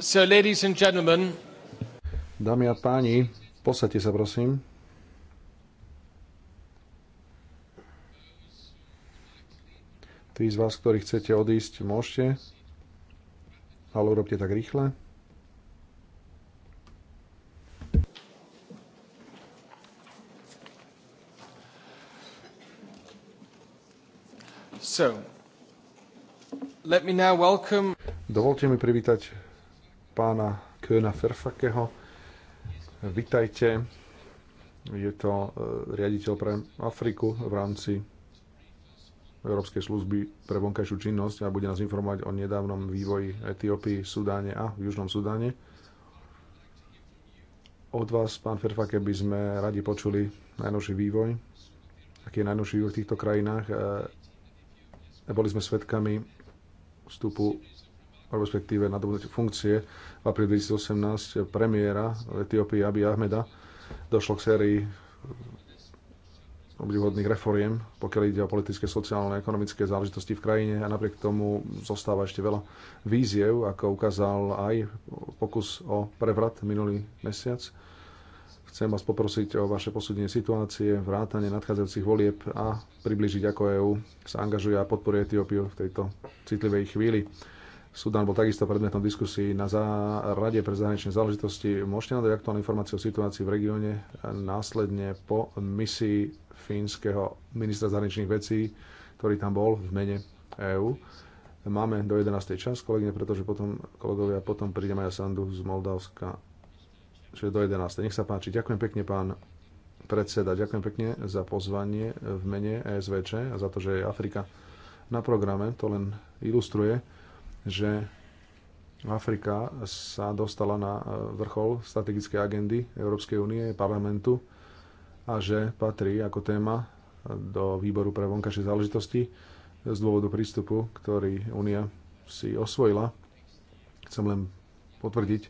So, ladies and gentlemen. Dámy a páni, posadte sa prosím. Tí z vás, ktorí chcete odísť, môžete, ale urobte tak rýchle. So, welcome... Dovolte mi privítať pána Köna Ferfakeho. Vitajte. Je to e, riaditeľ pre Afriku v rámci Európskej služby pre vonkajšiu činnosť a bude nás informovať o nedávnom vývoji Etiópii, Sudáne a v Južnom Sudáne. Od vás, pán Ferfake, by sme radi počuli najnovší vývoj, aký je najnovší vývoj v týchto krajinách. E, boli sme svedkami vstupu respektíve na funkcie v apríli 2018 premiéra v Etiópii Abiy Ahmeda došlo k sérii obdivhodných reforiem, pokiaľ ide o politické, sociálne, ekonomické záležitosti v krajine a napriek tomu zostáva ešte veľa víziev, ako ukázal aj pokus o prevrat minulý mesiac. Chcem vás poprosiť o vaše posúdenie situácie, vrátanie nadchádzajúcich volieb a približiť, ako EÚ sa angažuje a podporuje Etiópiu v tejto citlivej chvíli. Sudan bol takisto predmetom diskusí na Rade pre zahraničné záležitosti. Môžete nám dať aktuálne informácie o situácii v regióne následne po misii fínskeho ministra zahraničných vecí, ktorý tam bol v mene EÚ. Máme do 11. čas, kolegyne, pretože potom, kolegovia, potom príde Maja Sandu z Moldavska čiže do 11. Nech sa páči. Ďakujem pekne, pán predseda. Ďakujem pekne za pozvanie v mene ESVČ a za to, že je Afrika na programe. To len ilustruje, že Afrika sa dostala na e, vrchol strategickej agendy Európskej únie, parlamentu a že patrí ako téma do výboru pre vonkajšie záležitosti z dôvodu prístupu, ktorý únia si osvojila. Chcem len potvrdiť,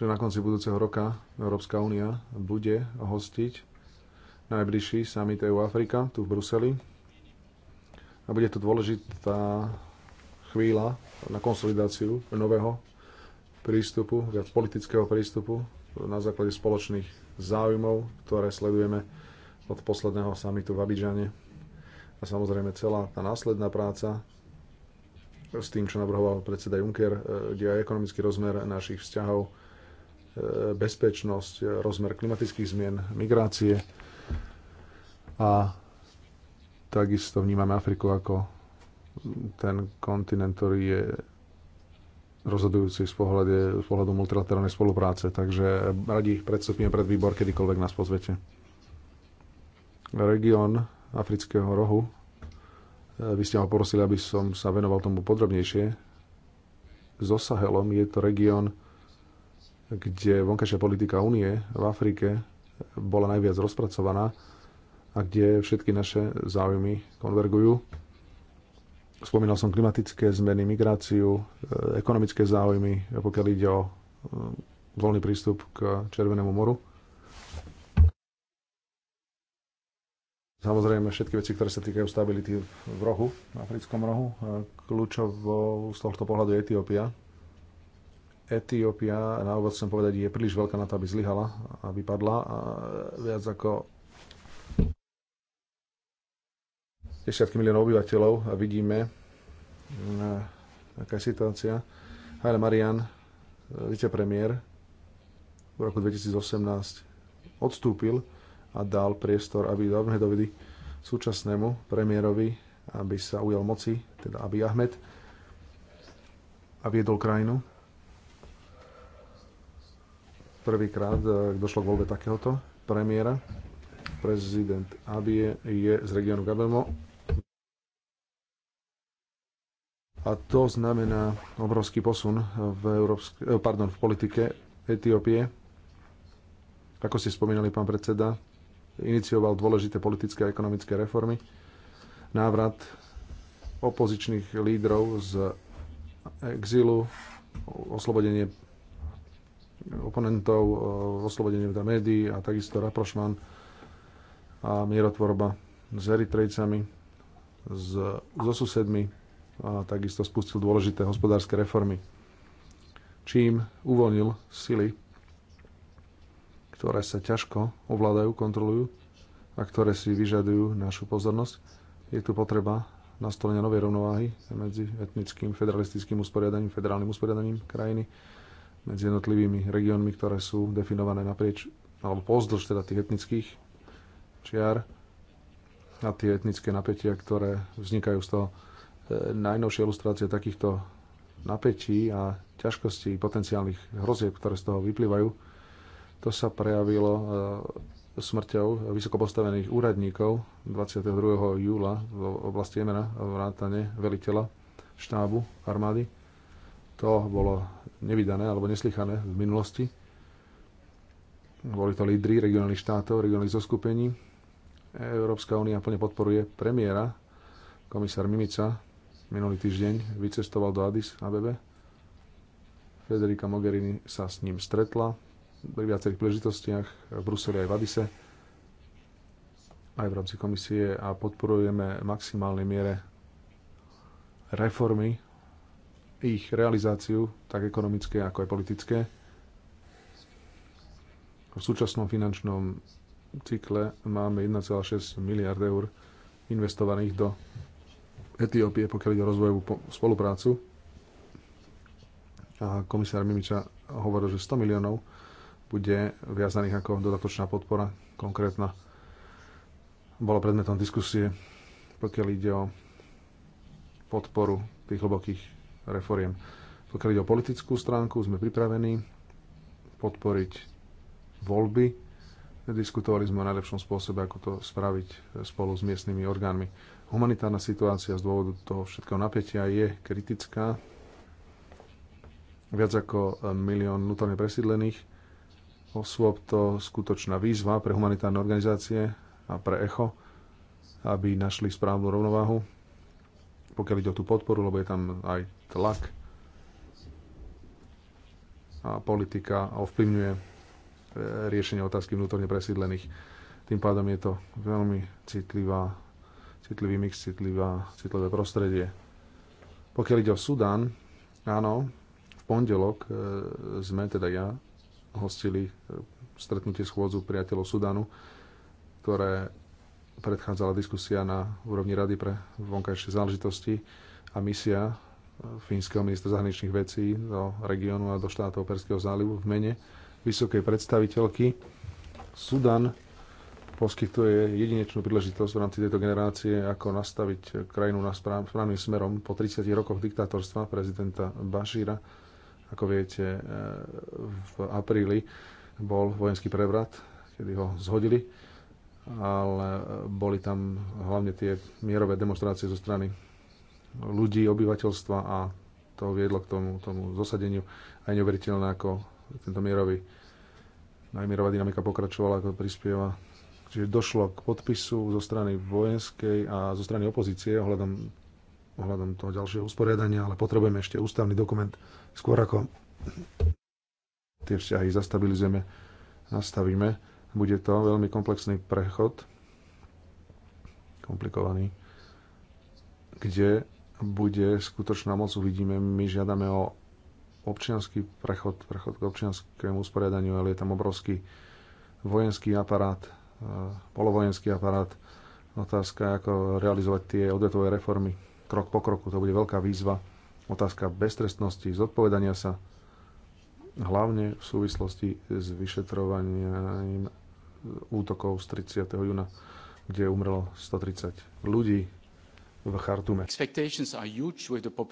že na konci budúceho roka Európska únia bude hostiť najbližší summit EU Afrika tu v Bruseli. A bude to dôležitá chvíľa na konsolidáciu nového prístupu, viac politického prístupu na základe spoločných záujmov, ktoré sledujeme od posledného summitu v Abidžane. A samozrejme celá tá následná práca s tým, čo navrhoval predseda Juncker, eh, kde aj ekonomický rozmer našich vzťahov E, bezpečnosť, e, rozmer klimatických zmien, migrácie a takisto vnímame Afriku ako ten kontinent, ktorý je rozhodujúci z, pohľade, z pohľadu multilaterálnej spolupráce. Takže radi predstupíme pred výbor, kedykoľvek nás pozvete. Región Afrického rohu. E, vy ste ma poprosili, aby som sa venoval tomu podrobnejšie. So Sahelom je to región, kde vonkajšia politika únie v Afrike bola najviac rozpracovaná a kde všetky naše záujmy konvergujú. Spomínal som klimatické zmeny, migráciu, e, ekonomické záujmy, pokiaľ ide o e, voľný prístup k Červenému moru. Samozrejme, všetky veci, ktoré sa týkajú stability v rohu, v africkom rohu. E, kľúčovou z tohto pohľadu je Etiópia, Etiópia, na úvod chcem povedať, je príliš veľká na to, aby zlyhala a vypadla a viac ako 10 miliónov obyvateľov a vidíme, mm, aká je situácia. Hajle Marian, vicepremiér, v roku 2018 odstúpil a dal priestor aby Ahmedovi súčasnému premiérovi, aby sa ujal moci, teda aby Ahmed a viedol krajinu prvýkrát e, došlo k voľbe takéhoto premiéra. Prezident Abie je z regiónu Gabemo. A to znamená obrovský posun v, Európsk- e, pardon, v politike Etiópie. Ako ste spomínali, pán predseda, inicioval dôležité politické a ekonomické reformy, návrat opozičných lídrov z exilu, oslobodenie oponentov, oslobodenie teda médií a takisto raprošman a mierotvorba s Eritrejcami, s, so susedmi a takisto spustil dôležité hospodárske reformy, čím uvoľnil sily, ktoré sa ťažko ovládajú, kontrolujú a ktoré si vyžadujú našu pozornosť. Je tu potreba nastolenia novej rovnováhy medzi etnickým federalistickým usporiadaním, federálnym usporiadaním krajiny medzi jednotlivými regiónmi, ktoré sú definované naprieč, alebo pozdĺž teda tých etnických čiar a tie etnické napätia, ktoré vznikajú z toho. E, najnovšia ilustrácia takýchto napätí a ťažkostí potenciálnych hrozieb, ktoré z toho vyplývajú, to sa prejavilo e, smrťou vysokopostavených úradníkov 22. júla v oblasti Jemena vrátane veliteľa štábu armády to bolo nevydané alebo neslychané v minulosti. Boli to lídry regionálnych štátov, regionálnych zoskupení. Európska únia plne podporuje premiéra, komisár Mimica, minulý týždeň vycestoval do Addis Abebe. Federica Mogherini sa s ním stretla pri viacerých príležitostiach v Bruseli aj v Adise, aj v rámci komisie a podporujeme maximálnej miere reformy ich realizáciu, tak ekonomické, ako aj politické, v súčasnom finančnom cykle máme 1,6 miliard eur investovaných do Etiópie, pokiaľ ide o rozvojovú spoluprácu. A komisár Mimiča hovoril, že 100 miliónov bude viazaných ako dodatočná podpora konkrétna. Bolo predmetom diskusie, pokiaľ ide o podporu tých hlbokých reforiem. Pokiaľ ide o politickú stránku, sme pripravení podporiť voľby. Diskutovali sme o najlepšom spôsobe, ako to spraviť spolu s miestnymi orgánmi. Humanitárna situácia z dôvodu toho všetkého napätia je kritická. Viac ako milión vnútorne presídlených osôb to skutočná výzva pre humanitárne organizácie a pre ECHO, aby našli správnu rovnováhu pokiaľ ide o tú podporu, lebo je tam aj tlak a politika ovplyvňuje e, riešenie otázky vnútorne presídlených. Tým pádom je to veľmi citlivá, citlivý mix, citlivá, citlivé prostredie. Pokiaľ ide o Sudan, áno, v pondelok e, sme, teda ja, hostili e, stretnutie schôdzu priateľov Sudanu, ktoré predchádzala diskusia na úrovni Rady pre vonkajšie záležitosti a misia fínskeho ministra zahraničných vecí do regiónu a do štátov Perského zálivu v mene vysokej predstaviteľky. Sudan poskytuje jedinečnú príležitosť v rámci tejto generácie, ako nastaviť krajinu na správnym smerom po 30 rokoch diktátorstva prezidenta Bašíra. Ako viete, eh, v apríli bol vojenský prevrat, kedy ho zhodili ale e, boli tam hlavne tie mierové demonstrácie zo strany ľudí, obyvateľstva a to viedlo k tomu, tomu zosadeniu. Aj neuveriteľné, ako tento mierový, najmierová dynamika pokračovala, ako prispieva. Čiže došlo k podpisu zo strany vojenskej a zo strany opozície ohľadom, ohľadom toho ďalšieho usporiadania, ale potrebujeme ešte ústavný dokument skôr ako tie vzťahy zastabilizujeme, nastavíme bude to veľmi komplexný prechod, komplikovaný, kde bude skutočná moc, uvidíme. My žiadame o občianský prechod, prechod k občianskému usporiadaniu, ale je tam obrovský vojenský aparát, eh, polovojenský aparát. Otázka, ako realizovať tie odvetové reformy krok po kroku. To bude veľká výzva. Otázka beztrestnosti, zodpovedania sa, hlavne v súvislosti s vyšetrovaním útokov z 30. júna, kde umrelo 130 ľudí v Chartume. Uh,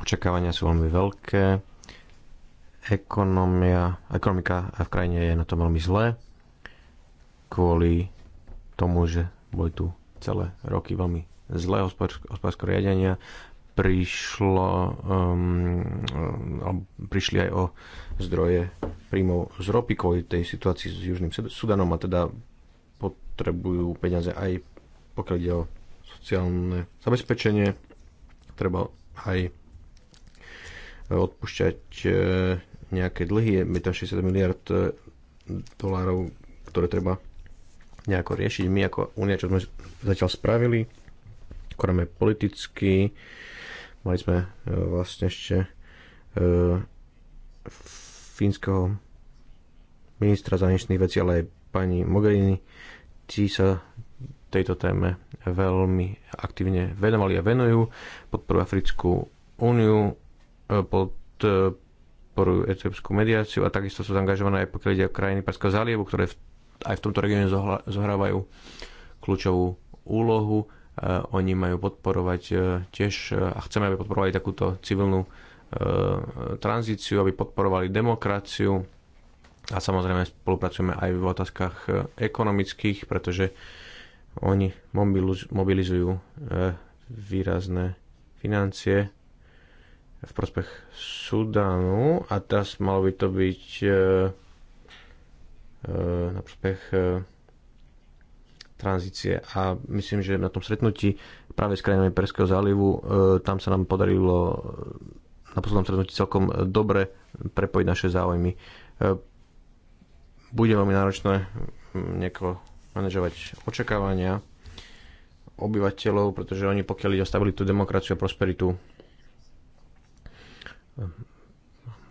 Očakávania sú veľmi veľké. Ekonomia, ekonomika v krajine je na tom veľmi zlé kvôli tomu, že boli tu celé roky veľmi zlé hospodárske riadenia prišlo, um, prišli aj o zdroje príjmov z ropy kvôli tej situácii s Južným Sudanom a teda potrebujú peniaze aj pokiaľ ide o sociálne zabezpečenie. Treba aj odpúšťať eh, nejaké dlhy, je tam 60 miliard eh, dolárov, ktoré treba nejako riešiť. My ako Unia, čo sme zatiaľ spravili, koráme politicky, Mali sme e, vlastne ešte e, fínskeho ministra zahraničných vecí, ale aj pani Mogherini, tí sa tejto téme veľmi aktívne venovali a venujú. Podporujú Africkú úniu, e, podporujú etiópsku mediáciu a takisto sú zaangažované aj pokiaľ ide o krajiny Perského zálievu, ktoré v, aj v tomto regióne zohrávajú kľúčovú úlohu Eh, oni majú podporovať eh, tiež eh, a chceme, aby podporovali takúto civilnú tranzíciu, aby podporovali demokraciu a samozrejme spolupracujeme aj v otázkach ekonomických, pretože oni mobilizujú výrazné financie v prospech Sudánu a teraz malo by to byť na prospech tranzície. A myslím, že na tom stretnutí práve s krajinami Perského zálivu, e, tam sa nám podarilo e, na poslednom stretnutí celkom dobre prepojiť naše záujmy. E, bude veľmi náročné nejako manažovať očakávania obyvateľov, pretože oni pokiaľ ide o stabilitu, demokraciu a prosperitu,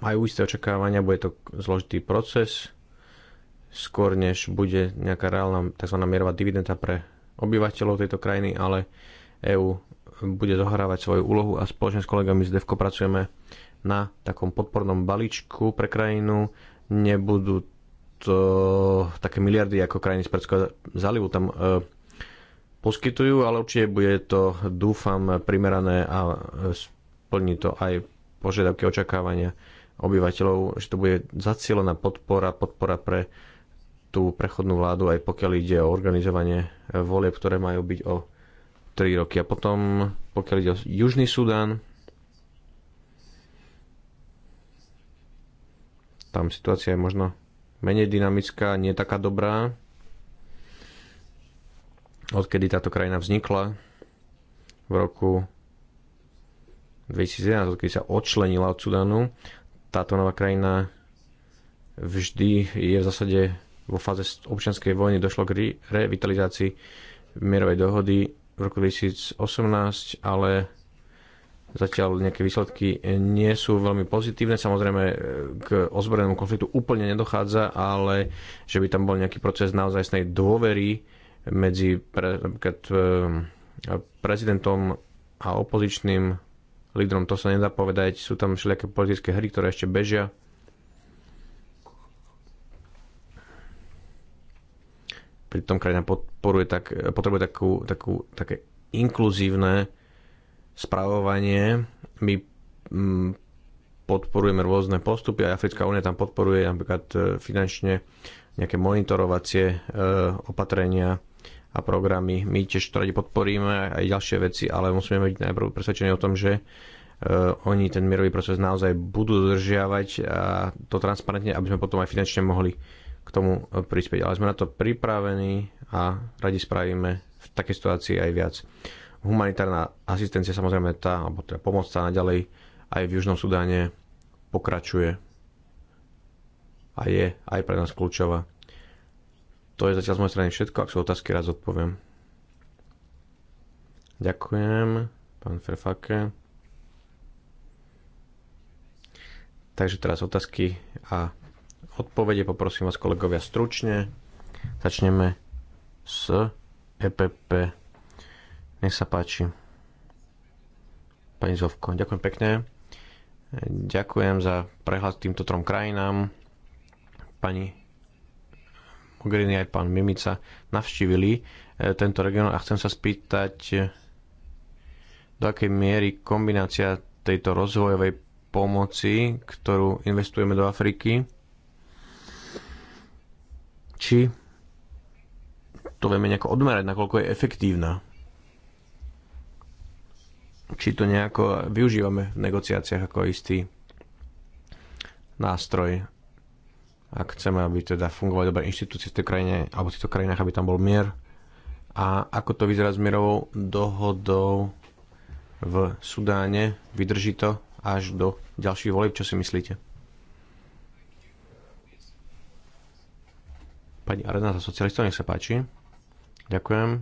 majú isté očakávania, bude to zložitý proces, skôr než bude nejaká reálna tzv. mierová dividenda pre obyvateľov tejto krajiny, ale EÚ bude zohrávať svoju úlohu a spoločne s kolegami z DEVKO pracujeme na takom podpornom balíčku pre krajinu. Nebudú to také miliardy ako krajiny z Perského zálivu tam e, poskytujú, ale určite bude to, dúfam, primerané a e, splní to aj požiadavky očakávania obyvateľov, že to bude zacielená podpora, podpora pre tú prechodnú vládu, aj pokiaľ ide o organizovanie eh, volieb, ktoré majú byť o 3 roky. A potom, pokiaľ ide o Južný Sudán, tam situácia je možno menej dynamická, nie taká dobrá. Odkedy táto krajina vznikla v roku 2011, odkedy sa odčlenila od Sudanu, táto nová krajina vždy je v zásade vo fáze občianskej vojny došlo k revitalizácii mierovej dohody v roku 2018, ale zatiaľ nejaké výsledky nie sú veľmi pozitívne. Samozrejme, e, k ozbrojenému konfliktu úplne nedochádza, ale že by tam bol nejaký proces naozajstnej dôvery medzi pre, napríklad, e, prezidentom a opozičným lídrom, to sa nedá povedať. Sú tam všelijaké politické hry, ktoré ešte bežia pritom krajina podporuje tak, potrebuje takú, takú, také inkluzívne spravovanie. My mm, podporujeme rôzne postupy a Africká únia tam podporuje napríklad e, finančne nejaké monitorovacie e, opatrenia a programy. My tiež to radi podporíme aj ďalšie veci, ale musíme byť najprv presvedčení o tom, že e, oni ten mierový proces naozaj budú dodržiavať a to transparentne, aby sme potom aj finančne mohli k tomu e, prispieť. Ale sme na to pripravení a radi spravíme v takej situácii aj viac. Humanitárna asistencia samozrejme tá, alebo teda pomoc tá naďalej aj v Južnom Sudáne pokračuje a je aj pre nás kľúčová. To je zatiaľ z mojej strany všetko, ak sú otázky, raz odpoviem. Ďakujem, pán Ferfake. Takže teraz otázky a odpovede. Poprosím vás, kolegovia, stručne. Začneme s EPP. Nech sa páči. Pani Zovko, ďakujem pekne. Ďakujem za prehľad týmto trom krajinám. Pani Mogherini aj pán Mimica navštívili e, tento región a chcem sa spýtať, do akej miery kombinácia tejto rozvojovej pomoci, ktorú investujeme do Afriky, či to vieme nejako odmerať, nakoľko je efektívna. Či to nejako využívame v negociáciách ako istý nástroj. Ak chceme, aby teda fungovali dobré inštitúcie v tej krajine, alebo v týchto krajinách, aby tam bol mier. A ako to vyzerá s mierovou dohodou v Sudáne, vydrží to až do ďalších volieb, čo si myslíte? Pani Arena za socialistov, nech sa páči. Ďakujem.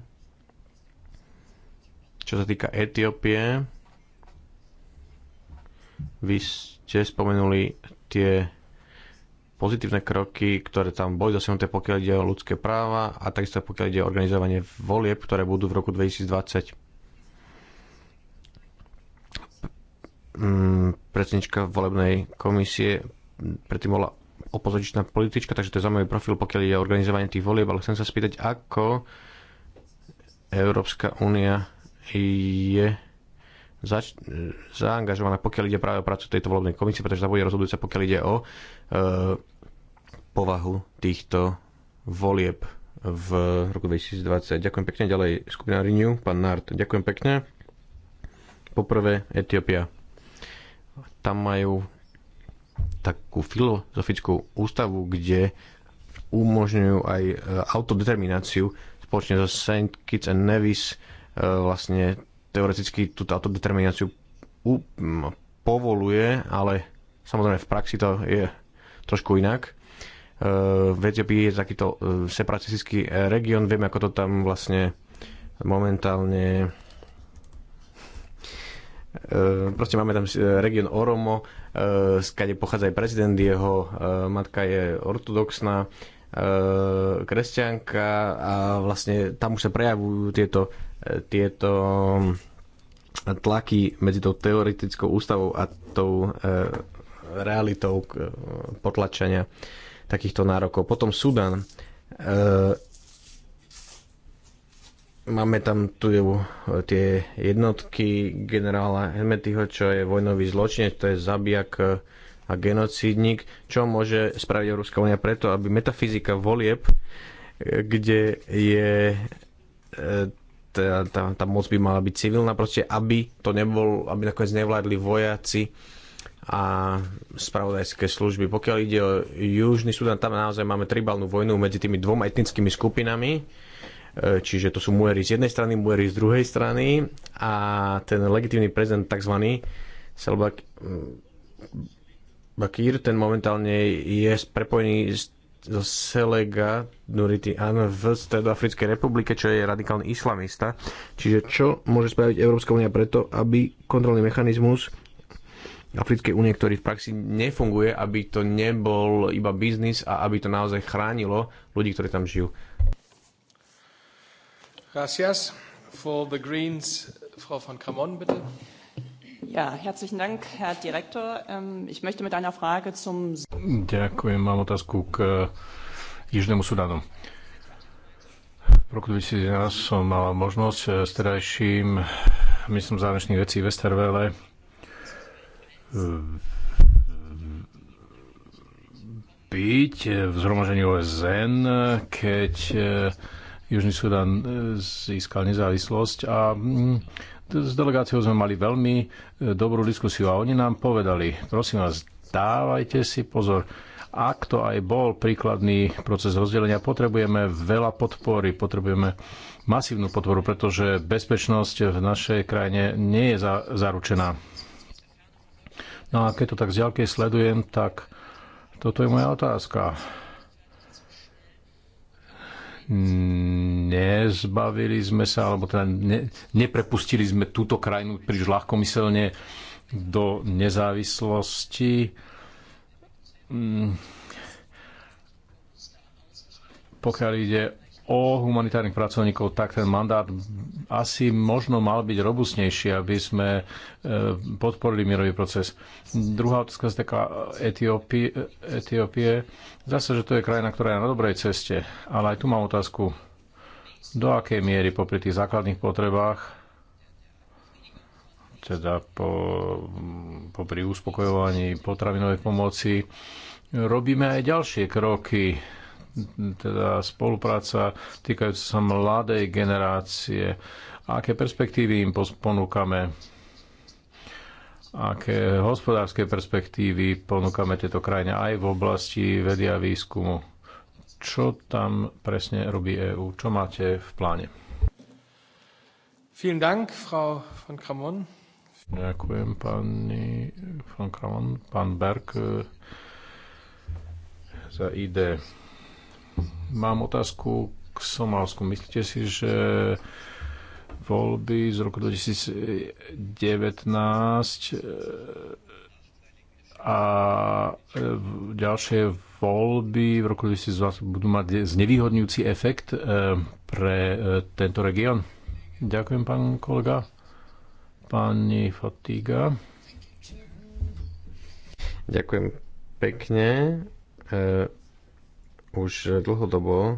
Čo sa týka Etiópie, vy ste spomenuli tie pozitívne kroky, ktoré tam boli dosiahnuté, pokiaľ ide o ľudské práva a takisto pokiaľ ide o organizovanie volieb, ktoré budú v roku 2020. Mm, predsednička volebnej komisie predtým bola opozičná politička, takže to je zaujímavý profil, pokiaľ ide o organizovanie tých volieb, ale chcem sa spýtať, ako Európska únia je zač- zaangažovaná, pokiaľ ide práve o prácu tejto volebnej komisie, pretože tá bude rozhodujúca, pokiaľ ide o e, povahu týchto volieb v roku 2020. Ďakujem pekne. Ďalej skupina Renew, pán Nart. Ďakujem pekne. Poprvé Etiópia. Tam majú takú filozofickú ústavu, kde umožňujú aj e, autodetermináciu spoločne so St. Kitts and Nevis e, vlastne teoreticky túto autodetermináciu povoluje, ale samozrejme v praxi to je trošku inak. E, v Etiópii je takýto separatistický región, vieme ako to tam vlastne momentálne proste máme tam región Oromo Eh, skade pochádza aj prezident, jeho eh, matka je ortodoxná, eh, kresťanka a vlastne tam už sa prejavujú tieto, tieto tlaky medzi tou teoretickou ústavou a tou realitou potlačania takýchto nárokov. Potom Sudan Máme tam tu e, tie jednotky generála Hemetyho, čo je vojnový zločinec, to je zabijak e, a genocídnik, čo môže spraviť Európska únia preto, aby metafyzika volieb, e, kde je tá, teda tá, tá moc by mala byť civilná, proste aby to nebol, aby nakoniec nevládli vojaci a spravodajské služby. Pokiaľ ide o Južný Sudan, tam naozaj máme tribálnu vojnu medzi tými dvoma etnickými skupinami, Čiže to sú muery z jednej strany, muery z druhej strany a ten legitímny prezident tzv. Selbak mm, Bakír, ten momentálne je prepojený zo Selega Nuritian v Stredoafrickej republike, čo je radikálny islamista. Čiže čo môže spraviť Európska únia preto, aby kontrolný mechanizmus Africkej únie, ktorý v praxi nefunguje, aby to nebol iba biznis a aby to naozaj chránilo ľudí, ktorí tam žijú. Gracias. For the Greens, Frau von Kramon, bitte. Ja, herzlichen Dank, Herr Direktor. Ähm, ich möchte mit einer Frage zum... Ďakujem, mám otázku k eh, Jižnému Sudanu. V roku 2011 som mal možnosť eh, s terajším ministrom zahraničných vecí Westerwelle eh, byť v zhromažení OSN, keď Južný Sudan e, získal nezávislosť a mm, s delegáciou sme mali veľmi e, dobrú diskusiu a oni nám povedali, prosím vás, dávajte si pozor, ak to aj bol príkladný proces rozdelenia, potrebujeme veľa podpory, potrebujeme masívnu podporu, pretože bezpečnosť v našej krajine nie je za, zaručená. No a keď to tak z ďalkej sledujem, tak toto je moja otázka nezbavili sme sa, alebo teda ne, neprepustili sme túto krajinu príliš ľahkomyselne do nezávislosti. Mm. Pokiaľ ide o humanitárnych pracovníkov, tak ten mandát asi možno mal byť robustnejší, aby sme e, podporili mierový proces. Druhá otázka sa týka Etiópie, Etiópie. Zase, že to je krajina, ktorá je na dobrej ceste, ale aj tu mám otázku, do akej miery popri tých základných potrebách teda po, po pri uspokojovaní potravinovej pomoci, robíme aj ďalšie kroky teda spolupráca týkajúca sa mladej generácie. Aké perspektívy im ponúkame? Aké hospodárske perspektívy ponúkame tieto krajine aj v oblasti vedia a výskumu? Čo tam presne robí EÚ? Čo máte v pláne? Vielen Dank, Frau von Kramon. Ďakujem pani von Kramon, pán Berg eh, za ide. Mám otázku k Somálsku. Myslíte si, že voľby z roku 2019 eh, a eh, ďalšie voľby v roku 2020 budú mať znevýhodňujúci efekt eh, pre tento región? Ďakujem, pán kolega. Pani Fatiga. Ďakujem pekne už dlhodobo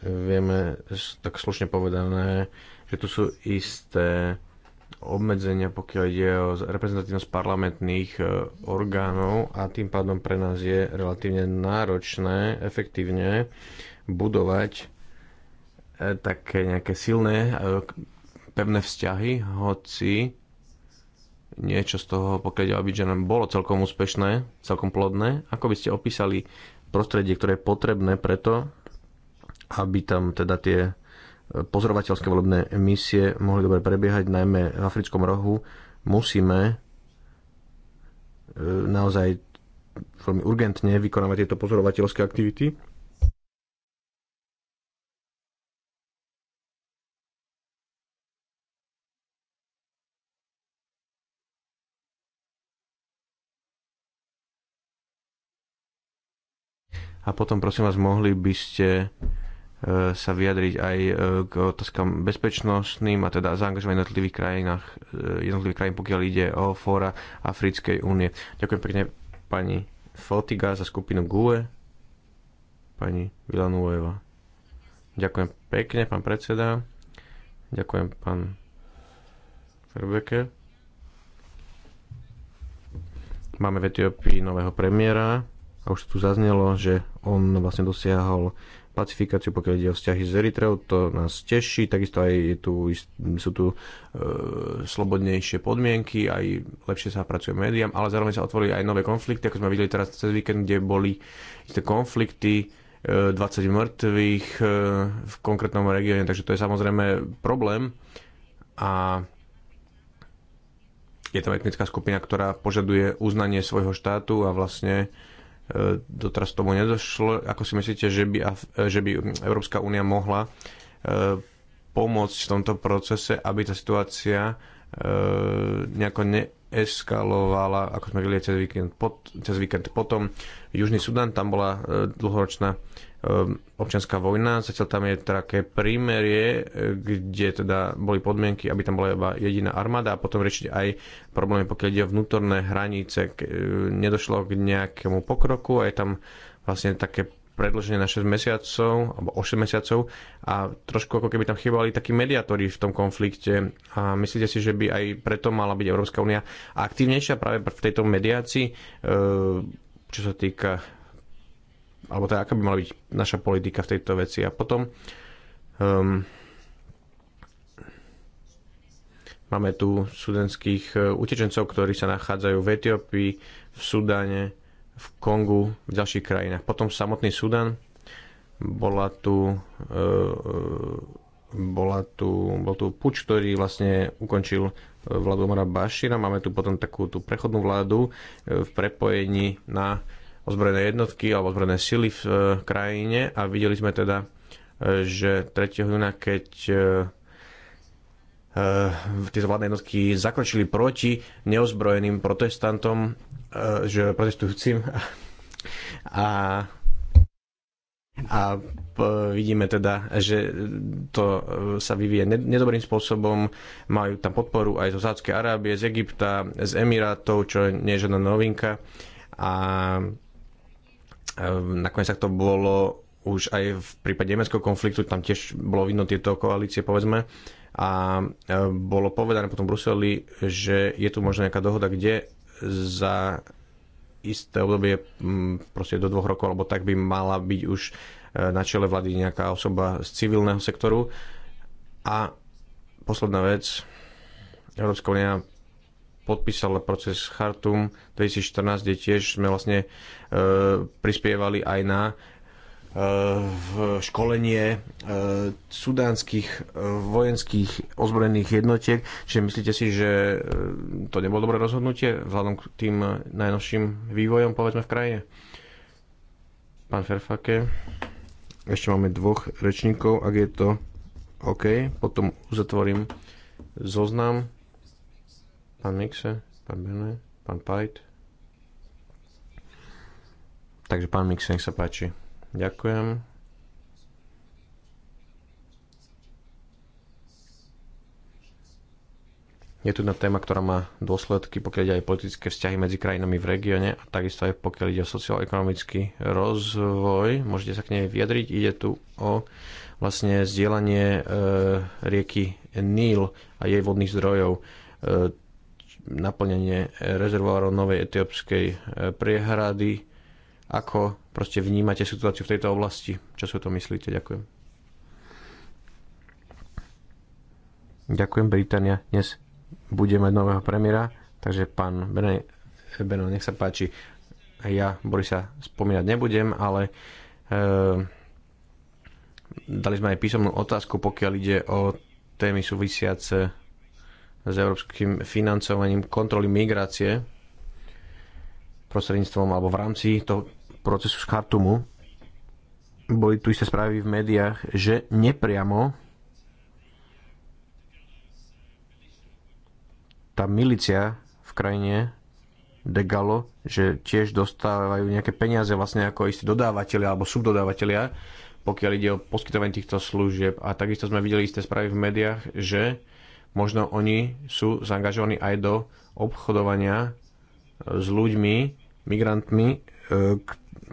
vieme, tak slušne povedané, že tu sú isté obmedzenia, pokiaľ ide o reprezentatívnosť parlamentných e, orgánov a tým pádom pre nás je relatívne náročné efektívne budovať e, také nejaké silné e, pevné vzťahy, hoci niečo z toho, pokiaľ ide o Abidžan, bolo celkom úspešné, celkom plodné. Ako by ste opísali prostredie, ktoré je potrebné preto, aby tam teda tie e, pozorovateľské volebné misie mohli dobre prebiehať, najmä v africkom rohu, musíme e, naozaj veľmi urgentne vykonávať tieto pozorovateľské aktivity A potom prosím vás, mohli by ste e, sa vyjadriť aj e, k otázkam bezpečnostným a teda zaangažovaním jednotlivých krajinách, e, jednotlivých krajín, pokiaľ ide o fóra Africkej únie. Ďakujem pekne pani Fotiga za skupinu GUE, pani Vilanueva. Ďakujem pekne, pán predseda. Ďakujem, pán Rebeke. Máme v Etiópii nového premiéra a už tu zaznelo, že on vlastne dosiahol pacifikáciu, pokiaľ ide o vzťahy s Eritreou, to nás teší, takisto aj je tu, sú tu e, slobodnejšie podmienky, aj lepšie sa pracuje médiám, ale zároveň sa otvorili aj nové konflikty, ako sme videli teraz cez víkend, kde boli isté konflikty, e, 20 mŕtvych e, v konkrétnom regióne, takže to je samozrejme problém a je tam etnická skupina, ktorá požaduje uznanie svojho štátu a vlastne e, E, doteraz tomu nedošlo. Ako si myslíte, že by, e, že by Európska únia mohla e, pomôcť v tomto procese, aby tá situácia nejako neeskalovala, ako sme videli cez víkend, pod, cez víkend potom. Južný Sudan, tam bola dlhoročná Ehm, občianská vojna. Zatiaľ tam je také prímerie, e, kde teda boli podmienky, aby tam bola iba jediná armáda a potom riešiť aj problémy, pokiaľ ide o vnútorné hranice. E, nedošlo k nejakému pokroku a je tam vlastne také predlženie na 6 mesiacov, alebo o 6 mesiacov a trošku ako keby tam chýbali takí mediátori v tom konflikte. A myslíte si, že by aj preto mala byť Európska únia aktívnejšia práve v tejto mediácii, ehm, čo sa týka alebo teda aká by mala byť naša politika v tejto veci. A potom um, máme tu sudenských e, utečencov, ktorí sa nachádzajú v Etiópii, v Sudáne, v Kongu, v ďalších krajinách. Potom samotný Sudan, bola tu, e, e, bola tu, bol tu puč, ktorý vlastne ukončil e, vládu Omara Bašira. Máme tu potom takú tú prechodnú vládu v prepojení na ozbrojené jednotky alebo ozbrojené sily v e, krajine a videli sme teda, e, že 3. júna, keď e, tie vládne jednotky zakročili proti neozbrojeným protestantom, že protestujúcim a a vidíme teda, že to sa vyvíje nedobrým spôsobom. Majú tam podporu aj zo Sádskej Arábie, z Egypta, z Emirátov, čo nie je žiadna novinka. A Ehm, nakoniec tak to bolo už aj v prípade nemeckého konfliktu, tam tiež bolo vidno tieto koalície, povedzme, a e, bolo povedané potom Bruseli, že je tu možno nejaká dohoda, kde za isté obdobie, proste do dvoch rokov, alebo tak by mala byť už e, na čele vlády nejaká osoba z civilného sektoru. A posledná vec, Európska únia podpísala proces Chartum 2014, kde tiež sme vlastne e, prispievali aj na e, v školenie e, sudánskych e, vojenských ozbrojených jednotiek. Čiže myslíte si, že to nebolo dobré rozhodnutie vzhľadom k tým najnovším vývojom, povedzme, v krajine? Pán Ferfake, ešte máme dvoch rečníkov, ak je to OK, potom uzatvorím zoznam pán Mikse, pán Bene, pán Pajt. Takže pán Mikse, nech sa páči. Ďakujem. Je tu jedna téma, ktorá má dôsledky, pokiaľ ide aj politické vzťahy medzi krajinami v regióne a takisto aj pokiaľ ide o socioekonomický rozvoj. Môžete sa k nej vyjadriť. Ide tu o vlastne zdieľanie e, rieky Níl a jej vodných zdrojov. E, naplnenie rezervoárov novej etiópskej e, priehrady. Ako proste vnímate situáciu v tejto oblasti? Čo si o to myslíte? Ďakujem. Ďakujem, Británia. Dnes budeme mať nového premiéra, takže pán Beno, nech sa páči. Ja Borisa spomínať nebudem, ale e, dali sme aj písomnú otázku, pokiaľ ide o témy súvisiace s európskym financovaním kontroly migrácie prostredníctvom alebo v rámci toho procesu z Chartumu. Boli tu isté správy v médiách, že nepriamo tá milícia v krajine De Gallo, že tiež dostávajú nejaké peniaze vlastne ako istí dodávateľia alebo subdodávateľia, pokiaľ ide o poskytovanie týchto služieb. A takisto sme videli isté správy v médiách, že Možno oni sú zaangažovaní aj do obchodovania e, s ľuďmi, migrantmi, e,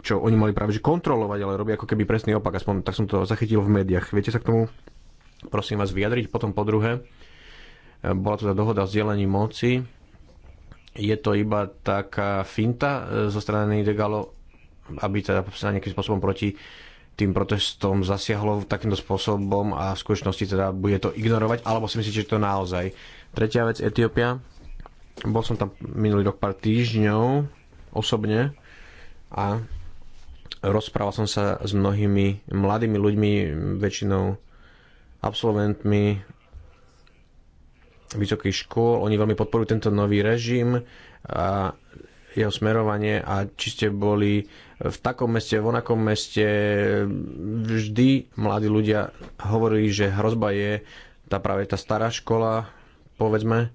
čo oni mali práve že kontrolovať, ale robia ako keby presný opak, aspoň tak som to zachytil v médiách. Viete sa k tomu, prosím vás, vyjadriť? Potom po druhé, e, bola to tá dohoda o zdieľaní moci. Je to iba taká finta zo strany degalo, aby teda sa nejakým spôsobom proti tým protestom zasiahlo takýmto spôsobom a v skutočnosti teda bude to ignorovať, alebo si myslíte, že to naozaj. Tretia vec, Etiópia. Bol som tam minulý rok pár týždňov osobne a rozprával som sa s mnohými mladými ľuďmi, väčšinou absolventmi vysokých škôl. Oni veľmi podporujú tento nový režim a jeho smerovanie a či ste boli v takom meste, v onakom meste. Vždy mladí ľudia hovorili, že hrozba je tá práve tá stará škola, povedzme,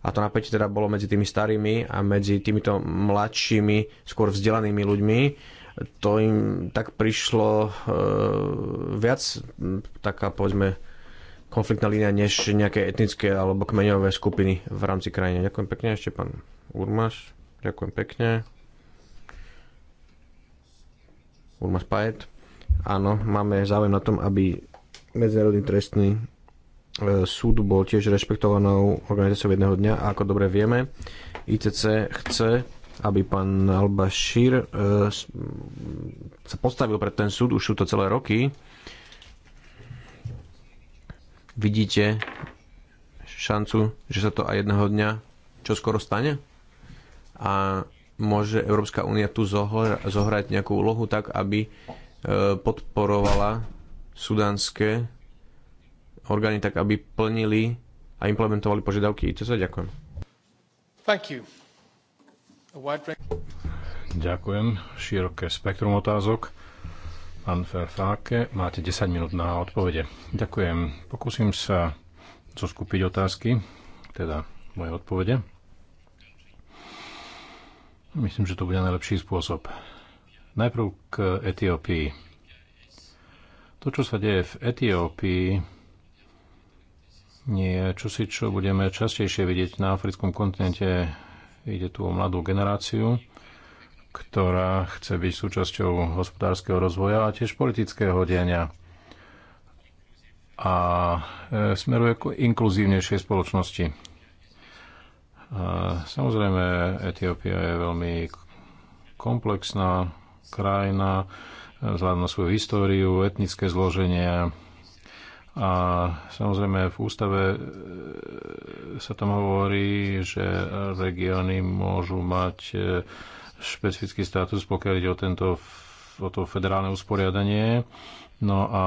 a to napätie teda bolo medzi tými starými a medzi týmito mladšími, skôr vzdelanými ľuďmi. To im tak prišlo e, viac taká, povedzme, konfliktná línia než nejaké etnické alebo kmeňové skupiny v rámci krajiny. Ďakujem pekne ešte pán Urmáš. Ďakujem pekne. Urma Paet. Áno, máme záujem na tom, aby Medzinárodný trestný e, súd bol tiež rešpektovanou organizáciou jedného dňa a ako dobre vieme, ICC chce, aby pán Albašír e, sa postavil pred ten súd, už sú to celé roky. Vidíte šancu, že sa to aj jedného dňa čo skoro stane? a môže Európska únia tu zohrať nejakú úlohu tak, aby e, podporovala sudánske orgány tak, aby plnili a implementovali požiadavky sa Ďakujem. Wide... Ďakujem. Široké spektrum otázok. Pán Ferfáke, máte 10 minút na odpovede. Ďakujem. Pokúsim sa zoskupiť otázky, teda moje odpovede. Myslím, že to bude najlepší spôsob. Najprv k Etiópii. To, čo sa deje v Etiópii, nie je čosi, čo budeme častejšie vidieť na africkom kontinente. Ide tu o mladú generáciu, ktorá chce byť súčasťou hospodárskeho rozvoja a tiež politického diania. A e, smeruje k inkluzívnejšej spoločnosti. Samozrejme, Etiópia je veľmi komplexná krajina, vzhľadom na svoju históriu, etnické zloženie. A samozrejme v ústave e, sa tam hovorí, že regióny môžu mať e, špecifický status, pokiaľ ide o, tento, o to federálne usporiadanie. No a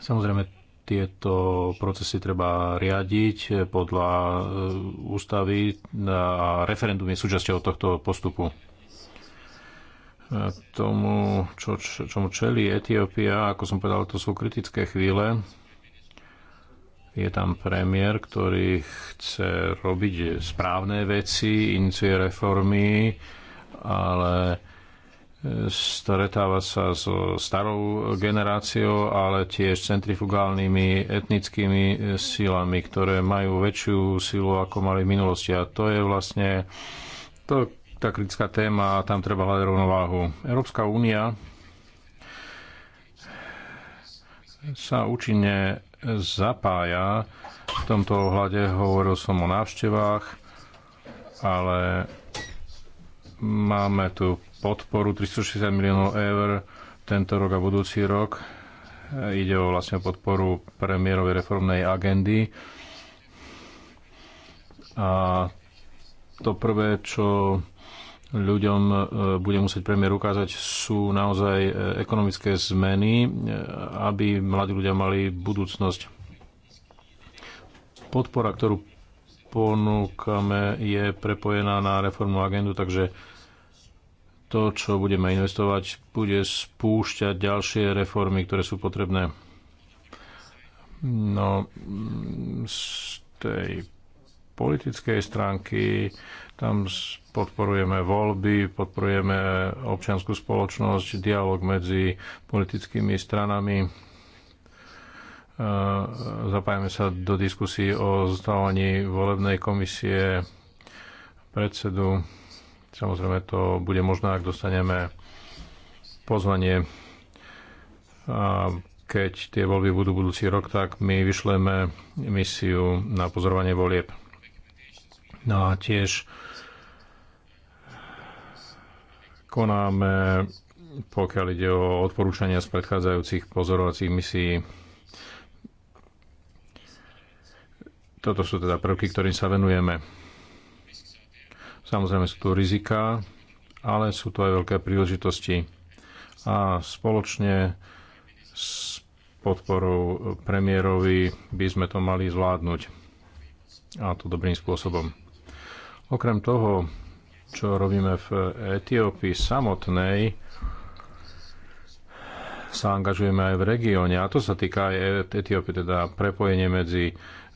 samozrejme tieto procesy treba riadiť podľa e, ústavy a referendum je súčasťou tohto postupu. E, tomu, čo, čomu čelí Etiópia, ako som povedal, to sú kritické chvíle. Je tam premiér, ktorý chce robiť správne veci, iniciuje reformy, ale stretáva sa so starou generáciou, ale tiež centrifugálnymi etnickými silami, ktoré majú väčšiu silu, ako mali v minulosti. A to je vlastne to, tá kritická téma a tam treba hľadať rovnováhu. Európska únia sa účinne zapája. V tomto ohľade hovoril som o návštevách, ale Máme tu podporu 360 miliónov eur tento rok a budúci rok. Ide o vlastne podporu premiérovej reformnej agendy. A to prvé, čo ľuďom e, bude musieť premiér ukázať, sú naozaj e, ekonomické zmeny, e, aby mladí ľudia mali budúcnosť. Podpora, ktorú ponúkame, je prepojená na reformnú agendu, takže to, čo budeme investovať, bude spúšťať ďalšie reformy, ktoré sú potrebné. No, z tej politickej stránky tam podporujeme voľby, podporujeme občianskú spoločnosť, dialog medzi politickými stranami. Zapájame sa do diskusí o zostávaní volebnej komisie predsedu Samozrejme to bude možné, ak dostaneme pozvanie. A keď tie voľby budú budúci rok, tak my vyšleme misiu na pozorovanie volieb. No a tiež konáme, pokiaľ ide o odporúčania z predchádzajúcich pozorovacích misií. Toto sú teda prvky, ktorým sa venujeme. Samozrejme sú tu rizika, ale sú tu aj veľké príležitosti. A spoločne s podporou premiérovi by sme to mali zvládnuť. A to dobrým spôsobom. Okrem toho, čo robíme v Etiópii samotnej, sa angažujeme aj v regióne. A to sa týka aj Etiópie, teda prepojenie medzi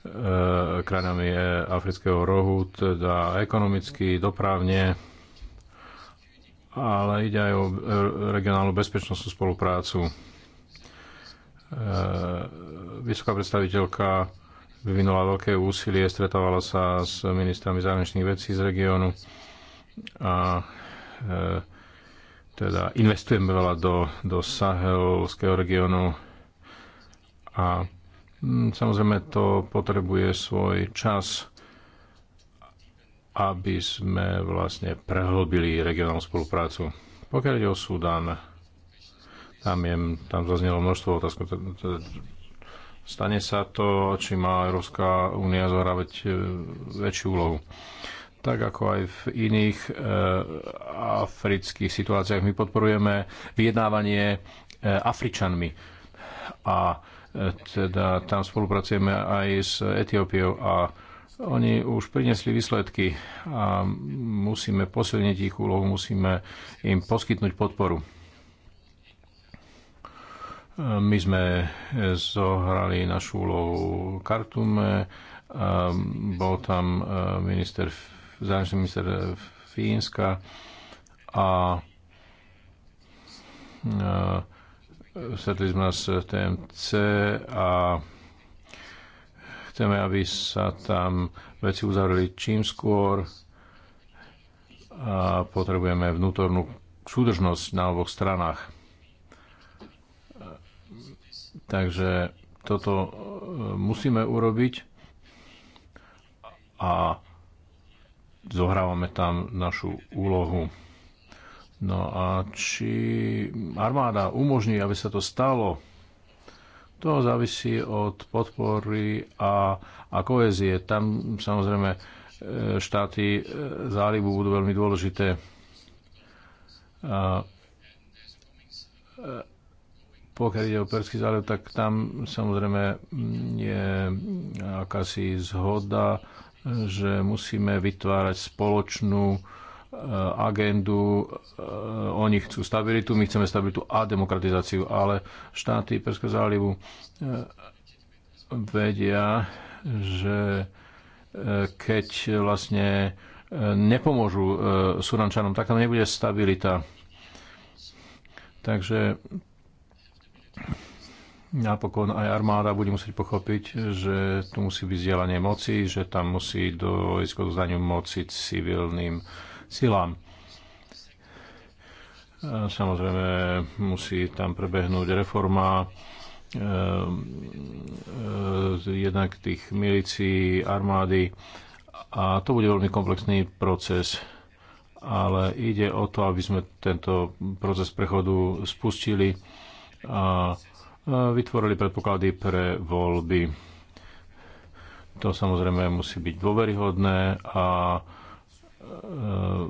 E, krajinami e, Afrického rohu, teda ekonomicky, dopravne, ale ide aj o regionálnu bezpečnostnú spoluprácu. E, vysoká predstaviteľka vyvinula veľké úsilie, stretávala sa s ministrami zahraničných vecí z regiónu a teda investujeme veľa do, do sahelského regiónu a Mm, samozrejme, to potrebuje svoj čas, aby sme vlastne prehlbili regionálnu spoluprácu. Pokiaľ ide o Súdan, tam, je, tam zaznelo množstvo otázok. Stane sa to, či má Európska únia zohrávať e, väčšiu úlohu. Tak ako aj v iných e, afrických situáciách, my podporujeme vyjednávanie e, Afričanmi. A teda tam spolupracujeme aj s Etiópiou a oni už priniesli výsledky a musíme posilniť ich úlohu, musíme im poskytnúť podporu. My sme zohrali našu úlohu v Kartume, ehm, bol tam ehm, minister, zahraničný minister Fínska a ehm, Sredli sme nás TMC a chceme, aby sa tam veci uzavreli čím skôr a potrebujeme vnútornú súdržnosť na oboch stranách. Takže toto e, musíme urobiť a zohrávame tam našu úlohu. No a či armáda umožní, aby sa to stalo, to závisí od podpory a, a koézie. Tam samozrejme e, štáty e, zálivu budú veľmi dôležité. A, e, pokiaľ ide o Perský záliv, tak tam samozrejme je akási zhoda, že musíme vytvárať spoločnú Eh, agendu, eh, oni chcú stabilitu, my chceme stabilitu a demokratizáciu, ale štáty Perského zálivu eh, vedia, že keď vlastne nepomôžu Surančanom, tak tam nebude stabilita. Takže napokon aj armáda bude musieť pochopiť, že tu musí byť vzdelanie moci, že tam musí dojsť k uznaniu moci civilným silám. Samozrejme, musí tam prebehnúť reforma eh, eh, jednak tých milícií, armády a to bude veľmi komplexný proces ale ide o to, aby sme tento proces prechodu spustili a vytvorili predpoklady pre voľby. To samozrejme musí byť dôveryhodné a Ehm,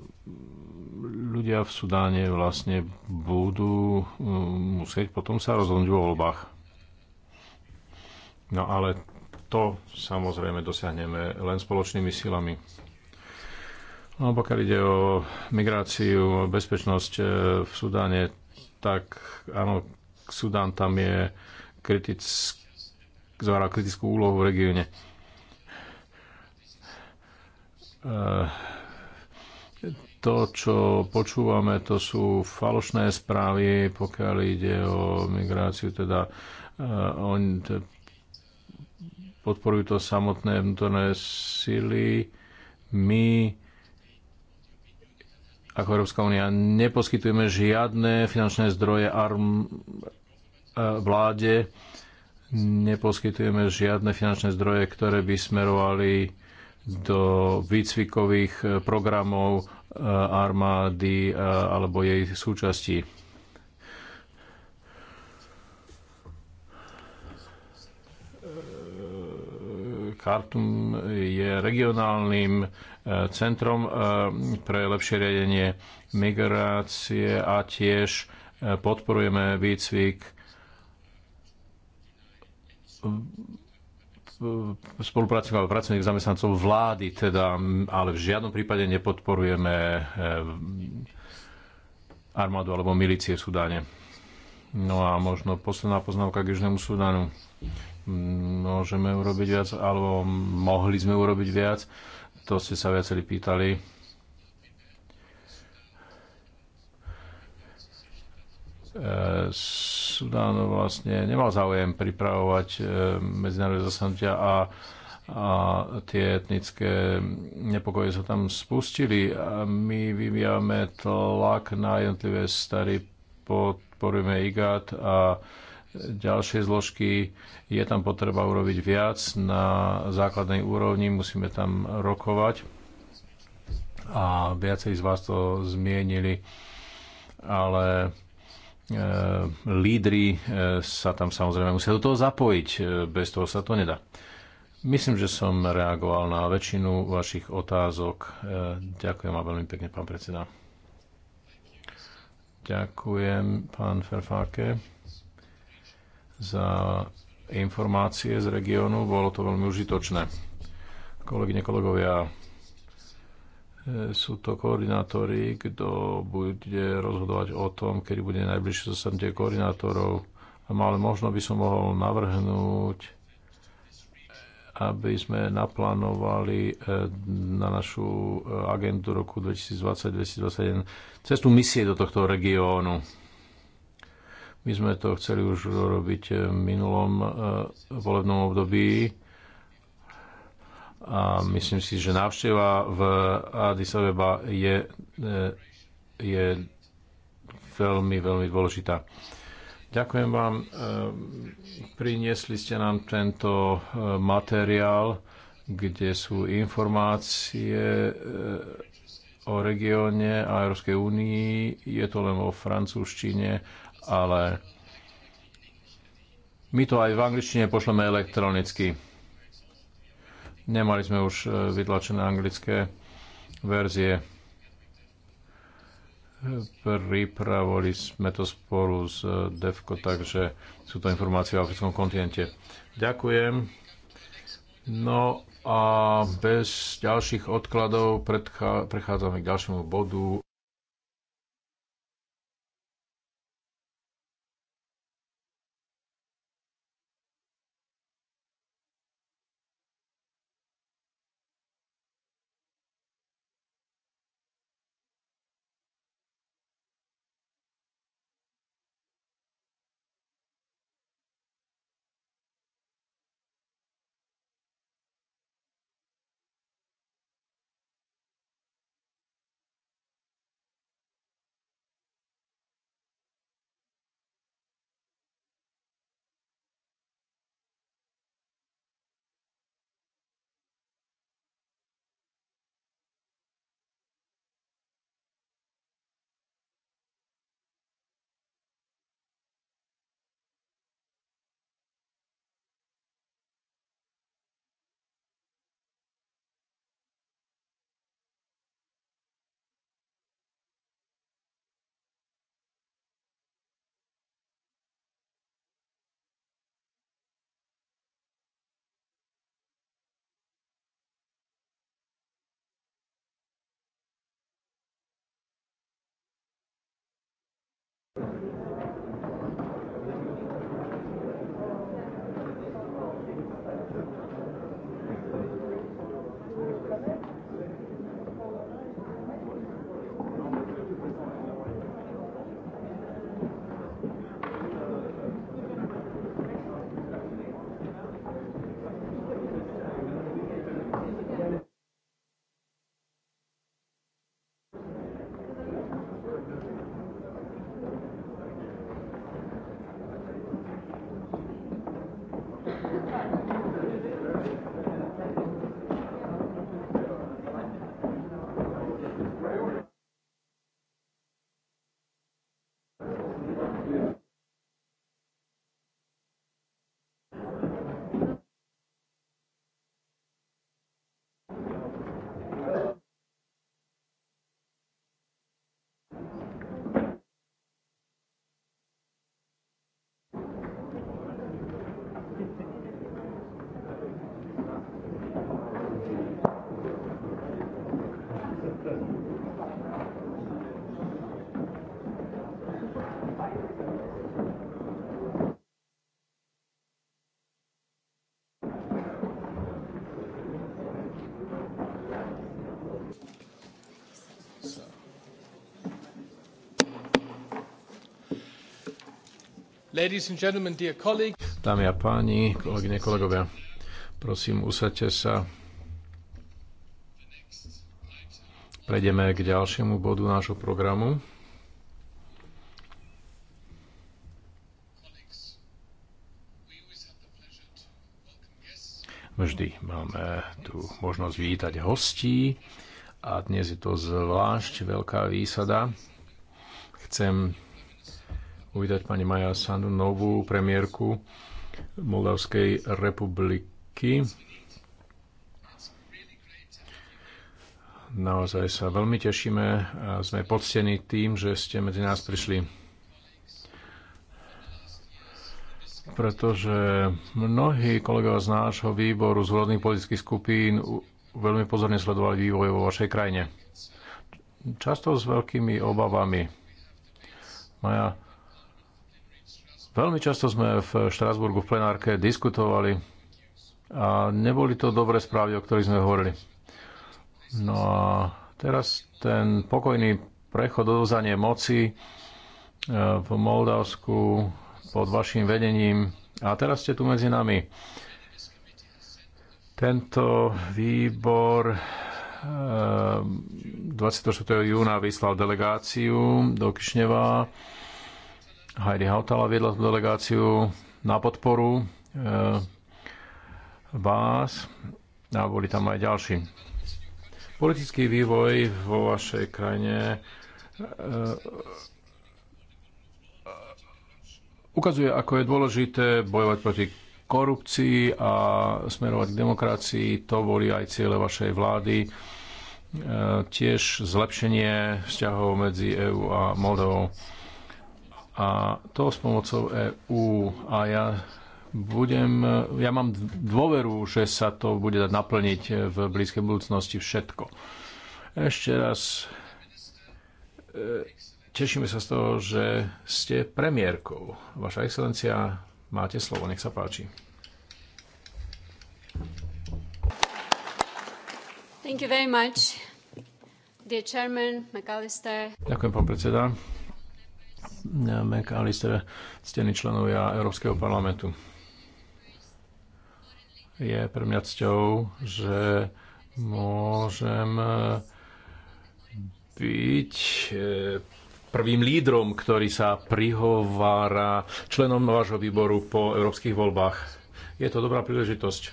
ľudia v Sudáne vlastne budú ehm, musieť potom sa rozhodnúť vo voľbách. No ale to samozrejme dosiahneme len spoločnými silami. No, pokiaľ ide o migráciu, bezpečnosť ehm, v Sudáne, tak áno, Sudán tam je kritick. kritickú úlohu v regióne. E to, čo počúvame, to sú falošné správy, pokiaľ ide o migráciu, teda uh, eh, oni te, podporujú to samotné vnútorné sily. My ako Európska únia neposkytujeme žiadne finančné zdroje arm, uh, vláde, neposkytujeme žiadne finančné zdroje, ktoré by smerovali do výcvikových e, programov e, armády e, alebo jej súčasti. Kartum je regionálnym centrom pre lepšie riadenie migrácie a tiež podporujeme výcvik E, spolupracujeme alebo pracovných zamestnancov vlády, teda, ale v žiadnom prípade nepodporujeme e, armádu alebo milície v Sudáne. No a možno posledná poznámka k Južnému Sudánu. Môžeme urobiť viac, alebo mohli sme urobiť viac. To ste sa viacerí pýtali Sudán vlastne nemal záujem pripravovať e, medzinárodné zasadnutia a, a tie etnické nepokoje sa tam spustili. A my vyvíjame tlak na jednotlivé stary, podporujeme IGAT a ďalšie zložky. Je tam potreba urobiť viac na základnej úrovni, musíme tam rokovať. A viacej z vás to zmienili, ale E, lídry e, sa tam samozrejme musia do toho zapojiť, e, bez toho sa to nedá. Myslím, že som reagoval na väčšinu vašich otázok. Ďakujem a veľmi pekne, pán predseda. Ďakujem, pán Ferfáke, za informácie z regiónu. Bolo to veľmi užitočné. Kolegyne, kolegovia, sú to koordinátori, kto bude rozhodovať o tom, kedy bude najbližšie zasadnutie koordinátorov. Ale možno by som mohol navrhnúť, aby sme naplánovali e, na našu e, agendu roku 2020-2021 cestu misie do tohto regiónu. My sme to chceli už robiť v minulom e, volebnom období a myslím si, že návšteva v Addis Abeba je, e, je veľmi, veľmi dôležitá. Ďakujem vám. E, priniesli ste nám tento e, materiál, kde sú informácie o regióne a Európskej únii. Je to len o francúzštine, ale my to aj v angličtine pošleme elektronicky. Nemali sme už e, vytlačené anglické verzie. Pripravili sme to spolu s e, DEVKO, takže sú to informácie o africkom kontinente. Ďakujem. No a bez ďalších odkladov prechádzame k ďalšiemu bodu. Ladies and gentlemen, dear colleagues. Dámy a páni, kolegyne, kolegovia, prosím, usadte sa. Prejdeme k ďalšiemu bodu nášho programu. Vždy máme tu možnosť vítať hostí a dnes je to zvlášť veľká výsada. Chcem uvítať pani Maja Sandu, novú premiérku Moldavskej republiky. Naozaj sa veľmi tešíme a sme poctení tým, že ste medzi nás prišli. Pretože mnohí kolegovia z nášho výboru z rôznych politických skupín veľmi pozorne sledovali vývoj vo vašej krajine. Často s veľkými obavami. Maja Veľmi často sme v Štrásburgu v plenárke diskutovali a neboli to dobré správy, o ktorých sme hovorili. No a teraz ten pokojný prechod odovzdanie moci e, v Moldavsku pod vašim vedením a teraz ste tu medzi nami. Tento výbor 24. E, júna vyslal delegáciu do Kišneva Heidi Hautala viedla tú delegáciu na podporu eh, vás a boli tam aj ďalší. Politický vývoj vo vašej krajine eh, ukazuje, ako je dôležité bojovať proti korupcii a smerovať k demokracii. To boli aj ciele vašej vlády. Eh, tiež zlepšenie vzťahov medzi EÚ a Moldovou a to s pomocou EÚ. A ja budem, ja mám dôveru, že sa to bude dať naplniť v blízkej budúcnosti všetko. Ešte raz e, tešíme sa z toho, že ste premiérkou. Vaša excelencia, máte slovo, nech sa páči. Thank you very much. Dear Chairman, Ďakujem, pán predseda. McAllister, ctení členovia Európskeho parlamentu. Je pre mňa cťou, že môžem e, byť e, prvým lídrom, ktorý sa prihovára členom vášho výboru po európskych voľbách. Je to dobrá príležitosť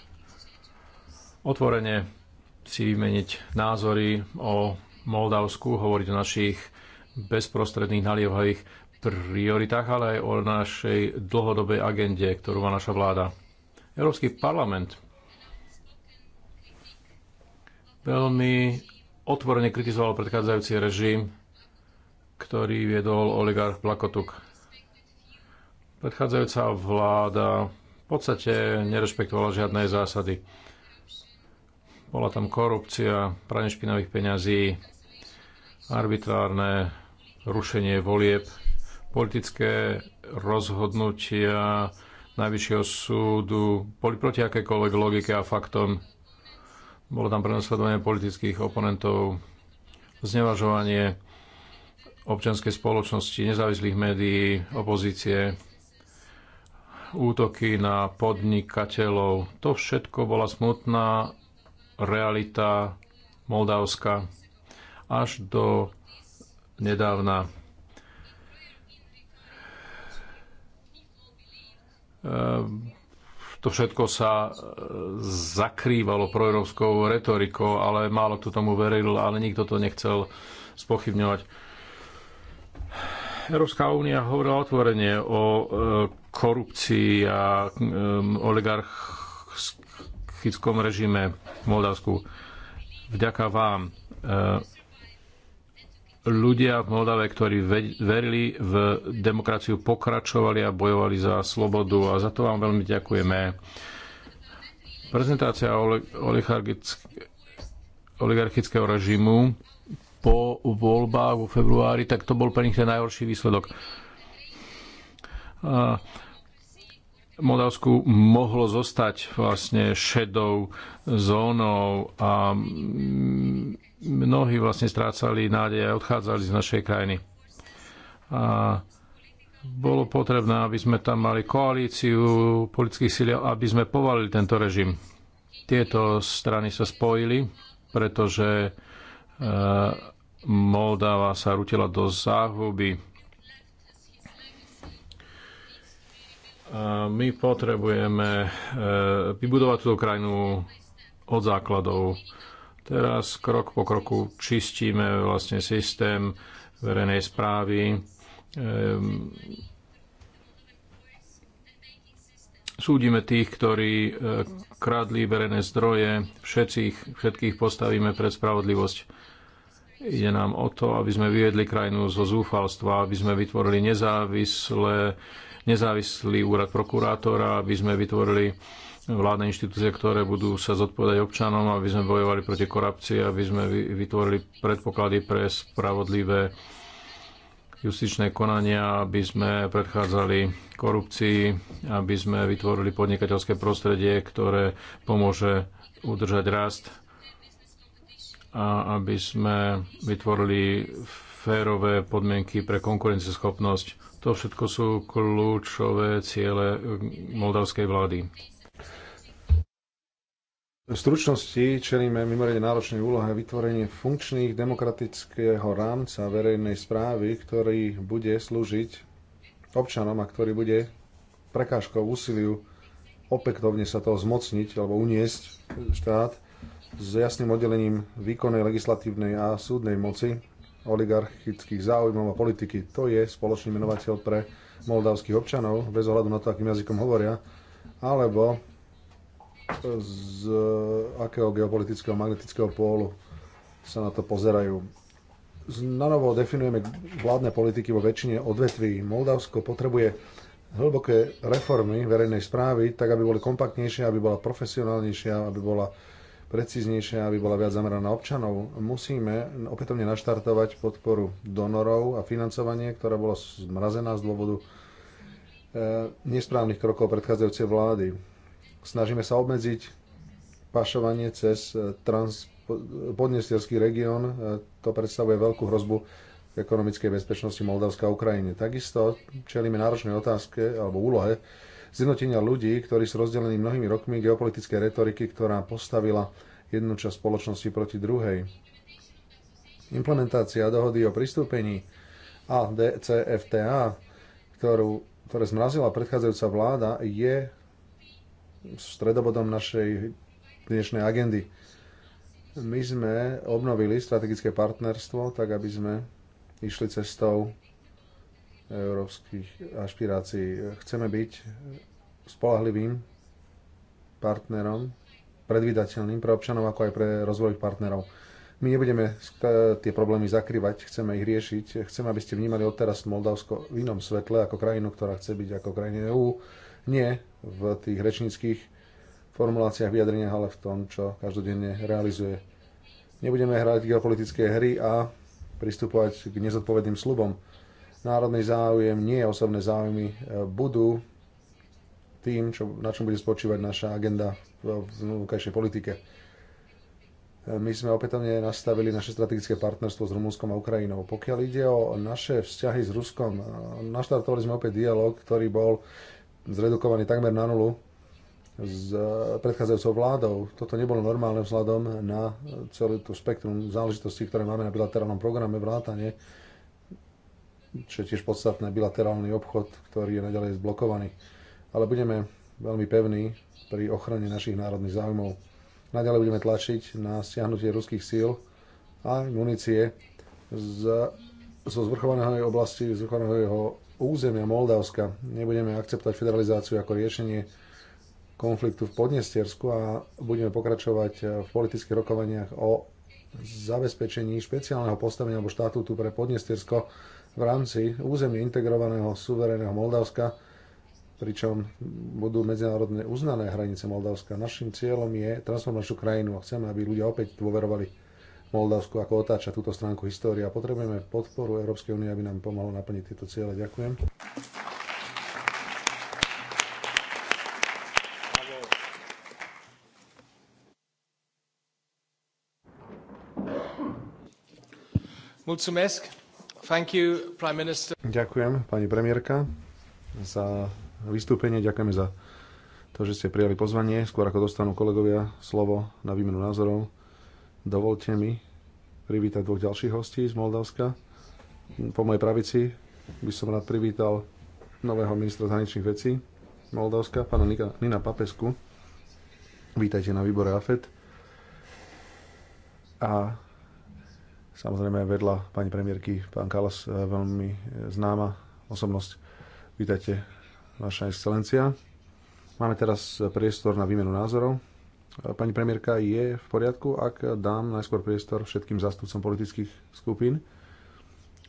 otvorene si vymeniť názory o Moldavsku, hovoriť o našich bezprostredných naliehavých prioritách, ale aj o našej dlhodobej agende, ktorú má naša vláda. Európsky parlament veľmi otvorene kritizoval predchádzajúci režim, ktorý viedol oligarch Plakotuk. Predchádzajúca vláda v podstate nerešpektovala žiadne zásady. Bola tam korupcia, pranie špinavých peňazí, arbitrárne rušenie volieb, politické rozhodnutia Najvyššieho súdu boli proti akékoľvek logike a faktom. Bolo tam prenasledovanie politických oponentov, znevažovanie občianskej spoločnosti, nezávislých médií, opozície, útoky na podnikateľov. To všetko bola smutná realita Moldavska až do nedávna. Ehm, to všetko sa e, zakrývalo proeurópskou retorikou, ale málo kto tomu veril, ale nikto to nechcel spochybňovať. Európska únia hovorila otvorene o e, korupcii a ehm, oligarchickom režime v Moldavsku. Vďaka vám ehm, ľudia v Moldave, ktorí verili v demokraciu, pokračovali a bojovali za slobodu a za to vám veľmi ďakujeme. Prezentácia oligarchického režimu po voľbách vo februári, tak to bol pre nich ten najhorší výsledok. A Moldavsku mohlo zostať vlastne šedou zónou a mnohí vlastne strácali nádej a odchádzali z našej krajiny. A bolo potrebné, aby sme tam mali koalíciu politických síl, aby sme povalili tento režim. Tieto strany sa spojili, pretože eh, Moldava sa rutila do záhuby My potrebujeme e, vybudovať túto krajinu od základov. Teraz krok po kroku čistíme vlastne systém verejnej správy. Ehm, súdime tých, ktorí e, kradli verejné zdroje, všetkých, všetkých postavíme pred spravodlivosť. Ide nám o to, aby sme vyvedli krajinu zo zúfalstva, aby sme vytvorili nezávislé nezávislý úrad prokurátora, aby sme vytvorili vládne inštitúcie, ktoré budú sa zodpovedať občanom, aby sme bojovali proti korupcii, aby sme vytvorili predpoklady pre spravodlivé justičné konania, aby sme predchádzali korupcii, aby sme vytvorili podnikateľské prostredie, ktoré pomôže udržať rast a aby sme vytvorili férové podmienky pre konkurencieschopnosť to všetko sú kľúčové ciele moldavskej vlády. V stručnosti čelíme mimoriadne náročnej úlohe vytvorenie funkčných demokratického rámca verejnej správy, ktorý bude slúžiť občanom a ktorý bude prekážkou úsiliu opätovne sa toho zmocniť alebo uniesť štát s jasným oddelením výkonnej, legislatívnej a súdnej moci oligarchických záujmov a politiky. To je spoločný menovateľ pre moldavských občanov, bez ohľadu na to, akým jazykom hovoria, alebo z akého geopolitického magnetického pólu sa na to pozerajú. Na novo definujeme vládne politiky vo väčšine odvetví. Moldavsko potrebuje hlboké reformy verejnej správy, tak aby boli kompaktnejšie, aby bola profesionálnejšia, aby bola precíznejšia, aby bola viac zameraná na občanov. Musíme opätovne naštartovať podporu donorov a financovanie, ktorá bola zmrazená z dôvodu e, nesprávnych krokov predchádzajúcej vlády. Snažíme sa obmedziť pašovanie cez e, trans, podnesterský región. E, to predstavuje veľkú hrozbu ekonomickej bezpečnosti Moldavska a Ukrajine. Takisto čelíme náročnej otázke alebo úlohe zjednotenia ľudí, ktorí sú rozdelení mnohými rokmi geopolitickej retoriky, ktorá postavila jednu časť spoločnosti proti druhej. Implementácia dohody o pristúpení ADCFTA, ktorú, ktoré zmrazila predchádzajúca vláda, je stredobodom našej dnešnej agendy. My sme obnovili strategické partnerstvo, tak aby sme išli cestou európskych ašpirácií. Chceme byť spolahlivým partnerom, predvydateľným pre občanov, ako aj pre rozvojových partnerov. My nebudeme tie problémy zakrývať, chceme ich riešiť. Chceme, aby ste vnímali odteraz Moldavsko v inom svetle, ako krajinu, ktorá chce byť ako krajina EÚ. Nie v tých rečníckých formuláciách, vyjadreniach, ale v tom, čo každodenne realizuje. Nebudeme hrať geopolitické hry a pristupovať k nezodpovedným slubom národný záujem, nie osobné záujmy, e, budú tým, čo, na čom bude spočívať naša agenda v vnúkajšej politike. E, my sme opätovne nastavili naše strategické partnerstvo s Rumunskom a Ukrajinou. Pokiaľ ide o naše vzťahy s Ruskom, e, naštartovali sme opäť dialog, ktorý bol zredukovaný takmer na nulu s predchádzajúcou vládou. Toto nebolo normálne vzhľadom na celý tú spektrum záležitostí, ktoré máme na bilaterálnom programe vrátane čo je tiež podstatné, bilaterálny obchod, ktorý je naďalej zblokovaný. Ale budeme veľmi pevní pri ochrane našich národných záujmov. Naďalej budeme tlačiť na stiahnutie ruských síl a munície z, zo zvrchovaného oblasti, zvrchovaného jeho územia Moldavska. Nebudeme akceptovať federalizáciu ako riešenie konfliktu v Podnestiersku a budeme pokračovať v politických rokovaniach o zabezpečení špeciálneho postavenia alebo tu pre Podnestiersko v rámci územie integrovaného suverénneho Moldavska, pričom budú medzinárodne uznané hranice Moldavska. Našim cieľom je transformovať našu krajinu a chceme, aby ľudia opäť dôverovali Moldavsku, ako otáča túto stránku histórie a potrebujeme podporu Európskej únie, aby nám pomohlo naplniť tieto ciele. Ďakujem. Mulțumesc. Ďakujem, pani premiérka, za vystúpenie. Ďakujeme za to, že ste prijali pozvanie. Skôr ako dostanú kolegovia slovo na výmenu názorov, dovolte mi privítať dvoch ďalších hostí z Moldavska. Po mojej pravici by som rád privítal nového ministra zahraničných vecí Moldavska, pána Nina Papesku. Vítajte na výbore AFET. A Samozrejme vedľa pani premiérky, pán Kalas, e, veľmi e, známa osobnosť. Vítajte, vaša excelencia. Máme teraz priestor na výmenu názorov. E, pani premiérka, je v poriadku, ak dám najskôr priestor všetkým zastupcom politických skupín?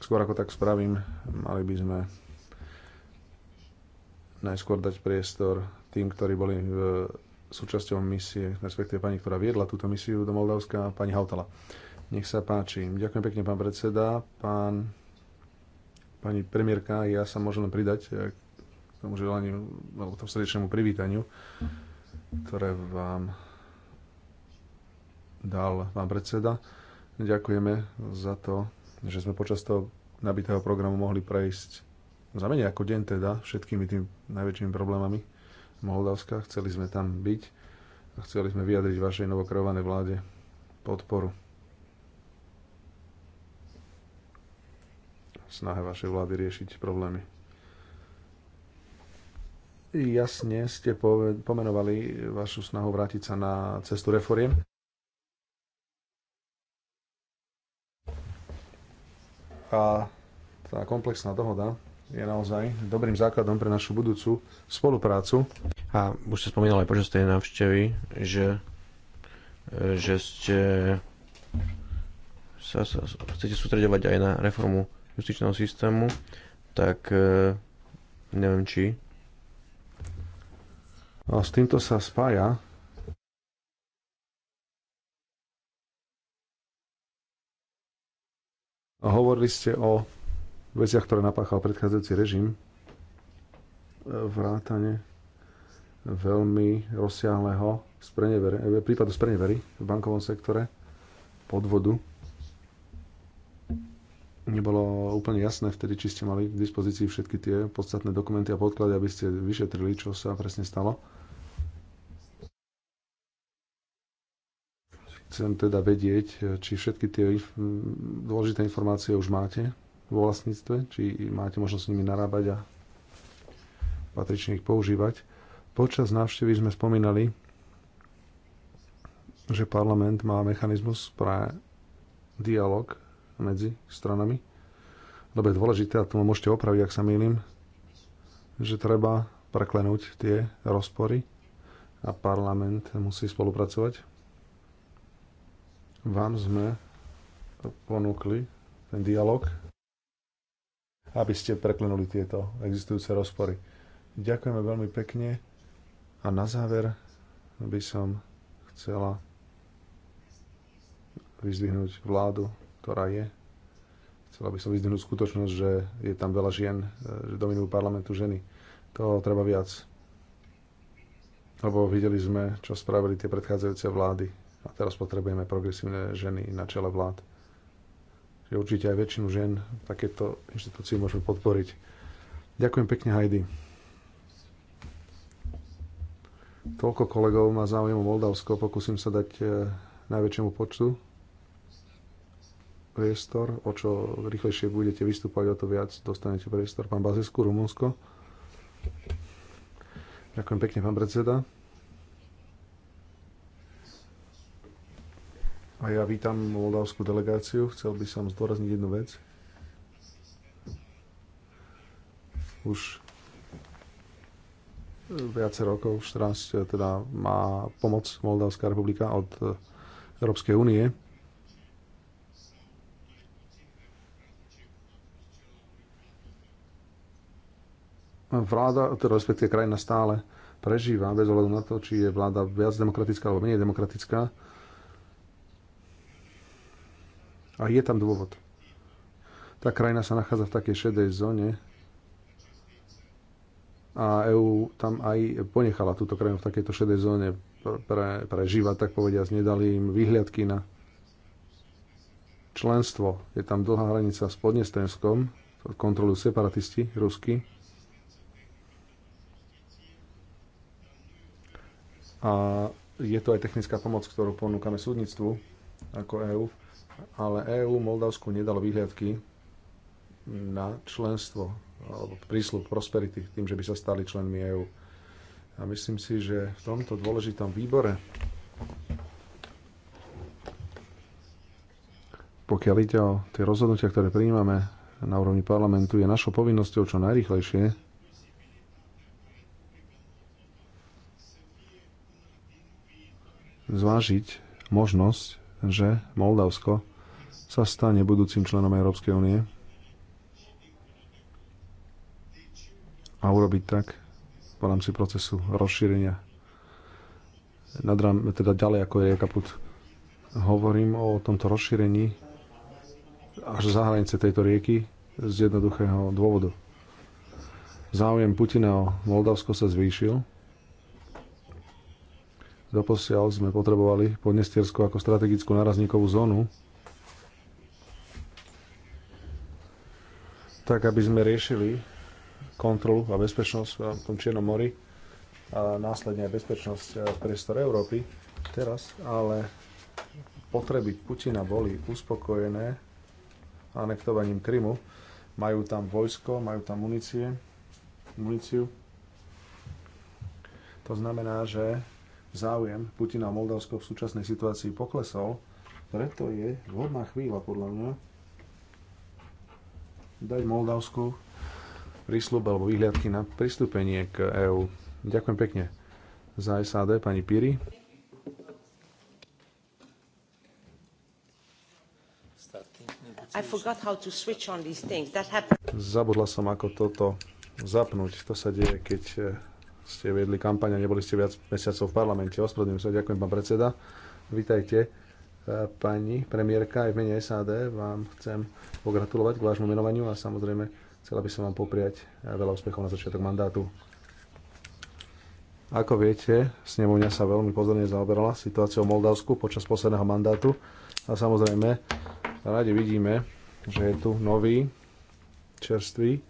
Skôr ako tak spravím, mali by sme najskôr dať priestor tým, ktorí boli v súčasťou misie, respektíve pani, ktorá viedla túto misiu do Moldavska, pani Hautala. Nech sa páči. Ďakujem pekne, pán predseda. Pán, pani premiérka, ja sa môžem pridať k tomu želaniu, alebo tomu srdečnému privítaniu, ktoré vám dal pán predseda. Ďakujeme za to, že sme počas toho nabitého programu mohli prejsť za menej ako deň teda všetkými tým najväčšími problémami Moldavska. Chceli sme tam byť a chceli sme vyjadriť vašej novokrovanej vláde podporu. snahe vašej vlády riešiť problémy. Jasne ste pomenovali vašu snahu vrátiť sa na cestu reforiem. A tá komplexná dohoda je naozaj dobrým základom pre našu budúcu spoluprácu. A už ste spomínali aj počas tej návštevy, že, že ste sa, sa chcete sústredovať aj na reformu justičného systému, tak e, neviem či. A s týmto sa spája A hovorili ste o veciach, ktoré napáchal predchádzajúci režim, e, vrátane veľmi rozsiahleho e, prípadu sprenevery v bankovom sektore, podvodu nebolo úplne jasné vtedy, či ste mali k dispozícii všetky tie podstatné dokumenty a podklady, aby ste vyšetrili, čo sa presne stalo. Chcem teda vedieť, či všetky tie dôležité informácie už máte vo vlastníctve, či máte možnosť s nimi narábať a patrične ich používať. Počas návštevy sme spomínali, že parlament má mechanizmus pre dialog medzi stranami. Dobre, dôležité, a to môžete opraviť, ak sa mýlim, že treba preklenúť tie rozpory a parlament musí spolupracovať. Vám sme ponúkli ten dialog, aby ste preklenuli tieto existujúce rozpory. Ďakujeme veľmi pekne a na záver by som chcela vyzdvihnúť vládu ktorá je. Chcela by som vyzdvihnúť skutočnosť, že je tam veľa žien, e, že dominujú parlamentu ženy. To treba viac. Lebo videli sme, čo spravili tie predchádzajúce vlády. A teraz potrebujeme progresívne ženy na čele vlád. Že určite aj väčšinu žien takéto inštitúcie môžeme podporiť. Ďakujem pekne, Heidi. Toľko kolegov má záujem o Moldavsko, pokúsim sa dať e, najväčšiemu počtu priestor. O čo rýchlejšie budete vystúpať, o to viac dostanete priestor. Pán Bazesku, Rumunsko. Ďakujem pekne, pán predseda. A ja vítam moldavskú delegáciu. Chcel by som zdôrazniť jednu vec. Už viace rokov, 14, teda má pomoc Moldavská republika od Európskej únie vláda, teda respektíve krajina stále prežíva, bez ohľadu na to, či je vláda viac demokratická alebo menej demokratická. A je tam dôvod. Tá krajina sa nachádza v takej šedej zóne a EÚ tam aj ponechala túto krajinu v takejto šedej zóne pre, prežívať, tak povediať, nedali im vyhliadky na členstvo. Je tam dlhá hranica s Podnestenskom, kontrolujú separatisti rusky, A je to aj technická pomoc, ktorú ponúkame súdnictvu ako EÚ, ale EÚ Moldavsku nedalo výhľadky na členstvo alebo prísľub prosperity tým, že by sa stali členmi EÚ. A myslím si, že v tomto dôležitom výbore, pokiaľ ide o tie rozhodnutia, ktoré prijímame na úrovni parlamentu, je našou povinnosťou čo najrychlejšie zvážiť možnosť, že Moldavsko sa stane budúcim členom Európskej únie a urobiť tak v rámci procesu rozšírenia Nadrám, teda ďalej ako je kaput. Hovorím o tomto rozšírení až za hranice tejto rieky z jednoduchého dôvodu. Záujem Putina o Moldavsko sa zvýšil Doposiaľ sme potrebovali Podnestiersko ako strategickú nárazníkovú zónu, tak aby sme riešili kontrolu a bezpečnosť v tom Čiernom mori a následne aj bezpečnosť eh, v priestore Európy teraz, ale potreby Putina boli uspokojené anektovaním Krymu. Majú tam vojsko, majú tam munície, muníciu. To znamená, že záujem Putina a Moldavsko v súčasnej situácii poklesol, preto je vhodná chvíľa podľa mňa dať Moldavsku prísľub alebo výhľadky na pristúpenie k EÚ. Ďakujem pekne za SAD, pani Piri. Zabudla som, ako toto zapnúť. To sa deje, keď eh, ste viedli kampaň a neboli ste viac mesiacov v parlamente. Ospravedlňujem sa, ďakujem pán predseda. Vítajte, e, pani premiérka, aj v mene SAD vám chcem pogratulovať k vášmu menovaniu a samozrejme chcela by som vám popriať e, veľa úspechov na začiatok mandátu. Ako viete, snemovňa sa veľmi pozorne zaoberala situáciou v Moldavsku počas posledného mandátu a samozrejme radi vidíme, že je tu nový čerstvý,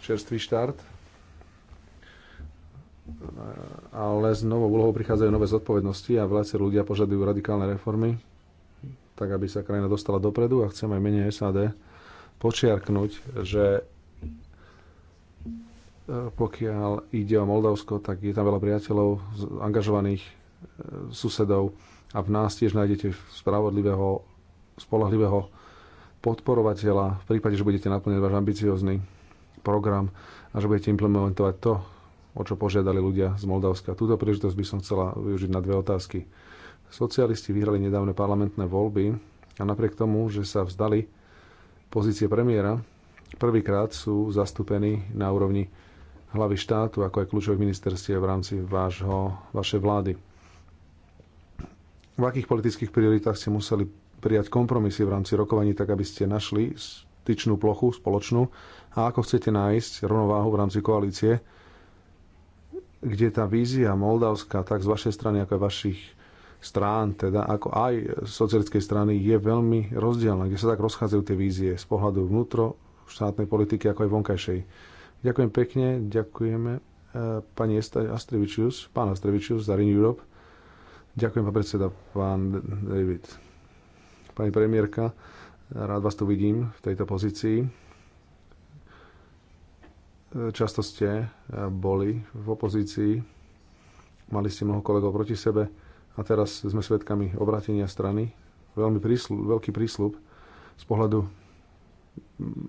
čerstvý štart ale s novou úlohou prichádzajú nové zodpovednosti a viacer ľudia požadujú radikálne reformy, tak aby sa krajina dostala dopredu a chcem aj menej SAD počiarknúť, že e, pokiaľ ide o Moldavsko, tak je tam veľa priateľov, angažovaných e, susedov a v nás tiež nájdete spravodlivého, spolahlivého podporovateľa v prípade, že budete naplňať váš ambiciózny program a že budete implementovať to, o čo požiadali ľudia z Moldavska. Túto príležitosť by som chcela využiť na dve otázky. Socialisti vyhrali nedávne parlamentné voľby a napriek tomu, že sa vzdali pozície premiéra, prvýkrát sú zastúpení na úrovni hlavy štátu, ako aj kľúčových ministerstiev v rámci vášho, vašej vlády. V akých politických prioritách ste museli prijať kompromisy v rámci rokovaní, tak aby ste našli styčnú plochu spoločnú a ako chcete nájsť rovnováhu v rámci koalície, kde tá vízia Moldavska, tak z vašej strany, ako aj vašich strán, teda ako aj socialistickej strany, je veľmi rozdielna, kde sa tak rozchádzajú tie vízie z pohľadu vnútro štátnej politiky, ako aj vonkajšej. Ďakujem pekne, ďakujeme e, pani Astrevičius, pán Astrevičius za Renew Europe. Ďakujem, pán predseda, pán David. Pani premiérka, rád vás tu vidím v tejto pozícii. Často ste eh, boli v opozícii, mali ste mnoho kolegov proti sebe a teraz sme svedkami obratenia strany. Veľmi príslu, veľký prísľub z pohľadu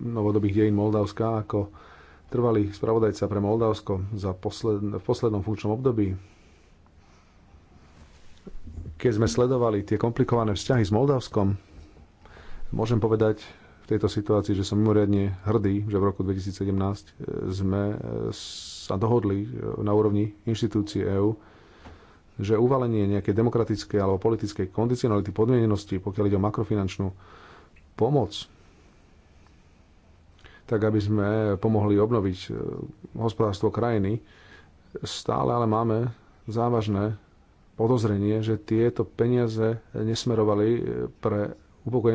novodobých dejín Moldavska ako trvalý spravodajca pre Moldavsko za posled, v poslednom funkčnom období. Keď sme sledovali tie komplikované vzťahy s Moldavskom, môžem povedať, tejto situácii, že som mimoriadne hrdý, že v roku 2017 e, sme e, sa dohodli e, na úrovni inštitúcií EÚ, že uvalenie nejakej demokratickej alebo politickej kondicionality, podmienenosti, pokiaľ ide o makrofinančnú pomoc, tak aby sme pomohli obnoviť hospodárstvo krajiny, stále ale máme závažné podozrenie, že tieto peniaze nesmerovali pre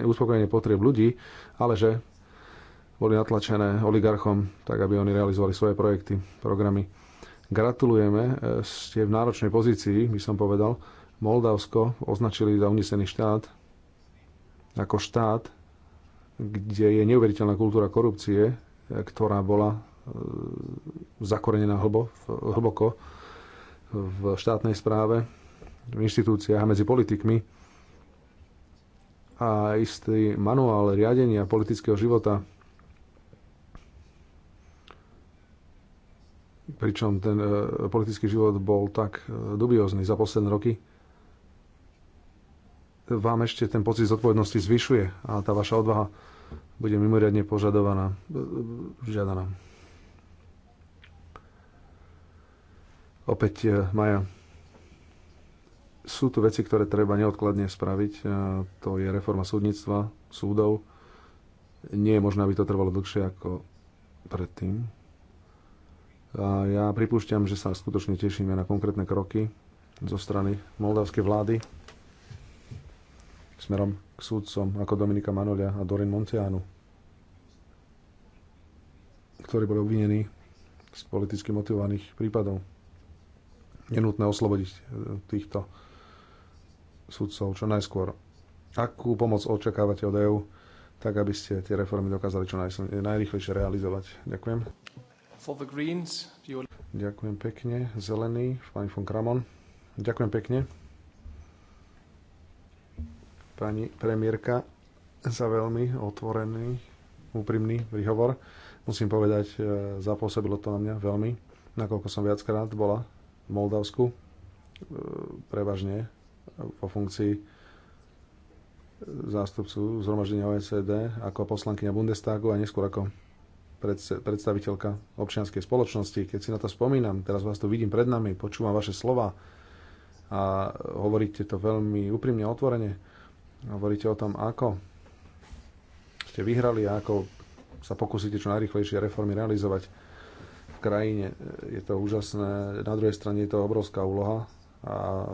uspokojenie potrieb ľudí, ale že boli natlačené oligarchom, tak aby oni realizovali svoje projekty, programy. Gratulujeme, e, ste v náročnej pozícii, by som povedal. Moldavsko označili za unesený štát ako štát, kde je neuveriteľná kultúra korupcie, e, ktorá bola e, zakorenená hlbo, hlboko v štátnej správe, v inštitúciách a medzi politikmi a istý manuál riadenia politického života. Pričom ten e, politický život bol tak e, dubiozný za posledné roky, vám ešte ten pocit zodpovednosti zvyšuje a tá vaša odvaha bude mimoriadne požadovaná, e, žiadaná. Opäť Maja. Sú tu veci, ktoré treba neodkladne spraviť. E, to je reforma súdnictva, súdov. Nie je možné, aby to trvalo dlhšie ako predtým. A ja pripúšťam, že sa skutočne tešíme na konkrétne kroky zo strany moldavskej vlády smerom k súdcom ako Dominika Manolia a Dorin Montianu, ktorí boli obvinení z politicky motivovaných prípadov. Nenutné oslobodiť e, týchto sudcov čo najskôr. Akú pomoc očakávate od EÚ, tak aby ste tie reformy dokázali čo najrychlejšie realizovať? Ďakujem. For the greens, you... Ďakujem pekne. Zelený, pani von Kramon. Ďakujem pekne. Pani premiérka, za veľmi otvorený, úprimný príhovor. Musím povedať, e, zapôsobilo to na mňa veľmi, nakoľko som viackrát bola v Moldavsku, e, prevažne vo funkcii zástupcu zhromaždenia OECD ako poslankyňa Bundestagu a neskôr ako predstaviteľka občianskej spoločnosti. Keď si na to spomínam, teraz vás tu vidím pred nami, počúvam vaše slova a hovoríte to veľmi úprimne, otvorene. Hovoríte o tom, ako ste vyhrali a ako sa pokúsite čo najrychlejšie reformy realizovať v krajine. Je to úžasné. Na druhej strane je to obrovská úloha a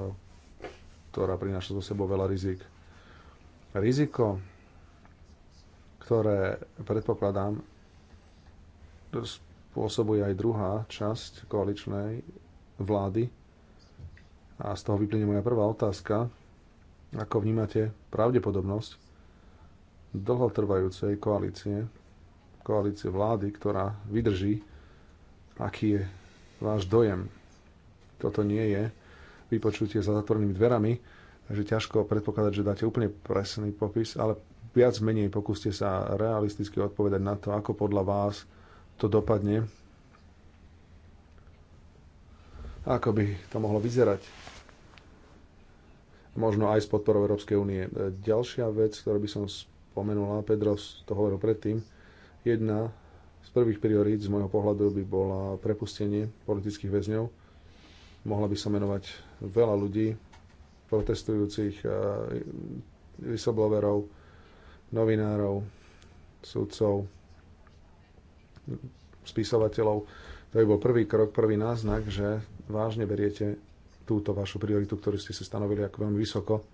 ktorá prináša so sebou veľa rizik. Riziko, ktoré predpokladám, spôsobuje aj druhá časť koaličnej vlády. A z toho vyplynie moja prvá otázka. Ako vnímate pravdepodobnosť dlhotrvajúcej koalície, koalície vlády, ktorá vydrží, aký je váš dojem? Toto nie je vypočutie za zatvorenými dverami, takže ťažko predpokladať, že dáte úplne presný popis, ale viac menej pokúste sa realisticky odpovedať na to, ako podľa vás to dopadne. Ako by to mohlo vyzerať? Možno aj s podporou Európskej únie. Ďalšia vec, ktorú by som spomenula, Pedro to hovoril predtým, jedna z prvých priorít z môjho pohľadu by bola prepustenie politických väzňov Mohla by sa menovať veľa ľudí, protestujúcich, vysobloverov, eh, novinárov, sudcov, spisovateľov. To by bol prvý krok, prvý náznak, že vážne beriete túto vašu prioritu, ktorú ste si stanovili ako veľmi vysoko,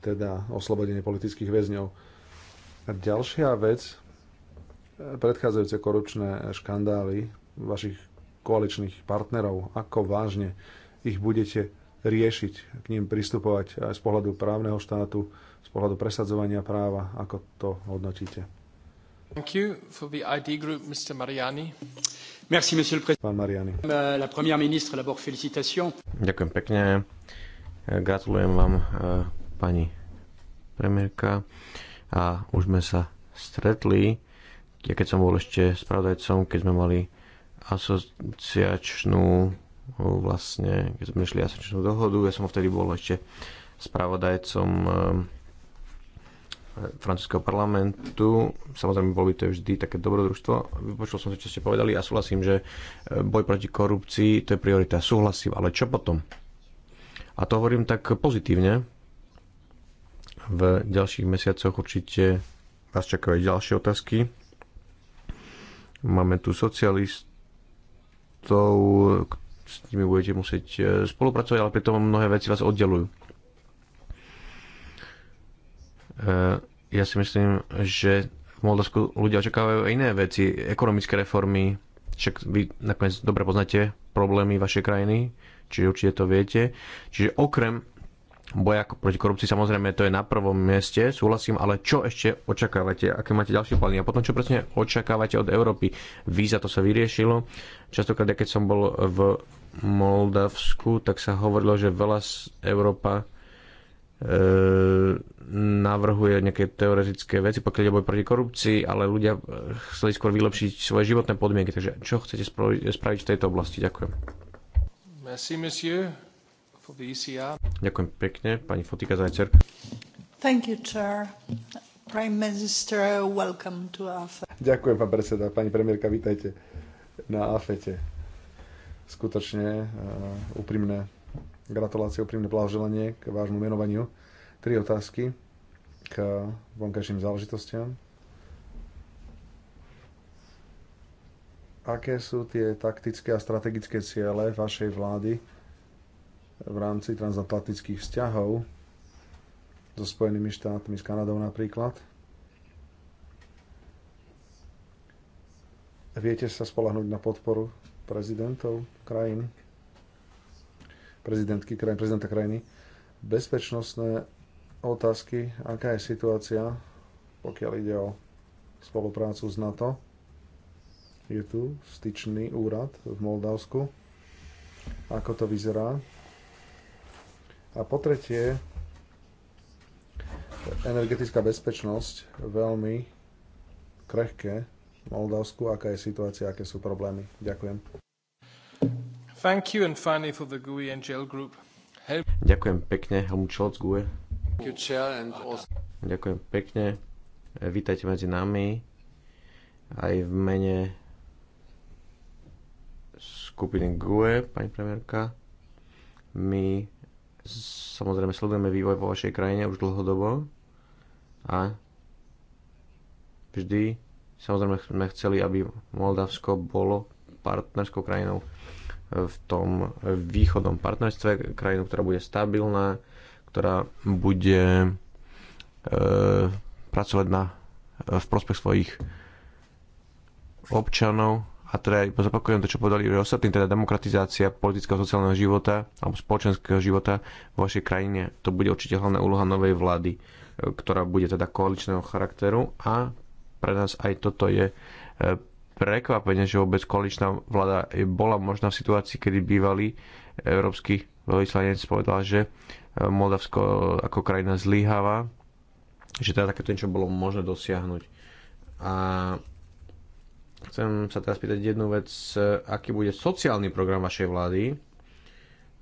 teda oslobodenie politických väzňov. A ďalšia vec, eh, predchádzajúce korupčné škandály vašich koaličných partnerov, ako vážne ich budete riešiť, k ním pristupovať aj z pohľadu právneho štátu, z pohľadu presadzovania práva, ako to hodnotíte. Thank you for the ID group, Mr. Mariani. Merci, monsieur le président. Pán Mariani. Euh, la première ministre, d'abord félicitations. Ďakujem pekne. Gratulujem vám, euh, pani premiérka. A už sme sa stretli, ja keď som bol ešte spravodajcom, keď sme mali asociačnú vlastne, keď sme šli asociačnú dohodu, ja som vtedy bol ešte spravodajcom e, francúzského parlamentu. Samozrejme, boli to vždy také dobrodružstvo. Vypočul som si, čo ste povedali a súhlasím, že e, boj proti korupcii to je priorita. Súhlasím, ale čo potom? A to hovorím tak pozitívne. V ďalších mesiacoch určite vás čakajú ďalšie otázky. Máme tu socialist, štátov, s nimi budete musieť e, spolupracovať, ale pritom mnohé veci vás oddelujú. E, ja si myslím, že v Moldavsku ľudia očakávajú iné veci, ekonomické reformy, však vy nakoniec dobre poznáte problémy vašej krajiny, čiže určite to viete. Čiže okrem boja proti korupcii, samozrejme to je na prvom mieste, súhlasím, ale čo ešte očakávate? Aké máte ďalšie plány? A potom čo presne očakávate od Európy? Víza to sa vyriešilo. Častokrát, keď som bol v Moldavsku, tak sa hovorilo, že veľa z Európa e, navrhuje nejaké teoretické veci, pokiaľ je boj proti korupcii, ale ľudia e, chceli skôr vylepšiť svoje životné podmienky. Takže čo chcete spraviť v tejto oblasti? Ďakujem. Merci, monsieur. E Ďakujem pekne, pani Fotika Zajcer. Thank you, Chair. Prime Minister, welcome to AFE. Ďakujem, pán predseda. Pani premiérka, vítajte na AFETE. Skutočne uh, úprimné gratulácie, úprimné blahoželanie k vášmu menovaniu. Tri otázky k vonkajším záležitostiam. Aké sú tie taktické a strategické ciele vašej vlády v rámci transatlantických vzťahov so Spojenými štátmi, s Kanadou napríklad. Viete sa spolahnuť na podporu prezidentov krajín, prezidentky krajín, prezidenta krajiny. Bezpečnostné otázky, aká je situácia, pokiaľ ide o spoluprácu s NATO. Je tu styčný úrad v Moldavsku. Ako to vyzerá? A po tretie, energetická bezpečnosť veľmi krehké v Moldavsku, aká je situácia, aké sú problémy. Ďakujem. Thank you and finally for the GUI e NGL group. Help. Ďakujem pekne, Helmut Scholz, GUE. Ďakujem pekne. Vítajte medzi nami aj v mene skupiny GUE, pani premiérka. My Samozrejme sledujeme vývoj vo vašej krajine už dlhodobo a vždy samozrejme sme chceli, aby Moldavsko bolo partnerskou krajinou v tom východnom partnerstve, krajinu, ktorá bude stabilná, ktorá bude e, pracovať na, e, v prospech svojich občanov a teda zopakujem to, čo povedali ostatní, teda demokratizácia politického sociálneho života alebo spoločenského života vo vašej krajine. To bude určite hlavná úloha novej vlády, e, ktorá bude teda koaličného charakteru a pre nás aj toto je e, prekvapenie, že vôbec koaličná vláda bola možná v situácii, kedy bývalý európsky veľvyslanec povedal, že e, Moldavsko ako krajina zlyháva, že teda takéto niečo bolo možné dosiahnuť. A Chcem sa teraz pýtať jednu vec, e, aký bude sociálny program vašej vlády,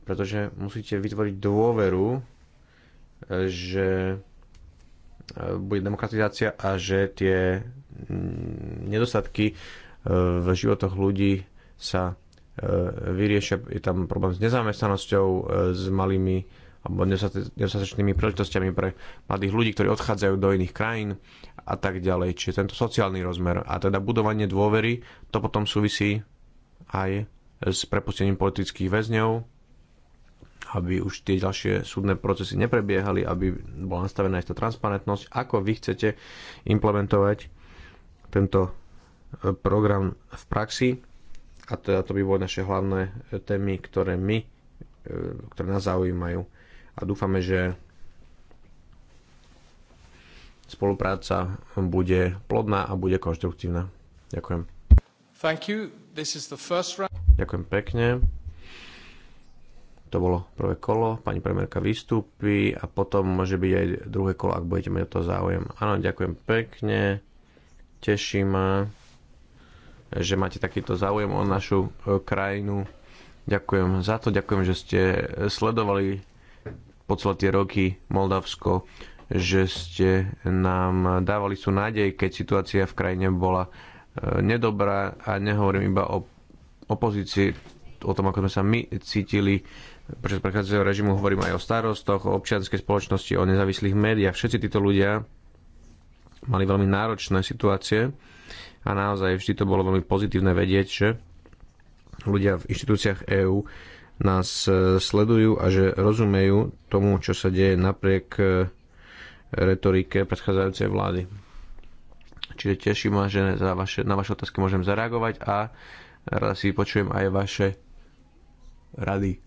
pretože musíte vytvoriť dôveru, e, že e, bude demokratizácia a že tie mm, nedostatky v životoch ľudí sa vyriešia. Je tam problém s nezamestnanosťou, s malými alebo nedostatečnými príležitostiami pre mladých ľudí, ktorí odchádzajú do iných krajín a tak ďalej. Čiže tento sociálny rozmer a teda budovanie dôvery, to potom súvisí aj s prepustením politických väzňov, aby už tie ďalšie súdne procesy neprebiehali, aby bola nastavená aj tá transparentnosť, ako vy chcete implementovať tento e, program v praxi. A teda to by boli naše hlavné e, témy, ktoré my, e, ktoré nás zaujímajú. A dúfame, že spolupráca bude plodná a bude konštruktívna. Ďakujem. Thank you. This is the first round. Ďakujem pekne. To bolo prvé kolo, pani premiérka vystúpi a potom môže byť aj druhé kolo, ak budete mať o to záujem. Áno, ďakujem pekne, teší ma, že máte takýto záujem o našu e, krajinu. Ďakujem za to, ďakujem, že ste sledovali po celé tie roky Moldavsko že ste nám dávali sú nádej, keď situácia v krajine bola e, nedobrá a nehovorím iba o opozícii, o tom, ako sme sa my cítili počas prechádzajúceho režimu, hovorím aj o starostoch, o občianskej spoločnosti, o nezávislých médiách. Všetci títo ľudia mali veľmi náročné situácie a naozaj vždy to bolo veľmi pozitívne vedieť, že ľudia v inštitúciách EÚ nás e, sledujú a že rozumejú tomu, čo sa deje napriek e, retorike predchádzajúcej vlády. Čiže teším ma, že na vaše, na vaše otázky môžem zareagovať a rada si vypočujem aj vaše rady.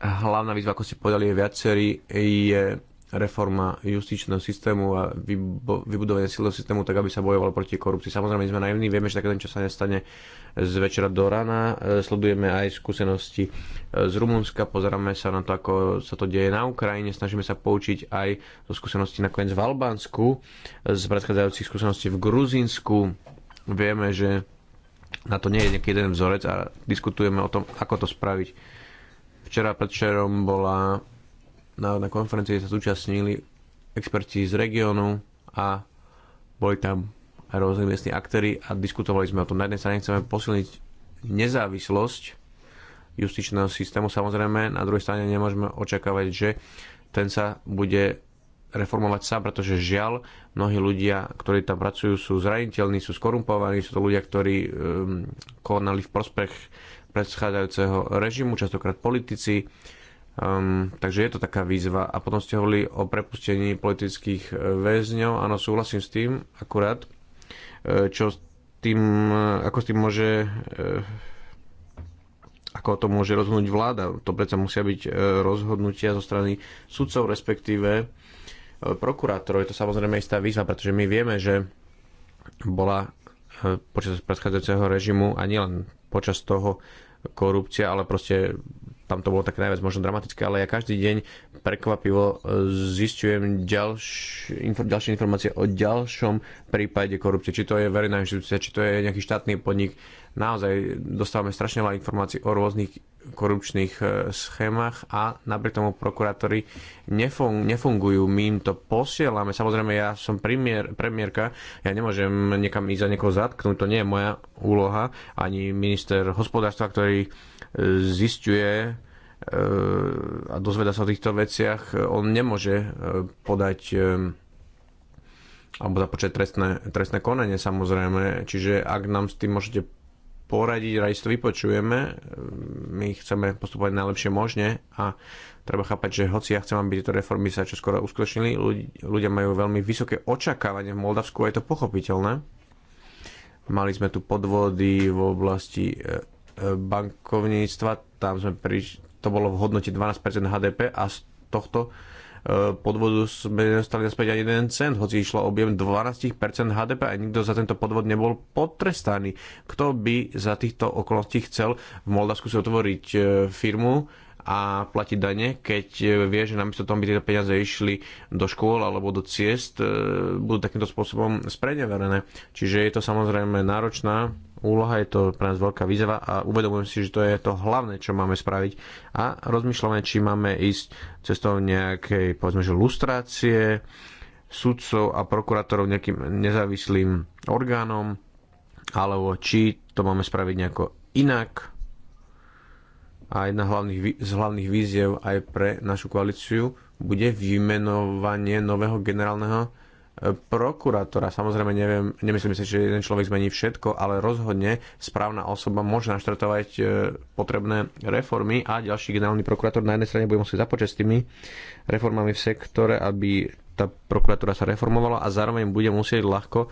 Hlavná výzva, ako ste povedali, je viacerý, je reforma justičného systému a vybudovanie silného systému tak, aby sa bojovalo proti korupcii. Samozrejme, my sme naivní, vieme, že takéto niečo sa nestane z večera do rana. E, sledujeme aj skúsenosti e, z Rumunska, pozeráme sa na to, ako sa to deje na Ukrajine, snažíme sa poučiť aj zo skúseností nakoniec v Albánsku, e, z predchádzajúcich skúseností v Gruzínsku. Vieme, že na to nie je nejaký jeden vzorec a diskutujeme o tom, ako to spraviť. Včera predčerom bola na, na konferencii sa zúčastnili experti z regiónu a boli tam aj rôzni miestni aktéry a diskutovali sme o tom. Na jednej strane chceme posilniť nezávislosť justičného systému samozrejme, na druhej strane nemôžeme očakávať, že ten sa bude reformovať sa, pretože žiaľ, mnohí ľudia, ktorí tam pracujú, sú zraniteľní, sú skorumpovaní, sú to ľudia, ktorí um, konali v prospech predchádzajúceho režimu, častokrát politici, Um, takže je to taká výzva. A potom ste hovorili o prepustení politických e, väzňov. Áno, súhlasím s tým, akurát. E, čo s tým, e, ako s tým môže ako to môže rozhodnúť vláda. To predsa musia byť rozhodnutia zo strany sudcov, respektíve prokurátorov. Je to samozrejme istá výzva, pretože my vieme, že bola počas predchádzajúceho režimu a nielen počas toho korupcia, ale proste tam to bolo tak najviac možno dramatické, ale ja každý deň prekvapivo e, zistujem ďalš, ďalšie informácie o ďalšom prípade korupcie. Či to je verejná inštitúcia, či to je nejaký štátny podnik. Naozaj dostávame strašne veľa informácií o rôznych korupčných e, schémach a napriek tomu prokurátori nefun- nefungujú. My im to posielame. Samozrejme, ja som premiér, premiérka, ja nemôžem niekam ísť za niekoho zatknúť, to nie je moja úloha. Ani minister hospodárstva, ktorý zistuje e, a dozveda sa o týchto veciach, e, on nemôže e, podať alebo započať trestné, trestné konanie samozrejme. Čiže ak nám s tým môžete poradiť, radi to vypočujeme. My chceme postupovať najlepšie možne a treba chápať, že hoci ja chcem, aby tieto reformy sa čoskoro uskutočnili, ľudia majú veľmi vysoké očakávanie v Moldavsku a je to pochopiteľné. Mali sme tu podvody v oblasti bankovníctva, tam sme priš- to bolo v hodnote 12% HDP a z tohto e, podvodu sme dostali naspäť aj 1 cent, hoci išlo objem 12% HDP a nikto za tento podvod nebol potrestaný. Kto by za týchto okolností chcel v Moldavsku si otvoriť e, firmu, a platiť dane, keď e, vie, že namiesto toho by tieto peniaze išli do škôl alebo do ciest, e, budú takýmto spôsobom spreneverené. Čiže je to samozrejme náročná úloha, je to pre nás veľká výzva a uvedomujem si, že to je to hlavné, čo máme spraviť a rozmýšľame, či máme ísť cestou nejakej, povedzme, že lustrácie, sudcov a prokurátorov nejakým nezávislým orgánom, alebo či to máme spraviť nejako inak, a jedna hlavných, z hlavných víziev aj pre našu koalíciu bude vymenovanie nového generálneho e, prokurátora. Samozrejme, neviem, nemyslím si, že jeden človek zmení všetko, ale rozhodne správna osoba môže naštartovať e, potrebné reformy a ďalší generálny prokurátor na jednej strane bude musieť započať s tými reformami v sektore, aby tá prokuratúra sa reformovala a zároveň bude musieť ľahko, e,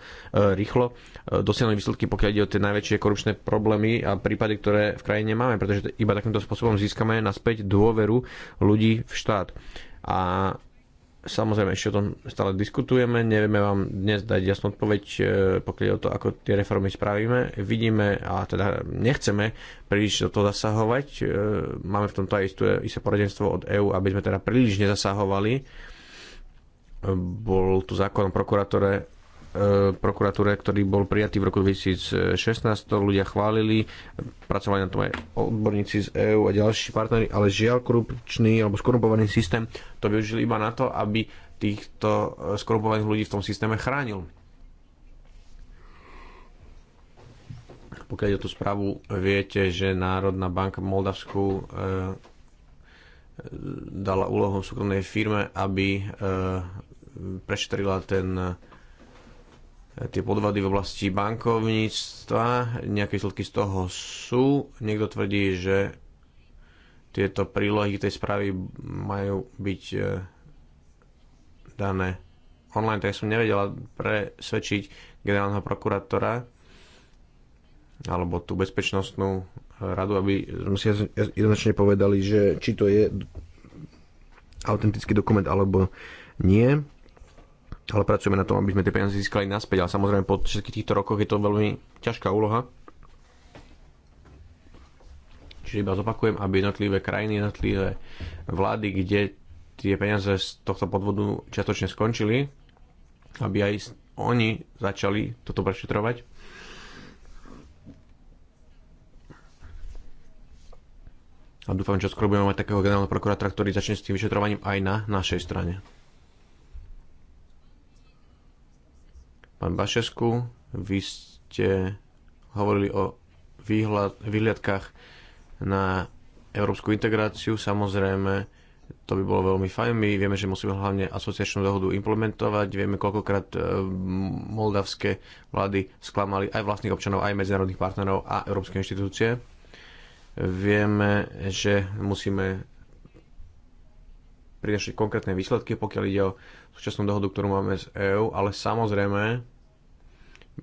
rýchlo e, dosiahnuť výsledky, pokiaľ ide o tie najväčšie korupčné problémy a prípady, ktoré v krajine máme, pretože iba takýmto spôsobom získame naspäť dôveru ľudí v štát. A samozrejme ešte o tom stále diskutujeme, nevieme vám dnes dať jasnú odpoveď, e, pokiaľ o to, ako tie reformy spravíme. Vidíme a teda nechceme príliš do toho zasahovať. Máme v tomto aj isté poradenstvo od EÚ, aby sme teda príliš nezasahovali bol tu zákon o prokuratúre e, prokuratúre, ktorý bol prijatý v roku 2016, to ľudia chválili, pracovali na tom aj odborníci z EÚ a ďalší partnery, ale žiaľ korupčný alebo skorumpovaný systém to využili iba na to, aby týchto e, skorumpovaných ľudí v tom systéme chránil. Pokiaľ je tú správu, viete, že Národná banka v Moldavsku e, e dala úlohu súkromnej firme, aby e, prešetrila ten tie podvady v oblasti bankovníctva, nejaké výsledky z toho sú. Niekto tvrdí, že tieto prílohy tej správy majú byť e, dané online, tak som nevedela presvedčiť generálneho prokurátora alebo tú bezpečnostnú radu, aby sme si jednoznačne povedali, že či to je autentický dokument alebo nie ale pracujeme na tom, aby sme tie peniaze získali naspäť. Ale samozrejme po všetkých týchto rokoch je to veľmi ťažká úloha. Čiže iba zopakujem, aby jednotlivé krajiny, jednotlivé vlády, kde tie peniaze z tohto podvodu čiatočne skončili, aby aj oni začali toto prešetrovať. A dúfam, že skoro budeme mať takého generálneho prokurátora, ktorý začne s tým vyšetrovaním aj na našej strane. Pán Bašesku, vy ste hovorili o výhľadkách na európsku integráciu. Samozrejme, to by bolo veľmi fajn. My vieme, že musíme hlavne asociačnú dohodu implementovať. Vieme, koľkokrát e, moldavské vlády sklamali aj vlastných občanov, aj medzinárodných partnerov a európske inštitúcie. Vieme, že musíme prinašať konkrétne výsledky, pokiaľ ide o súčasnú dohodu, ktorú máme s EÚ, ale samozrejme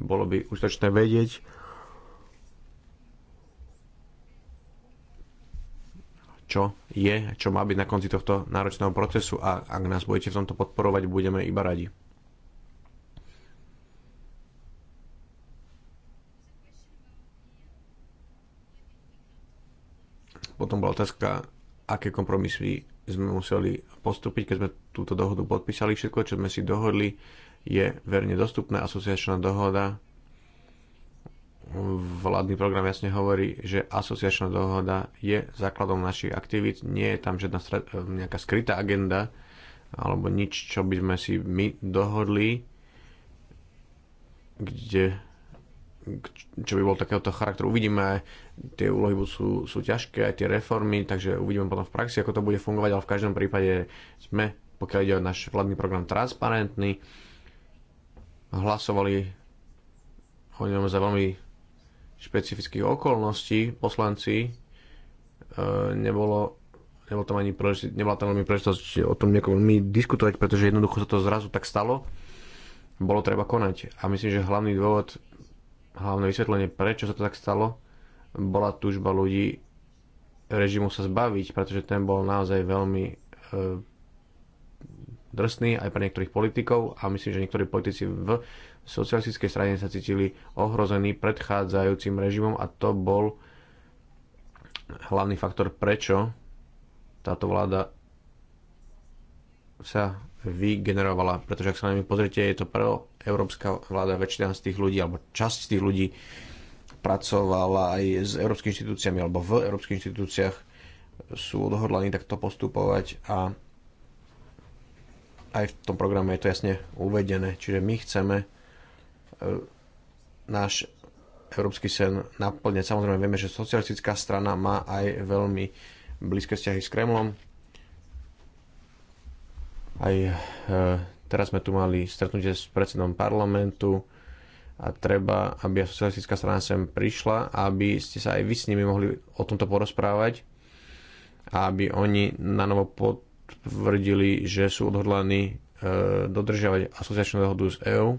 bolo by užitočné vedieť, čo je, čo má byť na konci tohto náročného procesu a ak nás budete v tomto podporovať, budeme iba radi. Potom bola otázka aké kompromisy sme museli postúpiť, keď sme túto dohodu podpísali. Všetko, čo sme si dohodli, je verne dostupné. Asociačná dohoda, vládny program jasne hovorí, že asociačná dohoda je základom našich aktivít. Nie je tam žiadna nejaká skrytá agenda alebo nič, čo by sme si my dohodli, kde čo by bol takéhoto charakteru. Uvidíme, tie úlohy sú, sú ťažké, aj tie reformy, takže uvidíme potom v praxi, ako to bude fungovať, ale v každom prípade sme, pokiaľ ide o náš vládny program, transparentný. Hlasovali o ňom za veľmi špecifických okolností poslanci. E, nebolo nebol tam ani nebola tam veľmi príležitosť o tom nejako veľmi diskutovať, pretože jednoducho sa to zrazu tak stalo. Bolo treba konať. A myslím, že hlavný dôvod hlavné vysvetlenie, prečo sa to tak stalo, bola túžba ľudí režimu sa zbaviť, pretože ten bol naozaj veľmi e, drsný aj pre niektorých politikov a myslím, že niektorí politici v socialistickej strane sa cítili ohrození predchádzajúcim režimom a to bol hlavný faktor, prečo táto vláda sa vygenerovala. Pretože ak sa na mňa pozrite, je to pre európska vláda, väčšina z tých ľudí, alebo časť z tých ľudí pracovala aj s európskymi inštitúciami alebo v európskych inštitúciách sú odhodlaní takto postupovať a aj v tom programe je to jasne uvedené. Čiže my chceme e, náš európsky sen naplňať. Samozrejme vieme, že socialistická strana má aj veľmi blízke vzťahy s Kremlom. Aj e, Teraz sme tu mali stretnutie s predsedom parlamentu a treba, aby socialistická strana sem prišla, aby ste sa aj vy s nimi mohli o tomto porozprávať a aby oni na novo potvrdili, že sú odhodlaní e, dodržiavať asociačnú dohodu z EÚ.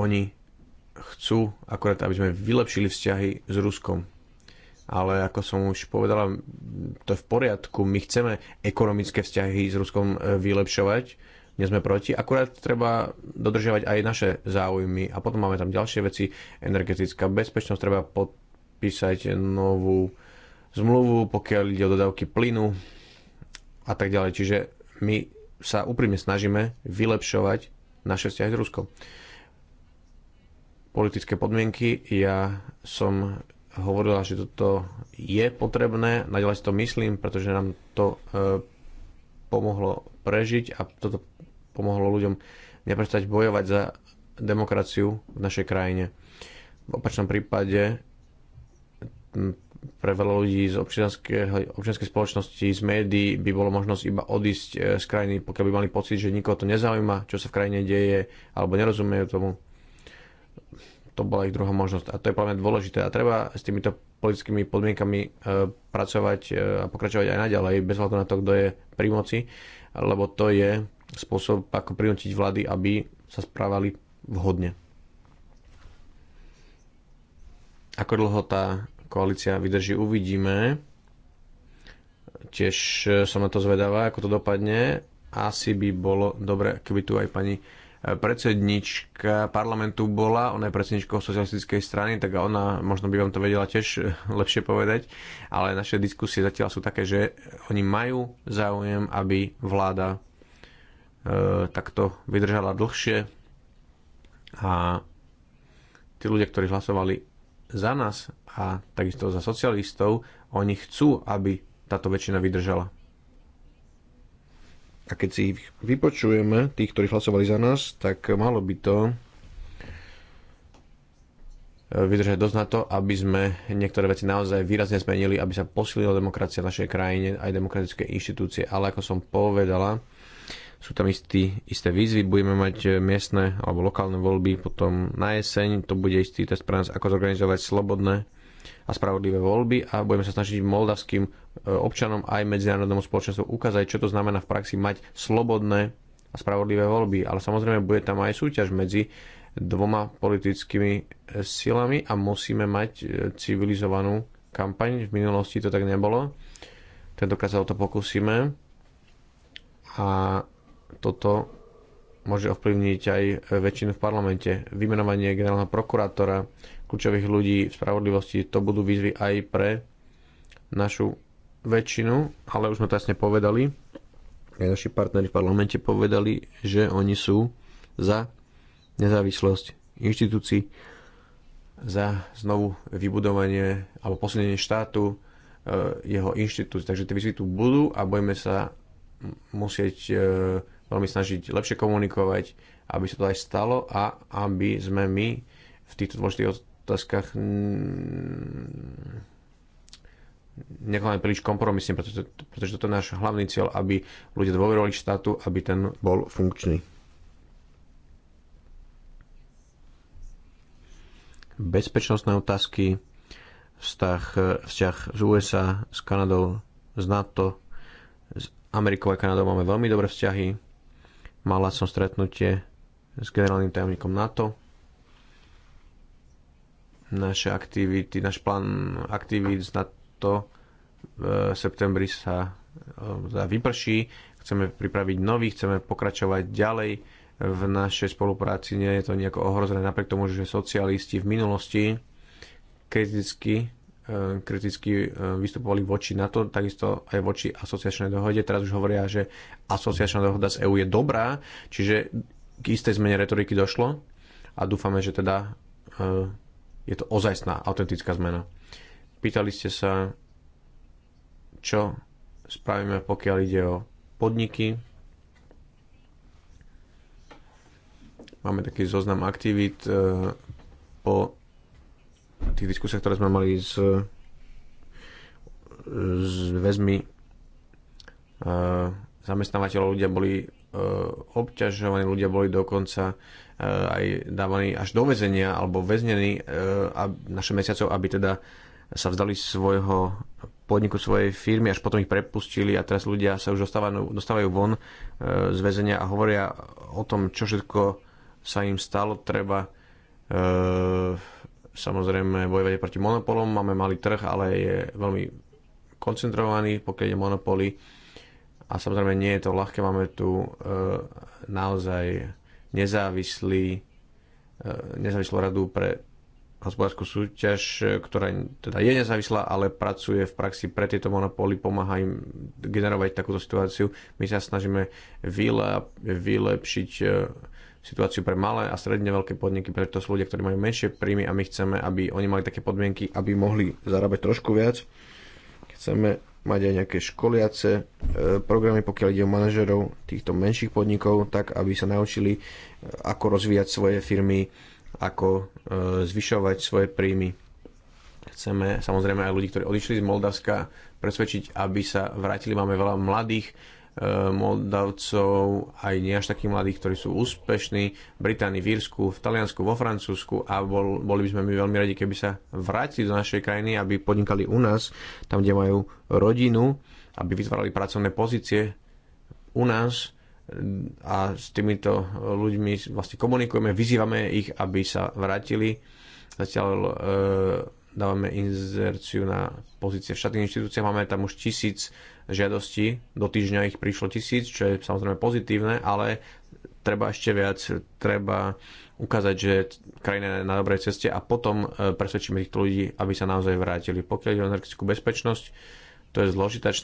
Oni chcú akorát, aby sme vylepšili vzťahy s Ruskom ale ako som už povedala, to je v poriadku. My chceme ekonomické vzťahy s Ruskom e, vylepšovať, nie sme proti, akurát treba dodržiavať aj naše záujmy a potom máme tam ďalšie veci, energetická bezpečnosť, treba podpísať novú zmluvu, pokiaľ ide o dodávky plynu a tak ďalej. Čiže my sa úprimne snažíme vylepšovať naše vzťahy s Ruskom. Politické podmienky, ja som hovorila, že toto je potrebné, naďalej si to myslím, pretože nám to e, pomohlo prežiť a toto pomohlo ľuďom neprestať bojovať za demokraciu v našej krajine. V opačnom prípade pre veľa ľudí z občianskej spoločnosti, z médií by bolo možnosť iba odísť e, z krajiny, pokiaľ by mali pocit, že nikoho to nezaujíma, čo sa v krajine deje, alebo nerozumejú tomu to bola ich druhá možnosť. A to je podľa mňa dôležité. A treba s týmito politickými podmienkami e, pracovať e, a pokračovať aj naďalej, bez hľadu na to, kto je pri moci, lebo to je spôsob, ako prinútiť vlády, aby sa správali vhodne. Ako dlho tá koalícia vydrží, uvidíme. Tiež e, som na to zvedavá, ako to dopadne. Asi by bolo dobre, keby tu aj pani predsednička parlamentu bola, ona je predsedničkou socialistickej strany, tak ona možno by vám to vedela tiež lepšie povedať, ale naše diskusie zatiaľ sú také, že oni majú záujem, aby vláda e, takto vydržala dlhšie a tí ľudia, ktorí hlasovali za nás a takisto za socialistov, oni chcú, aby táto väčšina vydržala. A keď si ich vypočujeme, tých, ktorí hlasovali za nás, tak malo by to e, vydržať dosť na to, aby sme niektoré veci naozaj výrazne zmenili, aby sa posilila demokracia v našej krajine, aj demokratické inštitúcie. Ale ako som povedala, sú tam istý, isté výzvy, budeme mať e, miestne alebo lokálne voľby potom na jeseň, to bude istý test pre nás, ako zorganizovať slobodné a spravodlivé voľby a budeme sa snažiť moldavským e, občanom aj medzinárodnému spoločenstvu ukázať, čo to znamená v praxi mať slobodné a spravodlivé voľby. Ale samozrejme bude tam aj súťaž medzi dvoma politickými e, silami a musíme mať e, civilizovanú kampaň. V minulosti to tak nebolo. Tentokrát sa o to pokúsime. A toto môže ovplyvniť aj väčšinu v parlamente. Vymenovanie generálneho prokurátora, kľúčových ľudí v spravodlivosti. To budú výzvy aj pre našu väčšinu, ale už sme to jasne povedali, aj naši partneri v parlamente povedali, že oni sú za nezávislosť inštitúcií, za znovu vybudovanie alebo posilnenie štátu, e, jeho inštitúcií. Takže tie výzvy tu budú a budeme sa musieť e, veľmi snažiť lepšie komunikovať, aby sa to aj stalo a aby sme my v týchto dôležitých otázkach mm, nekonáme príliš kompromisne, pretože, pretože toto je náš hlavný cieľ, aby ľudia dôverovali štátu, aby ten bol funkčný. Bezpečnostné otázky, vzťah, vzťah z USA, s Kanadou, z NATO, s Amerikou a Kanadou máme veľmi dobré vzťahy. Mala som stretnutie s generálnym tajomníkom NATO naše aktivity, náš plán aktivít na to v septembri e, sa vyprší. Chceme pripraviť nový, chceme pokračovať ďalej v našej spolupráci. Nie je to nejako ohrozené napriek tomu, že socialisti v minulosti kriticky e, kriticky e, vystupovali voči NATO, takisto aj voči asociačnej dohode. Teraz už hovoria, že asociačná dohoda z EÚ je dobrá, čiže k istej zmene retoriky došlo a dúfame, že teda je to ozajstná, autentická zmena. Pýtali ste sa, čo spravíme, pokiaľ ide o podniky. Máme taký zoznam aktivít e, po tých diskusiách, ktoré sme mali s, s väzmi e, zamestnávateľov. Ľudia boli E, obťažovaní ľudia boli dokonca e, aj dávaní až do väzenia alebo väznení e, našim mesiacov, aby teda sa vzdali svojho podniku svojej firmy, až potom ich prepustili a teraz ľudia sa už dostávajú, dostávajú von z väzenia a hovoria o tom, čo všetko sa im stalo. Treba samozrejme bojovať proti monopolom. Máme malý trh, ale je veľmi koncentrovaný, pokiaľ je monopoly a samozrejme nie je to ľahké, máme tu e, naozaj nezávislý, e, nezávislú radu pre hospodárskú súťaž, e, ktorá teda je nezávislá, ale pracuje v praxi pre tieto monopóly, pomáha im generovať takúto situáciu. My sa snažíme vylepšiť e, situáciu pre malé a stredne veľké podniky, preto sú ľudia, ktorí majú menšie príjmy a my chceme, aby oni mali také podmienky, aby mohli zarábať trošku viac. Chceme mať aj nejaké školiace e, programy, pokiaľ ide o manažerov týchto menších podnikov, tak aby sa naučili, e, ako rozvíjať svoje firmy, ako e, zvyšovať svoje príjmy. Chceme samozrejme aj ľudí, ktorí odišli z Moldavska, presvedčiť, aby sa vrátili. Máme veľa mladých Moldavcov, aj nie až takých mladých, ktorí sú úspešní, Británii, v Írsku, v Taliansku, vo Francúzsku a bol, boli by sme my veľmi radi, keby sa vrátili do našej krajiny, aby podnikali u nás, tam, kde majú rodinu, aby vytvárali pracovné pozície u nás a s týmito ľuďmi vlastne komunikujeme, vyzývame ich, aby sa vrátili. Zatiaľ e, dávame inzerciu na pozície v štátnych inštitúciách, máme tam už tisíc žiadosti, Do týždňa ich prišlo tisíc, čo je samozrejme pozitívne, ale treba ešte viac, treba ukázať, že krajina je na dobrej ceste a potom e, presvedčíme týchto ľudí, aby sa naozaj vrátili. Pokiaľ ide o energetickú bezpečnosť, to je zložitá, e,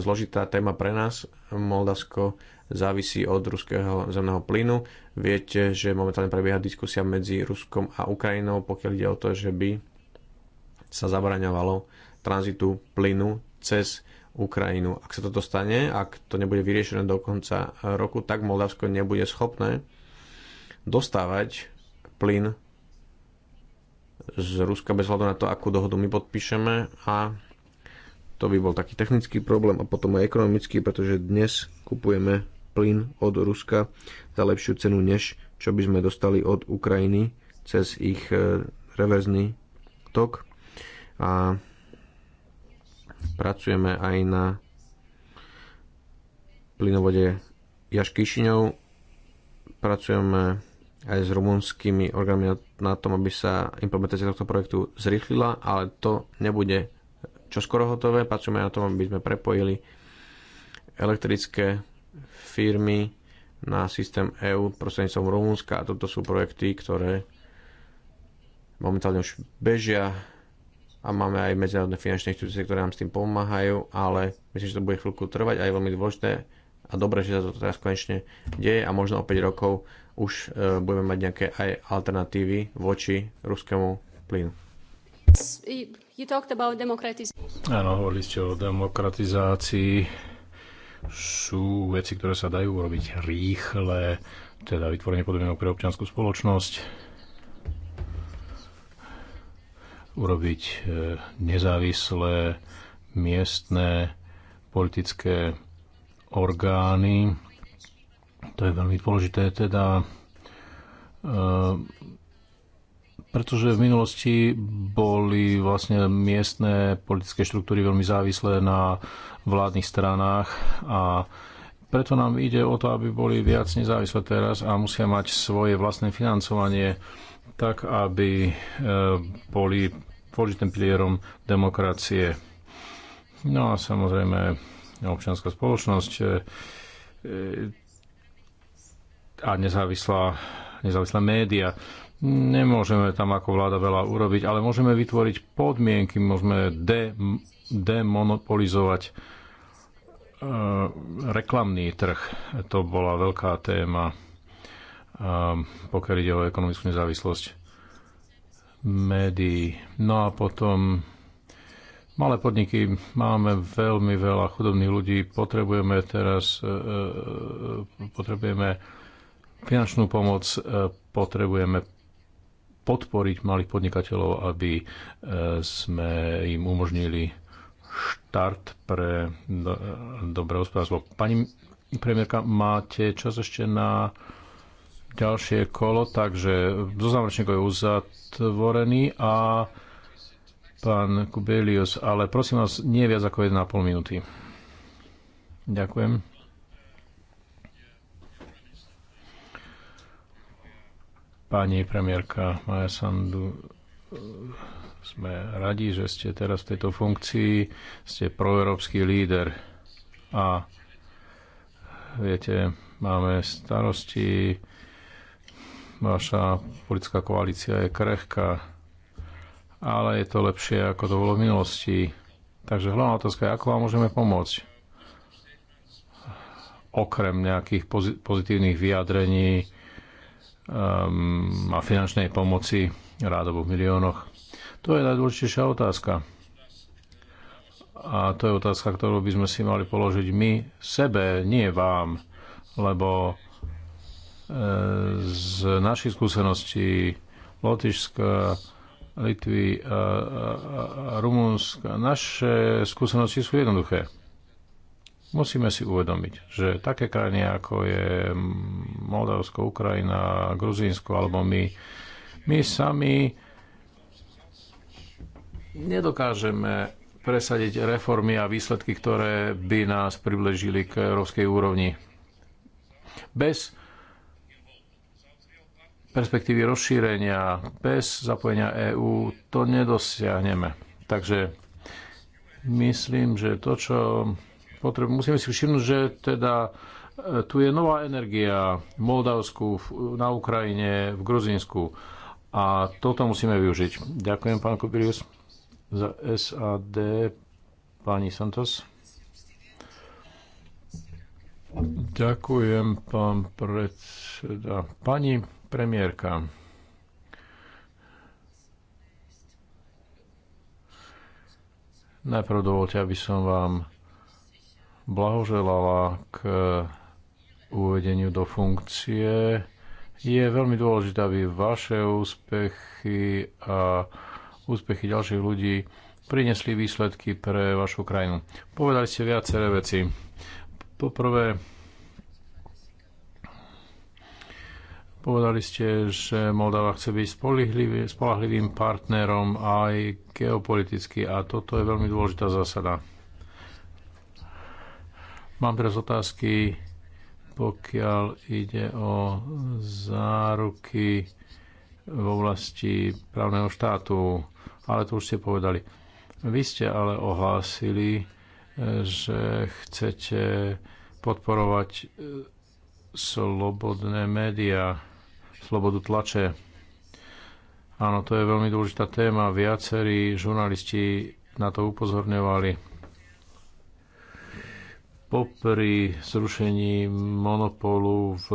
zložitá téma pre nás. Moldavsko závisí od ruského zemného plynu. Viete, že momentálne prebieha diskusia medzi Ruskom a Ukrajinou, pokiaľ ide o to, že by sa zabraňovalo tranzitu plynu cez Ukrajinu. Ak sa toto stane ak to nebude vyriešené do konca roku, tak Moldavsko nebude schopné dostávať plyn z Ruska bez hľadu na to, akú dohodu my podpíšeme a to by bol taký technický problém a potom aj ekonomický, pretože dnes kupujeme plyn od Ruska za lepšiu cenu, než čo by sme dostali od Ukrajiny cez ich eh, reverzný tok. A Pracujeme aj na plynovode Jaž Kišiňov. Pracujeme aj s rumunskými orgánmi na tom, aby sa implementácia tohto projektu zrýchlila, ale to nebude čoskoro hotové. Pracujeme na tom, aby sme prepojili elektrické firmy na systém EU prostredníctvom Rumunska a toto sú projekty, ktoré momentálne už bežia a máme aj medzinárodné finančné inštitúcie, ktoré nám s tým pomáhajú, ale myslím, že to bude chvíľku trvať a je veľmi dôležité a dobre, že sa to teraz konečne deje a možno o 5 rokov už e, budeme mať nejaké aj alternatívy voči ruskému plynu. Áno, hovorili ste o demokratizácii. Sú veci, ktoré sa dajú urobiť rýchle, teda vytvorenie podmienok pre občianskú spoločnosť, urobiť e, nezávislé miestne politické orgány. To je veľmi dôležité teda, e, pretože v minulosti boli vlastne miestne politické štruktúry veľmi závislé na vládnych stranách a preto nám ide o to, aby boli viac nezávislé teraz a musia mať svoje vlastné financovanie tak aby e, boli dôležitým pilierom demokracie. No a samozrejme občianská spoločnosť e, e, a nezávislá, nezávislá média. Nemôžeme tam ako vláda veľa urobiť, ale môžeme vytvoriť podmienky, môžeme de, demonopolizovať reklamný trh. To bola veľká téma Ehm, pokiaľ ide o ekonomickú nezávislosť médií. No a potom malé podniky. Máme veľmi veľa chudobných ľudí. Potrebujeme teraz e, e, e, potrebujeme finančnú pomoc, potrebujeme podporiť malých podnikateľov, aby sme im umožnili štart pre do, dobré hospodárstvo. Pani premiérka, máte čas ešte na ďalšie kolo, takže zoznam rečníkov je uzatvorený a pán Kubelius, ale prosím vás, nie viac ako 1,5 minúty. Ďakujem. Pani premiérka Maja Sandu, sme radi, že ste teraz v tejto funkcii, ste proeurópsky líder a viete, máme starosti, Vaša politická koalícia je krehká, ale je to lepšie, ako to bolo v minulosti. Takže hlavná otázka je, ako vám môžeme pomôcť? Okrem nejakých pozitívnych vyjadrení um, a finančnej pomoci, rádovo v miliónoch. To je najdôležitejšia otázka. A to je otázka, ktorú by sme si mali položiť my sebe, nie vám, lebo z našich skúseností Lotyšska, Litvy a, a, a Rumúnska, naše skúsenosti sú jednoduché. Musíme si uvedomiť, že také krajiny ako je Moldavsko, Ukrajina, Gruzínsko alebo my, my sami nedokážeme presadiť reformy a výsledky, ktoré by nás približili k európskej úrovni. Bez perspektívy rozšírenia bez zapojenia EÚ to nedosiahneme. Takže myslím, že to, čo potrebujeme, musíme si všimnúť, že teda e, tu je nová energia v Moldavsku, na Ukrajine, v Gruzínsku a toto musíme využiť. Ďakujem, pán Kubilius, za SAD, pani Santos. Ďakujem, pán predseda. Pani Premiérka. Najprv dovolte, aby som vám blahoželala k uvedeniu do funkcie. Je veľmi dôležité, aby vaše úspechy a úspechy ďalších ľudí prinesli výsledky pre vašu krajinu. Povedali ste viaceré veci. Poprvé, Povedali ste, že Moldava chce byť spolahlivým partnerom aj geopoliticky a toto je veľmi dôležitá zásada. Mám teraz otázky, pokiaľ ide o záruky v oblasti právneho štátu, ale to už ste povedali. Vy ste ale ohlásili, že chcete podporovať eh, slobodné médiá slobodu tlače. Áno, to je veľmi dôležitá téma. Viacerí žurnalisti na to upozorňovali. Popri zrušení monopolu v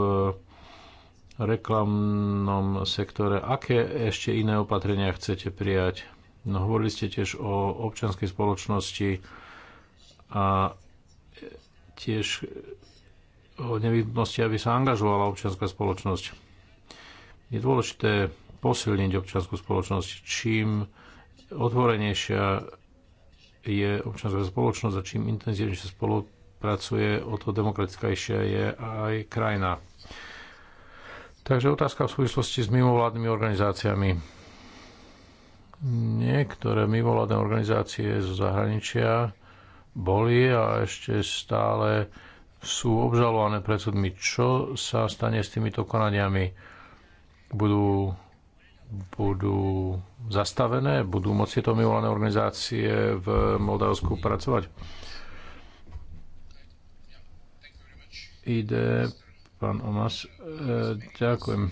reklamnom sektore, aké ešte iné opatrenia chcete prijať? No, hovorili ste tiež o občianskej spoločnosti a tiež o nevyhnutnosti, aby sa angažovala občianská spoločnosť. Je dôležité posilniť občianskú spoločnosť. Čím otvorenejšia je občianská spoločnosť a čím intenzívnejšie spolupracuje, o to demokratickejšia je aj krajina. Takže otázka v súvislosti s mimovládnymi organizáciami. Niektoré mimovládne organizácie zo zahraničia boli a ešte stále sú obžalované pred súdmi. Čo sa stane s týmito konaniami? budú, budú zastavené? Budú moci tieto mimovládne organizácie v Moldavsku pracovať? Ide pán Omas. E, ďakujem.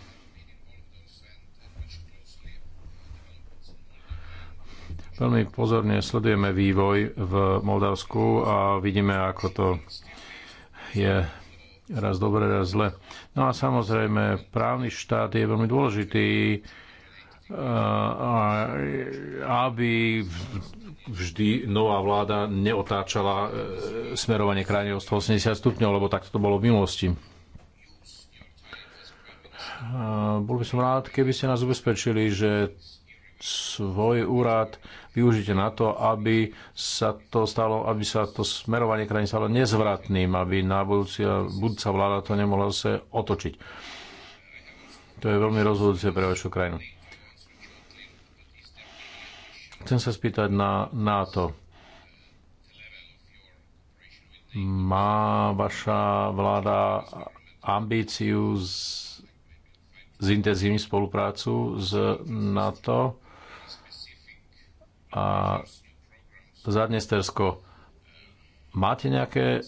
Veľmi pozorne sledujeme vývoj v Moldavsku a vidíme, ako to je raz dobre, raz zle. No a samozrejme, právny štát je veľmi dôležitý, eh, aby vždy nová vláda neotáčala eh, smerovanie krajiny o 180 stupňov, lebo takto to bolo v minulosti. Eh, bol by som rád, keby ste nás ubezpečili, že svoj úrad využite na to, aby sa to stalo, aby sa to smerovanie krajín stalo nezvratným, aby na budúci, budúca vláda to nemohla sa otočiť. To je veľmi rozhodujúce pre vašu krajinu. Chcem sa spýtať na NATO. Má vaša vláda ambíciu z, intenzívnej spoluprácu s NATO? a Zadnestersko. Máte nejaké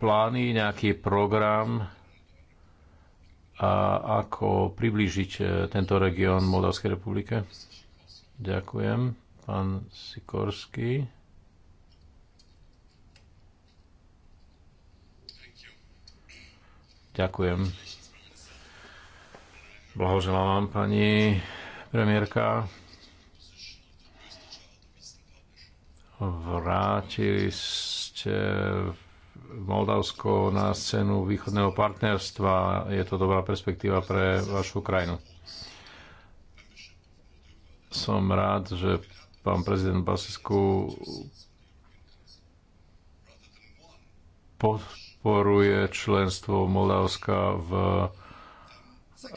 plány, nejaký program, a ako priblížiť e, tento región Moldavskej republike? Ďakujem. Pán Sikorský. Ďakujem. Blahoželám vám, pani premiérka. Vrátili ste Moldavsko na scénu východného partnerstva. Je to dobrá perspektíva pre vašu krajinu. Som rád, že pán prezident Basisku podporuje členstvo Moldavska v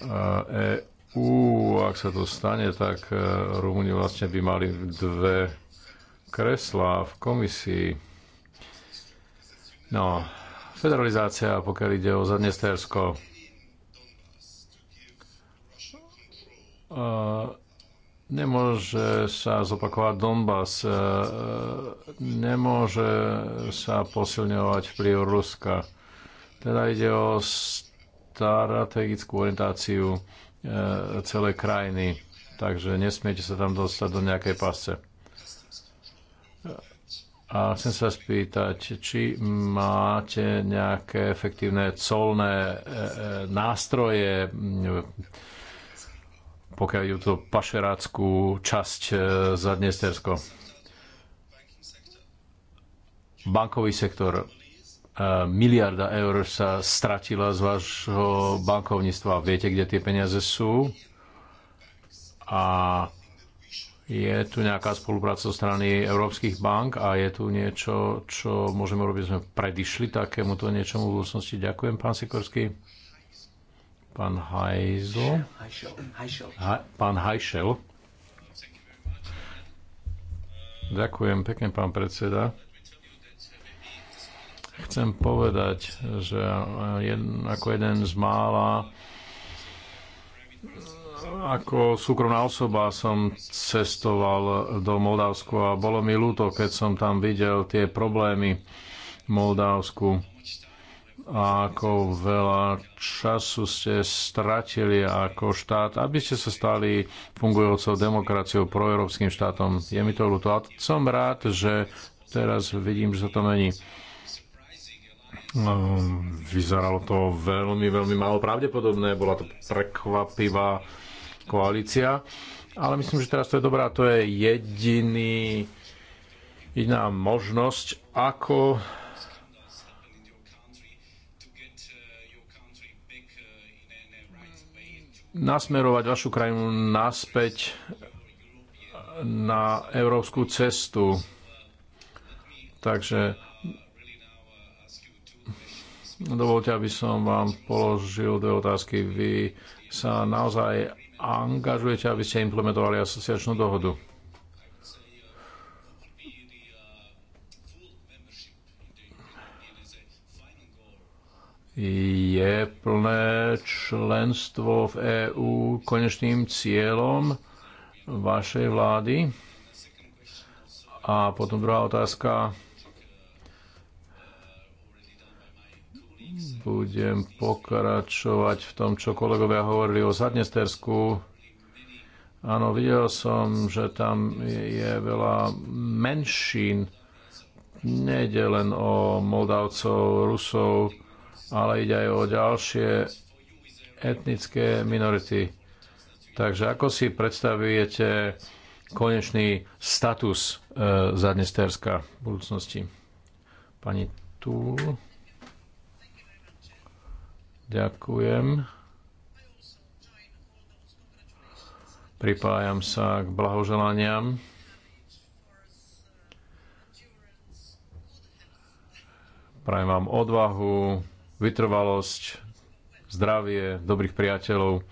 EU. Eh, e Ak sa to stane, tak eh, Rumúni vlastne by mali dve kreslá v komisii. No, federalizácia, pokiaľ ide o Zadnestersko. nemôže sa zopakovať Donbass, nemôže sa posilňovať vplyv Ruska. Teda ide o strategickú orientáciu e, celej krajiny, takže nesmiete sa tam dostať do nejakej pasce. A chcem sa spýtať, či máte nejaké efektívne colné e, e, nástroje, pokiaľ ju to pašeráckú časť e, za Dnestersko. Bankový sektor. Miliarda eur sa stratila z vášho bankovníctva. Viete, kde tie peniaze sú? A je tu nejaká spolupráca zo strany európskych bank a je tu niečo, čo môžeme robiť, sme predišli takémuto niečomu v budúcnosti. Ďakujem, pán Sikorský. Pán Hajzo. Ha, pán Hajšel. Ďakujem pekne, pán predseda. Chcem povedať, že eh, jeden, ako jeden z mála ako súkromná osoba som cestoval do Moldavsku a bolo mi ľúto, keď som tam videl tie problémy v Moldavsku a ako veľa času ste stratili ako štát, aby ste sa stali fungujúcou demokraciou, proeurópskym štátom. Je mi to ľúto. A som rád, že teraz vidím, že sa to mení. No, vyzeralo to veľmi, veľmi málo pravdepodobné. Bola to prekvapivá koalícia. Ale myslím, že teraz to je dobrá, to je jediný, jediná možnosť, ako nasmerovať vašu krajinu naspäť na európsku cestu. Takže dovolte, aby som vám položil dve otázky. Vy sa naozaj angažujete, aby ste implementovali asociačnú dohodu? Je plné členstvo v EÚ konečným cieľom vašej vlády? A potom druhá otázka budem pokračovať v tom, čo kolegovia hovorili o Zadnestersku. Áno, videl som, že tam je veľa menšín. Nejde len o Moldavcov, Rusov, ale ide aj o ďalšie etnické minority. Takže ako si predstavujete konečný status e, Zadnesterska v budúcnosti? Pani Túl. Ďakujem. Pripájam sa k blahoželaniam. Prajem vám odvahu, vytrvalosť, zdravie, dobrých priateľov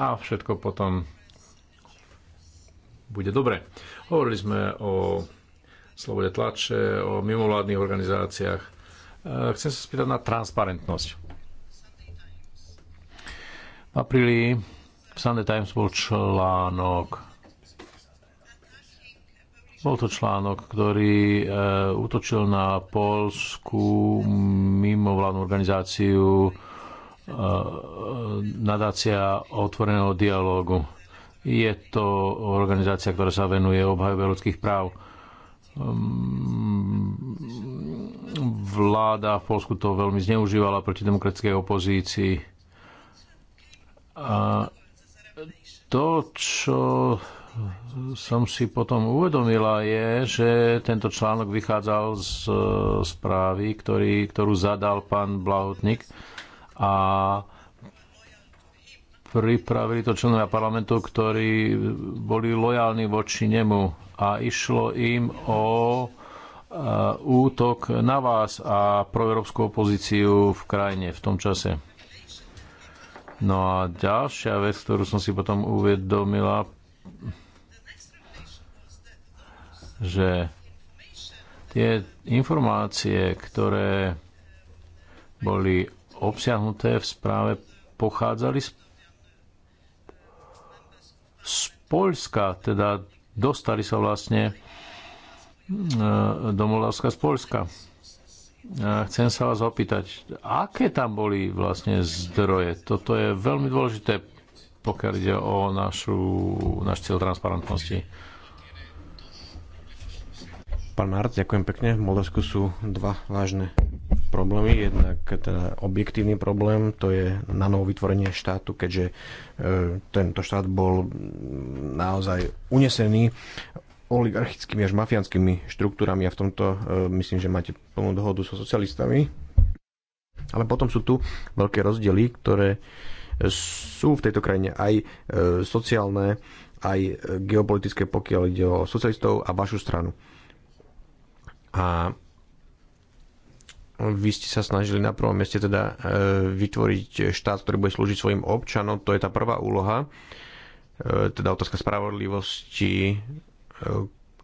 a všetko potom bude dobre. Hovorili sme o slobode tlače, o mimovládnych organizáciách. Eh, chcem sa spýtať na transparentnosť. V apríli v Sunday Times bol článok bol to článok, ktorý e, útočil na polskú mimovládnu organizáciu e, nadácia otvoreného dialógu. Je to organizácia, ktorá sa venuje obhajobe ľudských práv. Hm, vláda v Polsku to veľmi zneužívala proti demokratickej opozícii. A to, čo som si potom uvedomila, je, že tento článok vychádzal z e, správy, ktorý, ktorú zadal pán Blahotnik a pripravili to členovia parlamentu, ktorí boli lojálni voči nemu a išlo im o Uh, útok na vás a proeurópsku opozíciu v krajine v tom čase. No a ďalšia vec, ktorú som si potom uvedomila, že tie informácie, ktoré boli obsiahnuté v správe, pochádzali z, z Polska, teda dostali sa vlastne E, Domoľavská z Polska. A e, chcem sa vás opýtať, aké tam boli vlastne zdroje? Toto je veľmi dôležité, pokiaľ ide o našu, náš cieľ transparentnosti. Pán Mart, ďakujem pekne. V Moldavsku sú dva vážne problémy. Jednak teda objektívny problém, to je na novo vytvorenie štátu, keďže e, tento štát bol naozaj unesený oligarchickými až mafiánskymi štruktúrami a v tomto e, myslím, že máte plnú dohodu so socialistami. Ale potom sú tu veľké rozdiely, ktoré sú v tejto krajine aj e, sociálne, aj e, geopolitické, pokiaľ ide o socialistov a vašu stranu. A vy ste sa snažili na prvom meste teda vytvoriť štát, ktorý bude slúžiť svojim občanom, to je tá prvá úloha, teda otázka spravodlivosti,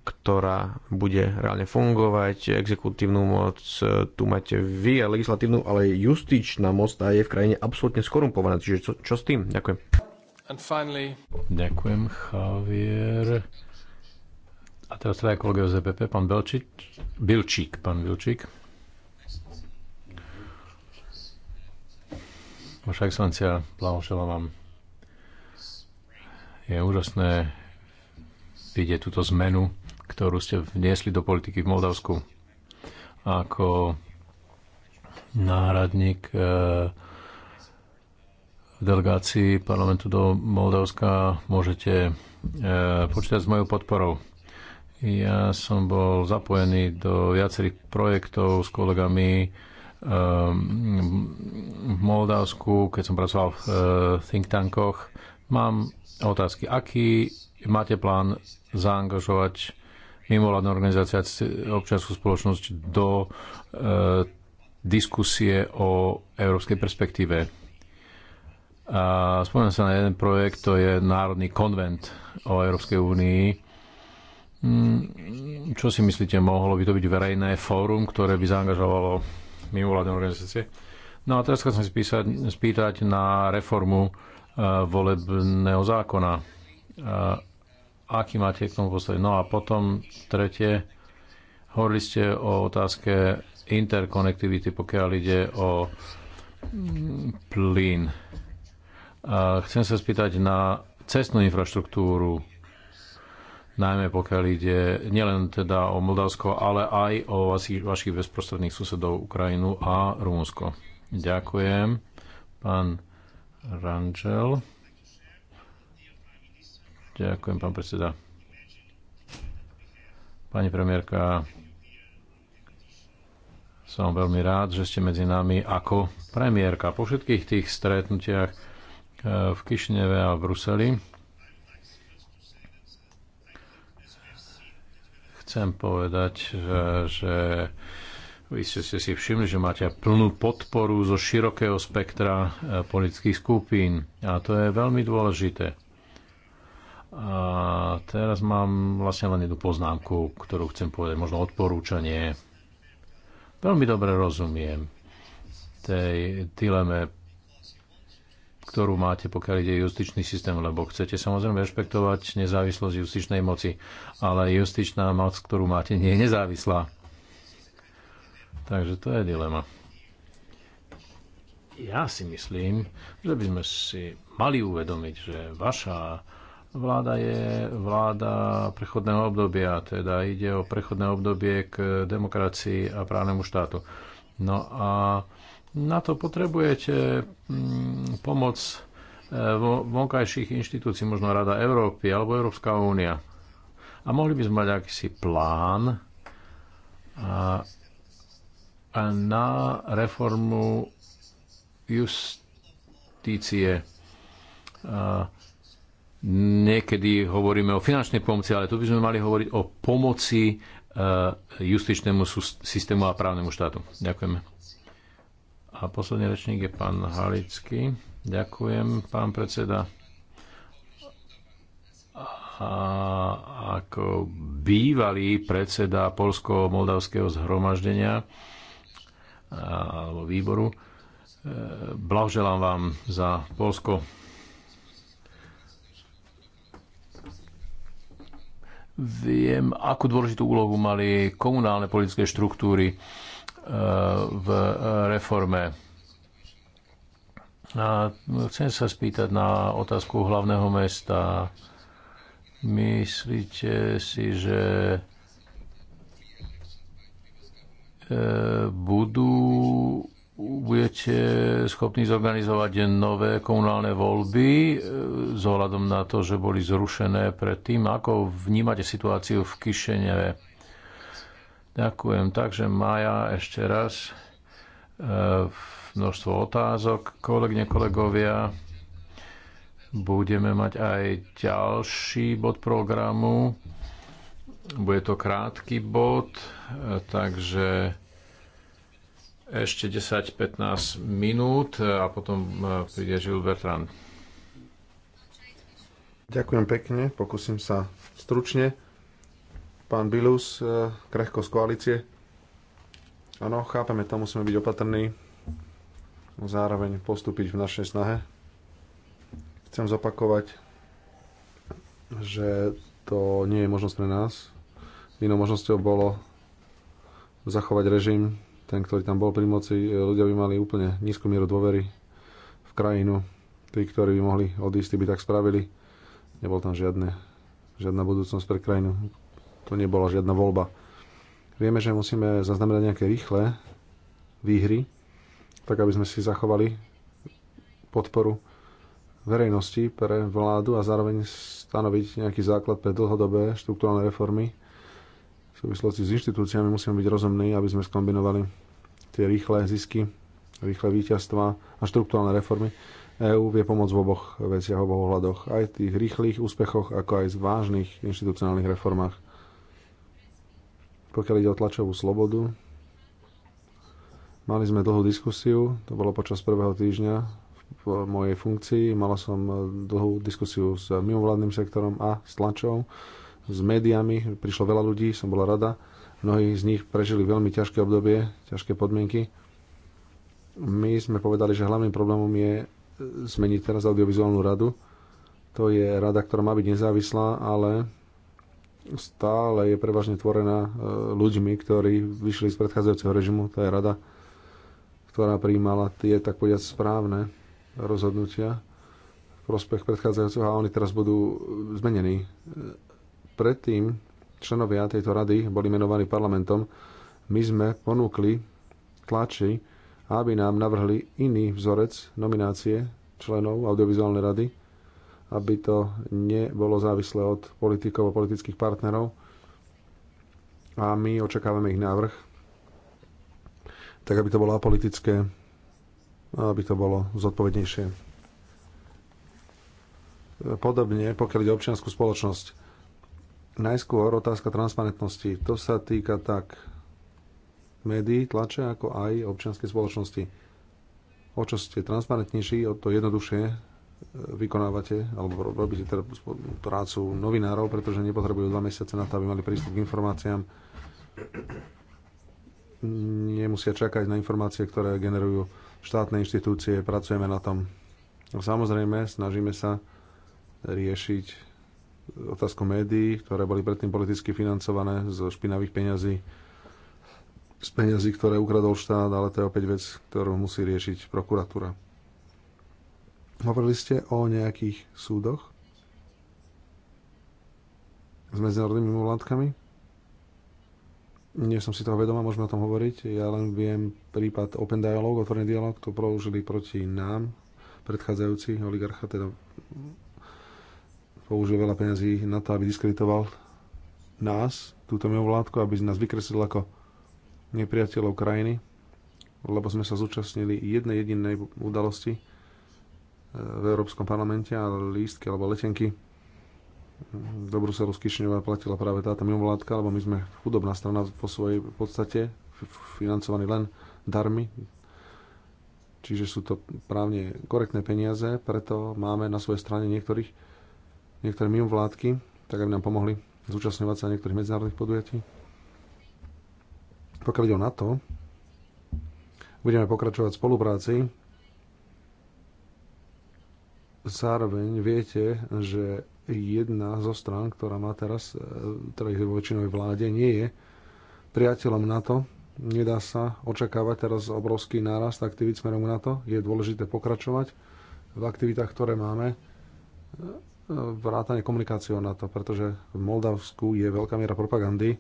ktorá bude reálne fungovať. Exekutívnu moc e, tu máte vy a legislatívnu, ale justičná moc tá je v krajine absolútne skorumpovaná. Čiže čo, čo s tým? Ďakujem. And finally... Ďakujem, Javier. A teraz teda kolega z EPP, pán Belčík. Bilčík, pán Bilčík. Vaša excelencia, blahoželám vám. Je úžasné, vidieť túto zmenu, ktorú ste vniesli do politiky v Moldavsku. Ako náhradník v eh, delegácii parlamentu do Moldavska môžete eh, počítať s mojou podporou. Ja som bol zapojený do viacerých projektov s kolegami eh, v Moldavsku, keď som pracoval v think tankoch. Mám otázky. Aký máte plán zaangažovať mimovládne organizácia občianskú spoločnosť do e, diskusie o európskej perspektíve. A spomínam sa na jeden projekt, to je Národný konvent o Európskej únii. Mm, čo si myslíte, mohlo by to byť verejné fórum, ktoré by zaangažovalo mimovládne organizácie? No a teraz chcem si spýtať na reformu e, volebného zákona e, aký máte k tomu postoj. No a potom tretie, hovorili ste o otázke interkonektivity, pokiaľ ide o plyn. A chcem sa spýtať na cestnú infraštruktúru, najmä pokiaľ ide nielen teda o Moldavsko, ale aj o vašich, vašich bezprostredných susedov Ukrajinu a Rumunsko. Ďakujem. Pán Rangel. Ďakujem, pán predseda. Pani premiérka, som veľmi rád, že ste medzi nami ako premiérka. Po všetkých tých stretnutiach eh, v Kišneve a v Bruseli chcem povedať, že, eh, že vy ste, ste si všimli, že máte plnú podporu zo širokého spektra eh, politických skupín a to je veľmi dôležité. A teraz mám vlastne len jednu poznámku, ktorú chcem povedať, možno odporúčanie. Veľmi dobre rozumiem tej dileme, ktorú máte, pokiaľ ide justičný systém, lebo chcete samozrejme rešpektovať nezávislosť justičnej moci, ale justičná moc, ktorú máte, nie je nezávislá. Takže to je dilema. Ja si myslím, že by sme si mali uvedomiť, že vaša vláda je vláda prechodného obdobia, teda ide o prechodné obdobie k demokracii a právnemu štátu. No a na to potrebujete mm, pomoc eh, vonkajších inštitúcií, možno Rada Európy alebo Európska únia. A mohli by sme mať akýsi plán a, a na reformu justície. A, Niekedy hovoríme o finančnej pomoci, ale tu by sme mali hovoriť o pomoci eh, justičnému systému a právnemu štátu. Ďakujeme. A posledný rečník je pán Halický. Ďakujem, pán predseda. A ako bývalý predseda Polsko-Moldavského zhromaždenia eh, alebo výboru, eh, blahoželám vám za Polsko. Viem, akú dôležitú úlohu mali komunálne politické štruktúry e, v e, reforme. A chcem sa spýtať na otázku hlavného mesta. Myslíte si, že e, budú budete schopní zorganizovať nové komunálne voľby z e, ohľadom na to, že boli zrušené predtým. Ako vnímate situáciu v Kišeneve? Ďakujem. Takže Maja ešte raz e, množstvo otázok. Kolegne, kolegovia, budeme mať aj ďalší bod programu. Bude to krátky bod, e, takže ešte 10-15 minút e, a potom e, príde Žil Bertrand. Ďakujem pekne, pokúsim sa stručne. Pán Bilus, e, krehko z koalície. Áno, chápeme, tam musíme byť opatrní. Zároveň postúpiť v našej snahe. Chcem zopakovať, že to nie je možnosť pre nás. Inou možnosťou bolo zachovať režim ten, ktorý tam bol pri moci, e, ľudia by mali úplne nízku mieru dôvery v krajinu. Tí, ktorí by mohli odísť, by tak spravili. Nebol tam žiadne, žiadna budúcnosť pre krajinu. To nebola žiadna voľba. Vieme, že musíme zaznamenať nejaké rýchle výhry, tak aby sme si zachovali podporu verejnosti pre vládu a zároveň stanoviť nejaký základ pre dlhodobé štruktúrálne reformy, v súvislosti s inštitúciami musíme byť rozumní, aby sme skombinovali tie rýchle zisky, rýchle víťazstva a štruktúrálne reformy. EÚ vie pomôcť v oboch veciach, v oboch ohľadoch. Aj v tých rýchlych úspechoch, ako aj v vážnych inštitucionálnych reformách. Pokiaľ ide o tlačovú slobodu, mali sme dlhú diskusiu, to bolo počas prvého týždňa v mojej funkcii. Mala som dlhú diskusiu s mimovládnym sektorom a s tlačou s médiami, prišlo veľa ľudí, som bola rada. Mnohí z nich prežili veľmi ťažké obdobie, ťažké podmienky. My sme povedali, že hlavným problémom je e, zmeniť teraz audiovizuálnu radu. To je rada, ktorá má byť nezávislá, ale stále je prevažne tvorená e, ľuďmi, ktorí vyšli z predchádzajúceho režimu. To je rada, ktorá prijímala tie, tak povedať, správne rozhodnutia prospech predchádzajúceho a oni teraz budú zmenení. E, predtým členovia tejto rady boli menovaní parlamentom, my sme ponúkli tlači, aby nám navrhli iný vzorec nominácie členov audiovizuálnej rady, aby to nebolo závislé od politikov a politických partnerov. A my očakávame ich návrh, tak aby to bolo apolitické a aby to bolo zodpovednejšie. Podobne, pokiaľ ide občianskú spoločnosť, Najskôr otázka transparentnosti. To sa týka tak médií, tlače, ako aj občianskej spoločnosti. O čo ste transparentnejší, o to jednoduchšie e, vykonávate alebo robíte teda prácu novinárov, pretože nepotrebujú dva mesiace na to, aby mali prístup k informáciám. Nemusia čakať na informácie, ktoré generujú štátne inštitúcie. Pracujeme na tom. Samozrejme, snažíme sa riešiť otázku médií, ktoré boli predtým politicky financované zo špinavých peňazí, z peňazí, ktoré ukradol štát, ale to je opäť vec, ktorú musí riešiť prokuratúra. Hovorili ste o nejakých súdoch s medzinárodnými mimovládkami? Nie som si toho vedomá, môžeme o tom hovoriť. Ja len viem prípad Open Dialogue, otvorený dialog, to položili proti nám, predchádzajúci oligarcha, teda použil veľa peňazí na to, aby diskreditoval nás, túto mimovládku, aby nás vykreslil ako nepriateľov krajiny, lebo sme sa zúčastnili jednej jedinej udalosti eh, v Európskom parlamente a lístky alebo letenky do Bruselu z Kišňova platila práve táto mimovládka, lebo my sme chudobná strana po svojej podstate, financovaní len darmi, čiže sú to právne korektné peniaze, preto máme na svojej strane niektorých niektoré mimovládky, tak aby nám pomohli zúčastňovať sa niektorých medzinárodných podujatí. Pokiaľ ide o NATO, budeme pokračovať v spolupráci. Zároveň viete, že jedna zo strán, ktorá má teraz, e, teda ich väčšinovej vláde, nie je priateľom NATO. Nedá sa očakávať teraz obrovský nárast aktivít smerom NATO. Je dôležité pokračovať v aktivitách, ktoré máme vrátane komunikáciou na to, pretože v Moldavsku je veľká miera propagandy,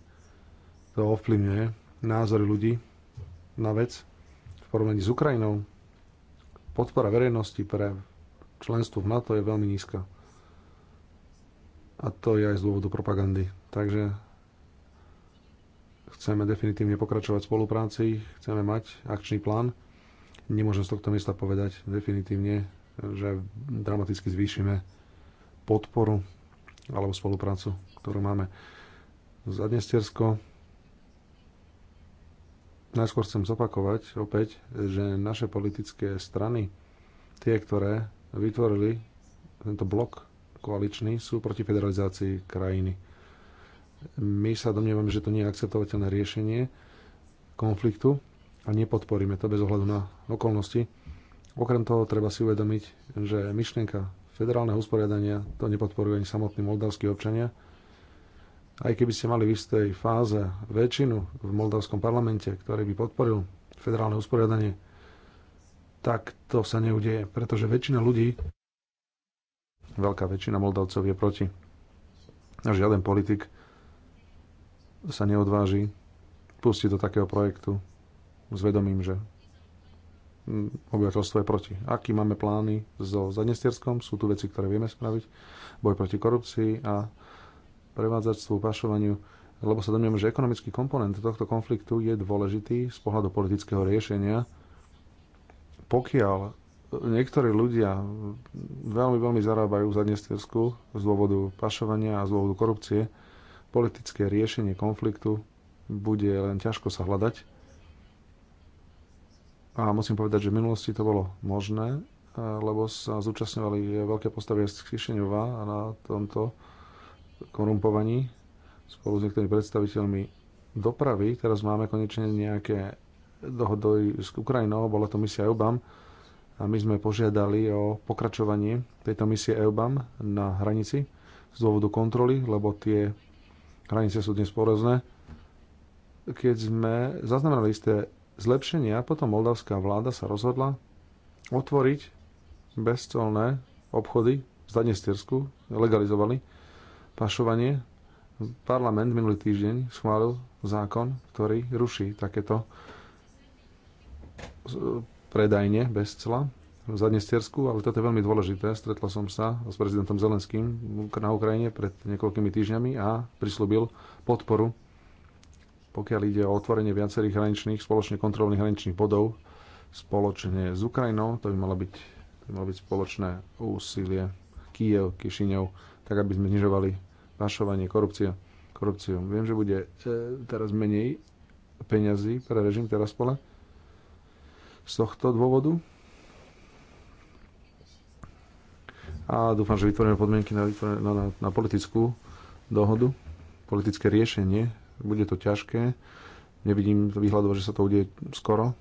to ovplyvňuje názory ľudí na vec v porovnaní s Ukrajinou. Podpora verejnosti pre členstvo v NATO je veľmi nízka. A to je aj z dôvodu propagandy. Takže chceme definitívne pokračovať v spolupráci, chceme mať akčný plán. Nemôžem z tohto miesta povedať definitívne, že dramaticky zvýšime podporu alebo spoluprácu, ktorú máme za Dnestersko. Najskôr chcem zopakovať opäť, že naše politické strany, tie, ktoré vytvorili tento blok koaličný, sú proti federalizácii krajiny. My sa domnievame, že to nie je akceptovateľné riešenie konfliktu a nepodporíme to bez ohľadu na okolnosti. Okrem toho treba si uvedomiť, že myšlienka federálne usporiadania, to nepodporujú ani samotní moldavskí občania. Aj keby ste mali v istej fáze väčšinu v moldavskom parlamente, ktorý by podporil federálne usporiadanie, tak to sa neudeje, pretože väčšina ľudí, veľká väčšina Moldavcov je proti. A žiaden politik sa neodváži pustiť do takého projektu s vedomím, že Mm, obyvateľstvo je proti. Aký máme plány so Zadnestierskom? Sú tu veci, ktoré vieme spraviť. Boj proti korupcii a prevádzačstvu, pašovaniu. Lebo sa domnievame, že ekonomický komponent tohto konfliktu je dôležitý z pohľadu politického riešenia. Pokiaľ niektorí ľudia veľmi, veľmi zarábajú v Zadnestiersku z dôvodu pašovania a z dôvodu korupcie, politické riešenie konfliktu bude len ťažko sa hľadať a musím povedať, že v minulosti to bolo možné, eh, lebo sa zúčastňovali veľké postavy z Kišiňova na tomto korumpovaní spolu s niektorými predstaviteľmi dopravy. Teraz máme konečne nejaké dohody s Ukrajinou, bola to misia EUBAM a my sme požiadali o pokračovanie tejto misie EUBAM na hranici z dôvodu kontroly, lebo tie hranice sú dnes porozné. Keď sme zaznamenali isté zlepšenia. Potom moldavská vláda sa rozhodla otvoriť bezcolné obchody v Zadnestiersku, legalizovali pašovanie. Parlament minulý týždeň schválil zákon, ktorý ruší takéto e, predajne bez cla v Zadnestiersku, ale toto je veľmi dôležité. Stretla som sa s prezidentom Zelenským na Ukrajine pred niekoľkými týždňami a prislúbil podporu pokiaľ ide o otvorenie viacerých hraničných, spoločne kontrolných hraničných bodov spoločne s Ukrajinou. To by malo byť, to by malo byť spoločné úsilie Kiev, Kišiňov, tak aby sme znižovali vašovanie korupcia, korupciu. Viem, že bude e, teraz menej peňazí pre režim teraz pole z tohto dôvodu. A dúfam, že vytvoríme podmienky na, na, na, na politickú dohodu, politické riešenie bude to ťažké. Nevidím výhľadu, že sa to udeje skoro,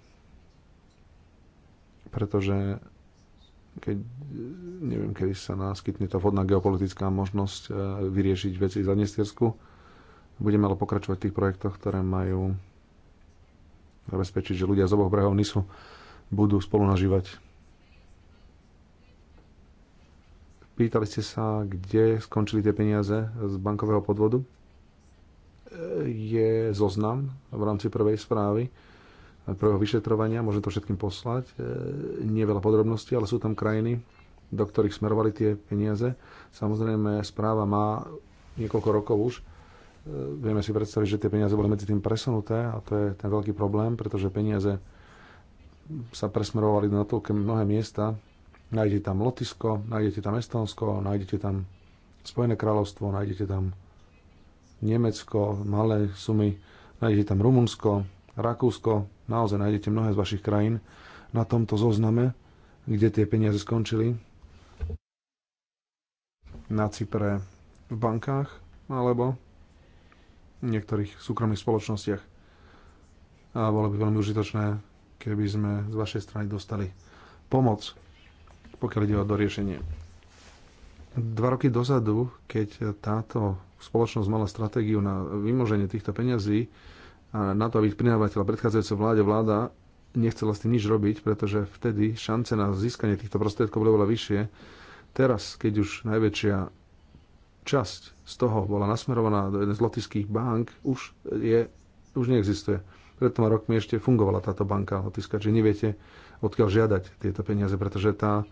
pretože keď, neviem, kedy sa náskytne tá vhodná geopolitická možnosť e, vyriešiť veci za Nestiersku. Budeme ale pokračovať v tých projektoch, ktoré majú zabezpečiť, že ľudia z oboch brehov Nisu budú spolu nažívať. Pýtali ste sa, kde skončili tie peniaze z bankového podvodu? je zoznam v rámci prvej správy, prvého vyšetrovania, môžem to všetkým poslať. E, nie veľa podrobností, ale sú tam krajiny, do ktorých smerovali tie peniaze. Samozrejme, správa má niekoľko rokov už. E, vieme si predstaviť, že tie peniaze boli medzi tým presunuté a to je ten veľký problém, pretože peniaze sa presmerovali na toľké mnohé miesta. Nájdete tam Lotisko, nájdete tam Estonsko, nájdete tam Spojené kráľovstvo, nájdete tam Nemecko, malé sumy, nájdete tam Rumunsko, Rakúsko, naozaj nájdete mnohé z vašich krajín na tomto zozname, kde tie peniaze skončili. Na Cypre v bankách alebo v niektorých súkromných spoločnostiach. A bolo by veľmi užitočné, keby sme z vašej strany dostali pomoc, pokiaľ ide o doriešenie Dva roky dozadu, keď táto spoločnosť mala stratégiu na vymoženie týchto peňazí a na to, aby prinávateľ predchádzajúca vláde vláda nechcela s tým nič robiť, pretože vtedy šance na získanie týchto prostriedkov boli veľa vyššie. Teraz, keď už najväčšia časť z toho bola nasmerovaná do jednej z lotyských bank, už, je, už neexistuje. Pred toma rokmi ešte fungovala táto banka lotiska, čiže neviete, odkiaľ žiadať tieto peniaze, pretože tá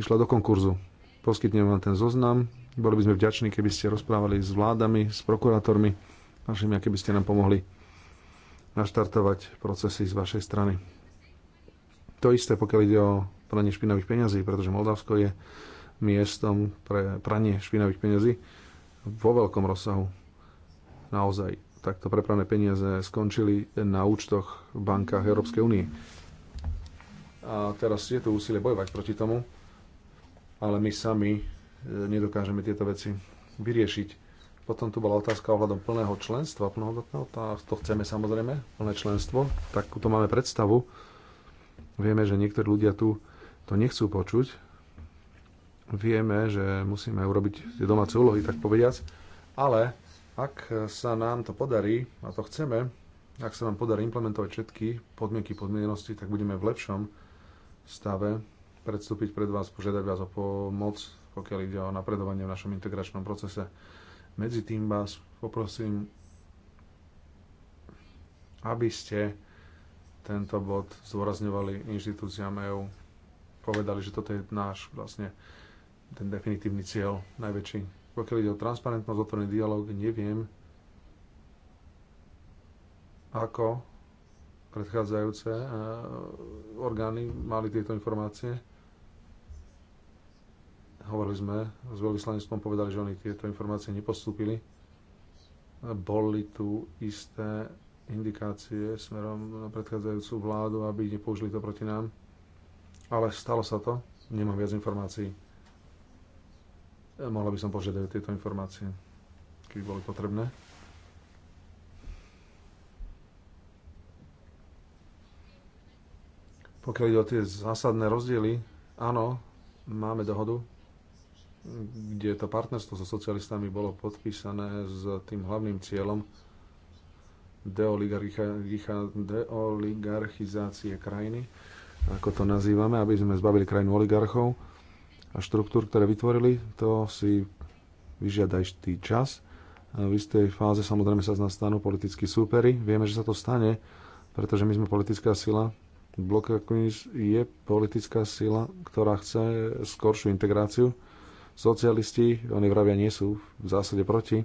išla do konkurzu Poskytnem vám ten zoznam. Boli by sme vďační, keby ste rozprávali s vládami, s prokurátormi, našimi, a keby ste nám pomohli naštartovať procesy z vašej strany. To isté, pokiaľ ide o pranie špinavých peňazí, pretože Moldavsko je miestom pre pranie špinavých peňazí vo veľkom rozsahu. Naozaj takto prepravné peniaze skončili na účtoch v bankách Európskej únie. A teraz je tu úsilie bojovať proti tomu ale my sami e, nedokážeme tieto veci vyriešiť. Potom tu bola otázka ohľadom plného členstva, plnohodnotného, to chceme samozrejme, plné členstvo, tak tu máme predstavu. Vieme, že niektorí ľudia tu to nechcú počuť. Vieme, že musíme urobiť tie domáce úlohy, tak povediac. Ale ak sa nám to podarí, a to chceme, ak sa nám podarí implementovať všetky podmienky podmienenosti, tak budeme v lepšom stave predstúpiť pred vás, požiadať vás o pomoc, pokiaľ ide o napredovanie v našom integračnom procese. Medzi tým vás poprosím, aby ste tento bod zdôrazňovali inštitúciám EÚ, povedali, že toto je náš vlastne ten definitívny cieľ, najväčší. Pokiaľ ide o transparentnosť, otvorený dialog, neviem, ako predchádzajúce e, orgány mali tieto informácie hovorili sme s veľvyslanectvom, povedali, že oni tieto informácie nepostúpili. Boli tu isté indikácie smerom na predchádzajúcu vládu, aby nepoužili to proti nám. Ale stalo sa to. Nemám viac informácií. Mohla by som požiadať tieto informácie, keby boli potrebné. Pokiaľ ide o tie zásadné rozdiely, áno, máme dohodu kde to partnerstvo so socialistami bolo podpísané s tým hlavným cieľom deoligarchizácie krajiny, ako to nazývame, aby sme zbavili krajinu oligarchov a štruktúr, ktoré vytvorili, to si vyžiada ešte čas. V istej fáze samozrejme sa z nás stanú politickí súpery. Vieme, že sa to stane, pretože my sme politická sila. Blok je politická sila, ktorá chce skoršiu integráciu Socialisti, oni vravia, nie sú v zásade proti,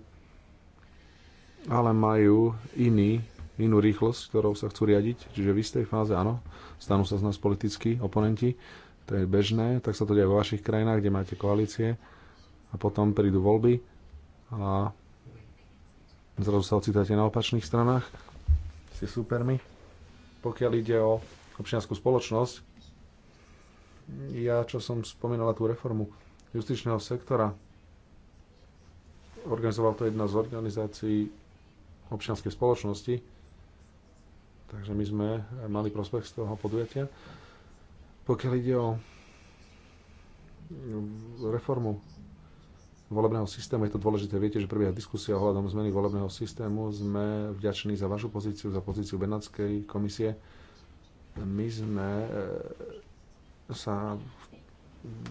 ale majú iný, inú rýchlosť, ktorou sa chcú riadiť. Čiže v istej fáze, áno, stanú sa z nás politickí oponenti, to je bežné, tak sa to deje vo vašich krajinách, kde máte koalície a potom prídu voľby a zrazu sa ocitáte na opačných stranách, ste supermi. Pokiaľ ide o občianskú spoločnosť, ja čo som spomínala tú reformu, justičného sektora. Organizoval to jedna z organizácií občianskej spoločnosti, takže my sme mali prospech z toho podujatia. Pokiaľ ide o mm, reformu volebného systému, je to dôležité. Viete, že prebieha diskusia ohľadom zmeny volebného systému. Sme vďační za vašu pozíciu, za pozíciu Benátskej komisie. My sme e, sa v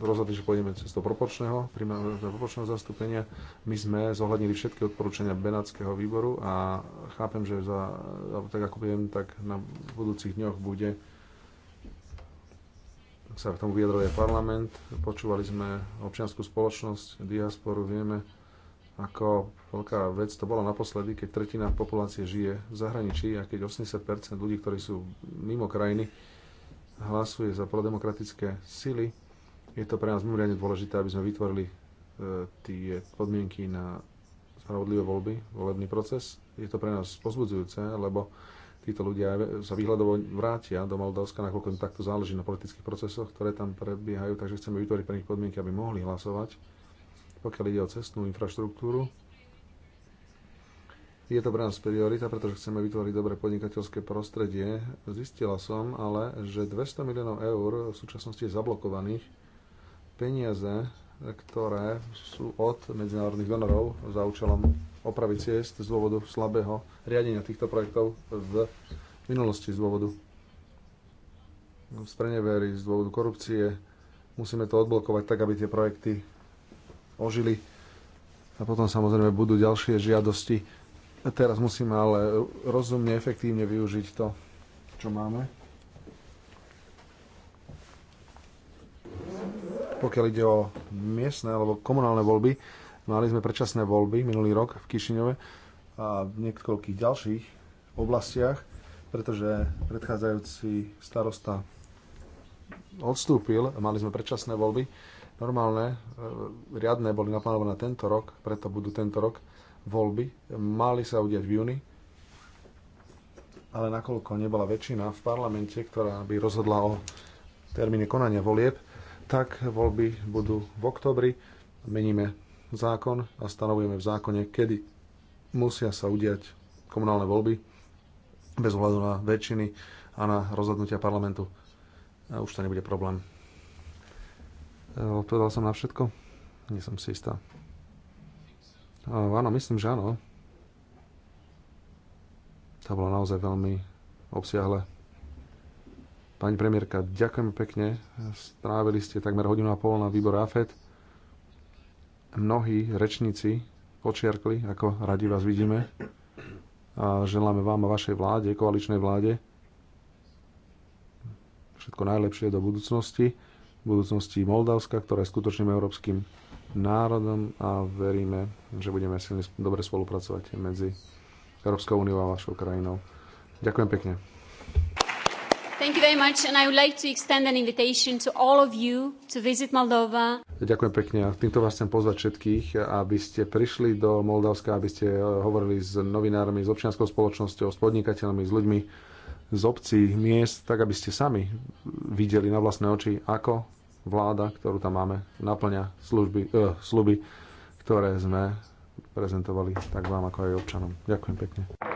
rozhodli, že pôjdeme cez to proporčného, proporčného zastúpenia. My sme zohľadnili všetky odporúčania Benátskeho výboru a chápem, že za, tak ako viem, tak na budúcich dňoch bude sa k tomu vyjadril parlament. Počúvali sme občianskú spoločnosť, diasporu, vieme, ako veľká vec to bola naposledy, keď tretina populácie žije v zahraničí a keď 80% ľudí, ktorí sú mimo krajiny, hlasuje za prodemokratické sily je to pre nás mimoriadne dôležité, aby sme vytvorili e, tie podmienky na spravodlivé voľby, volebný proces. Je to pre nás pozbudzujúce, lebo títo ľudia sa výhľadovo vrátia do Moldavska, nakoľko im takto záleží na politických procesoch, ktoré tam prebiehajú, takže chceme vytvoriť pre nich podmienky, aby mohli hlasovať. Pokiaľ ide o cestnú infraštruktúru, je to pre nás priorita, pretože chceme vytvoriť dobré podnikateľské prostredie. Zistila som ale, že 200 miliónov eur v súčasnosti je zablokovaných peniaze, ktoré sú od medzinárodných donorov za účelom opravy ciest z dôvodu slabého riadenia týchto projektov v minulosti z dôvodu sprenevery, z dôvodu korupcie. Musíme to odblokovať tak, aby tie projekty ožili. A potom samozrejme budú ďalšie žiadosti. Teraz musíme ale rozumne, efektívne využiť to, čo máme. Pokiaľ ide o miestne alebo komunálne voľby, mali sme predčasné voľby minulý rok v Kišiňove a v niekoľkých ďalších oblastiach, pretože predchádzajúci starosta odstúpil, mali sme predčasné voľby. Normálne, e, riadne boli naplánované tento rok, preto budú tento rok voľby. Mali sa udiať v júni, ale nakoľko nebola väčšina v parlamente, ktorá by rozhodla o termíne konania volieb, tak voľby budú v oktobri. Meníme zákon a stanovujeme v zákone, kedy musia sa udiať komunálne voľby bez ohľadu na väčšiny a na rozhodnutia parlamentu. A už to nebude problém. E, odpovedal som na všetko? Nie som si istá. Áno, myslím, že áno. To bolo naozaj veľmi obsiahle Pani premiérka, ďakujem pekne. Strávili ste takmer hodinu a pol na výbor AFED. Mnohí rečníci počiarkli, ako radi vás vidíme. A želáme vám a vašej vláde, koaličnej vláde, všetko najlepšie do budúcnosti, budúcnosti Moldavska, ktorá je skutočným európskym národom a veríme, že budeme silne dobre spolupracovať medzi Európskou úniou a vašou krajinou. Ďakujem pekne. Thank you very much and I would like to extend an invitation to all of you to visit Moldova. Ďakujem pekne a týmto vás chcem pozvať všetkých, aby ste prišli do Moldavska, aby ste eh, hovorili s novinármi, s občianskou spoločnosťou, s podnikateľmi, s ľuďmi z obcí, miest, tak aby ste sami videli na vlastné oči, ako vláda, ktorú tam máme, naplňa služby, eh, sluby, ktoré sme prezentovali tak vám ako aj občanom. Ďakujem pekne.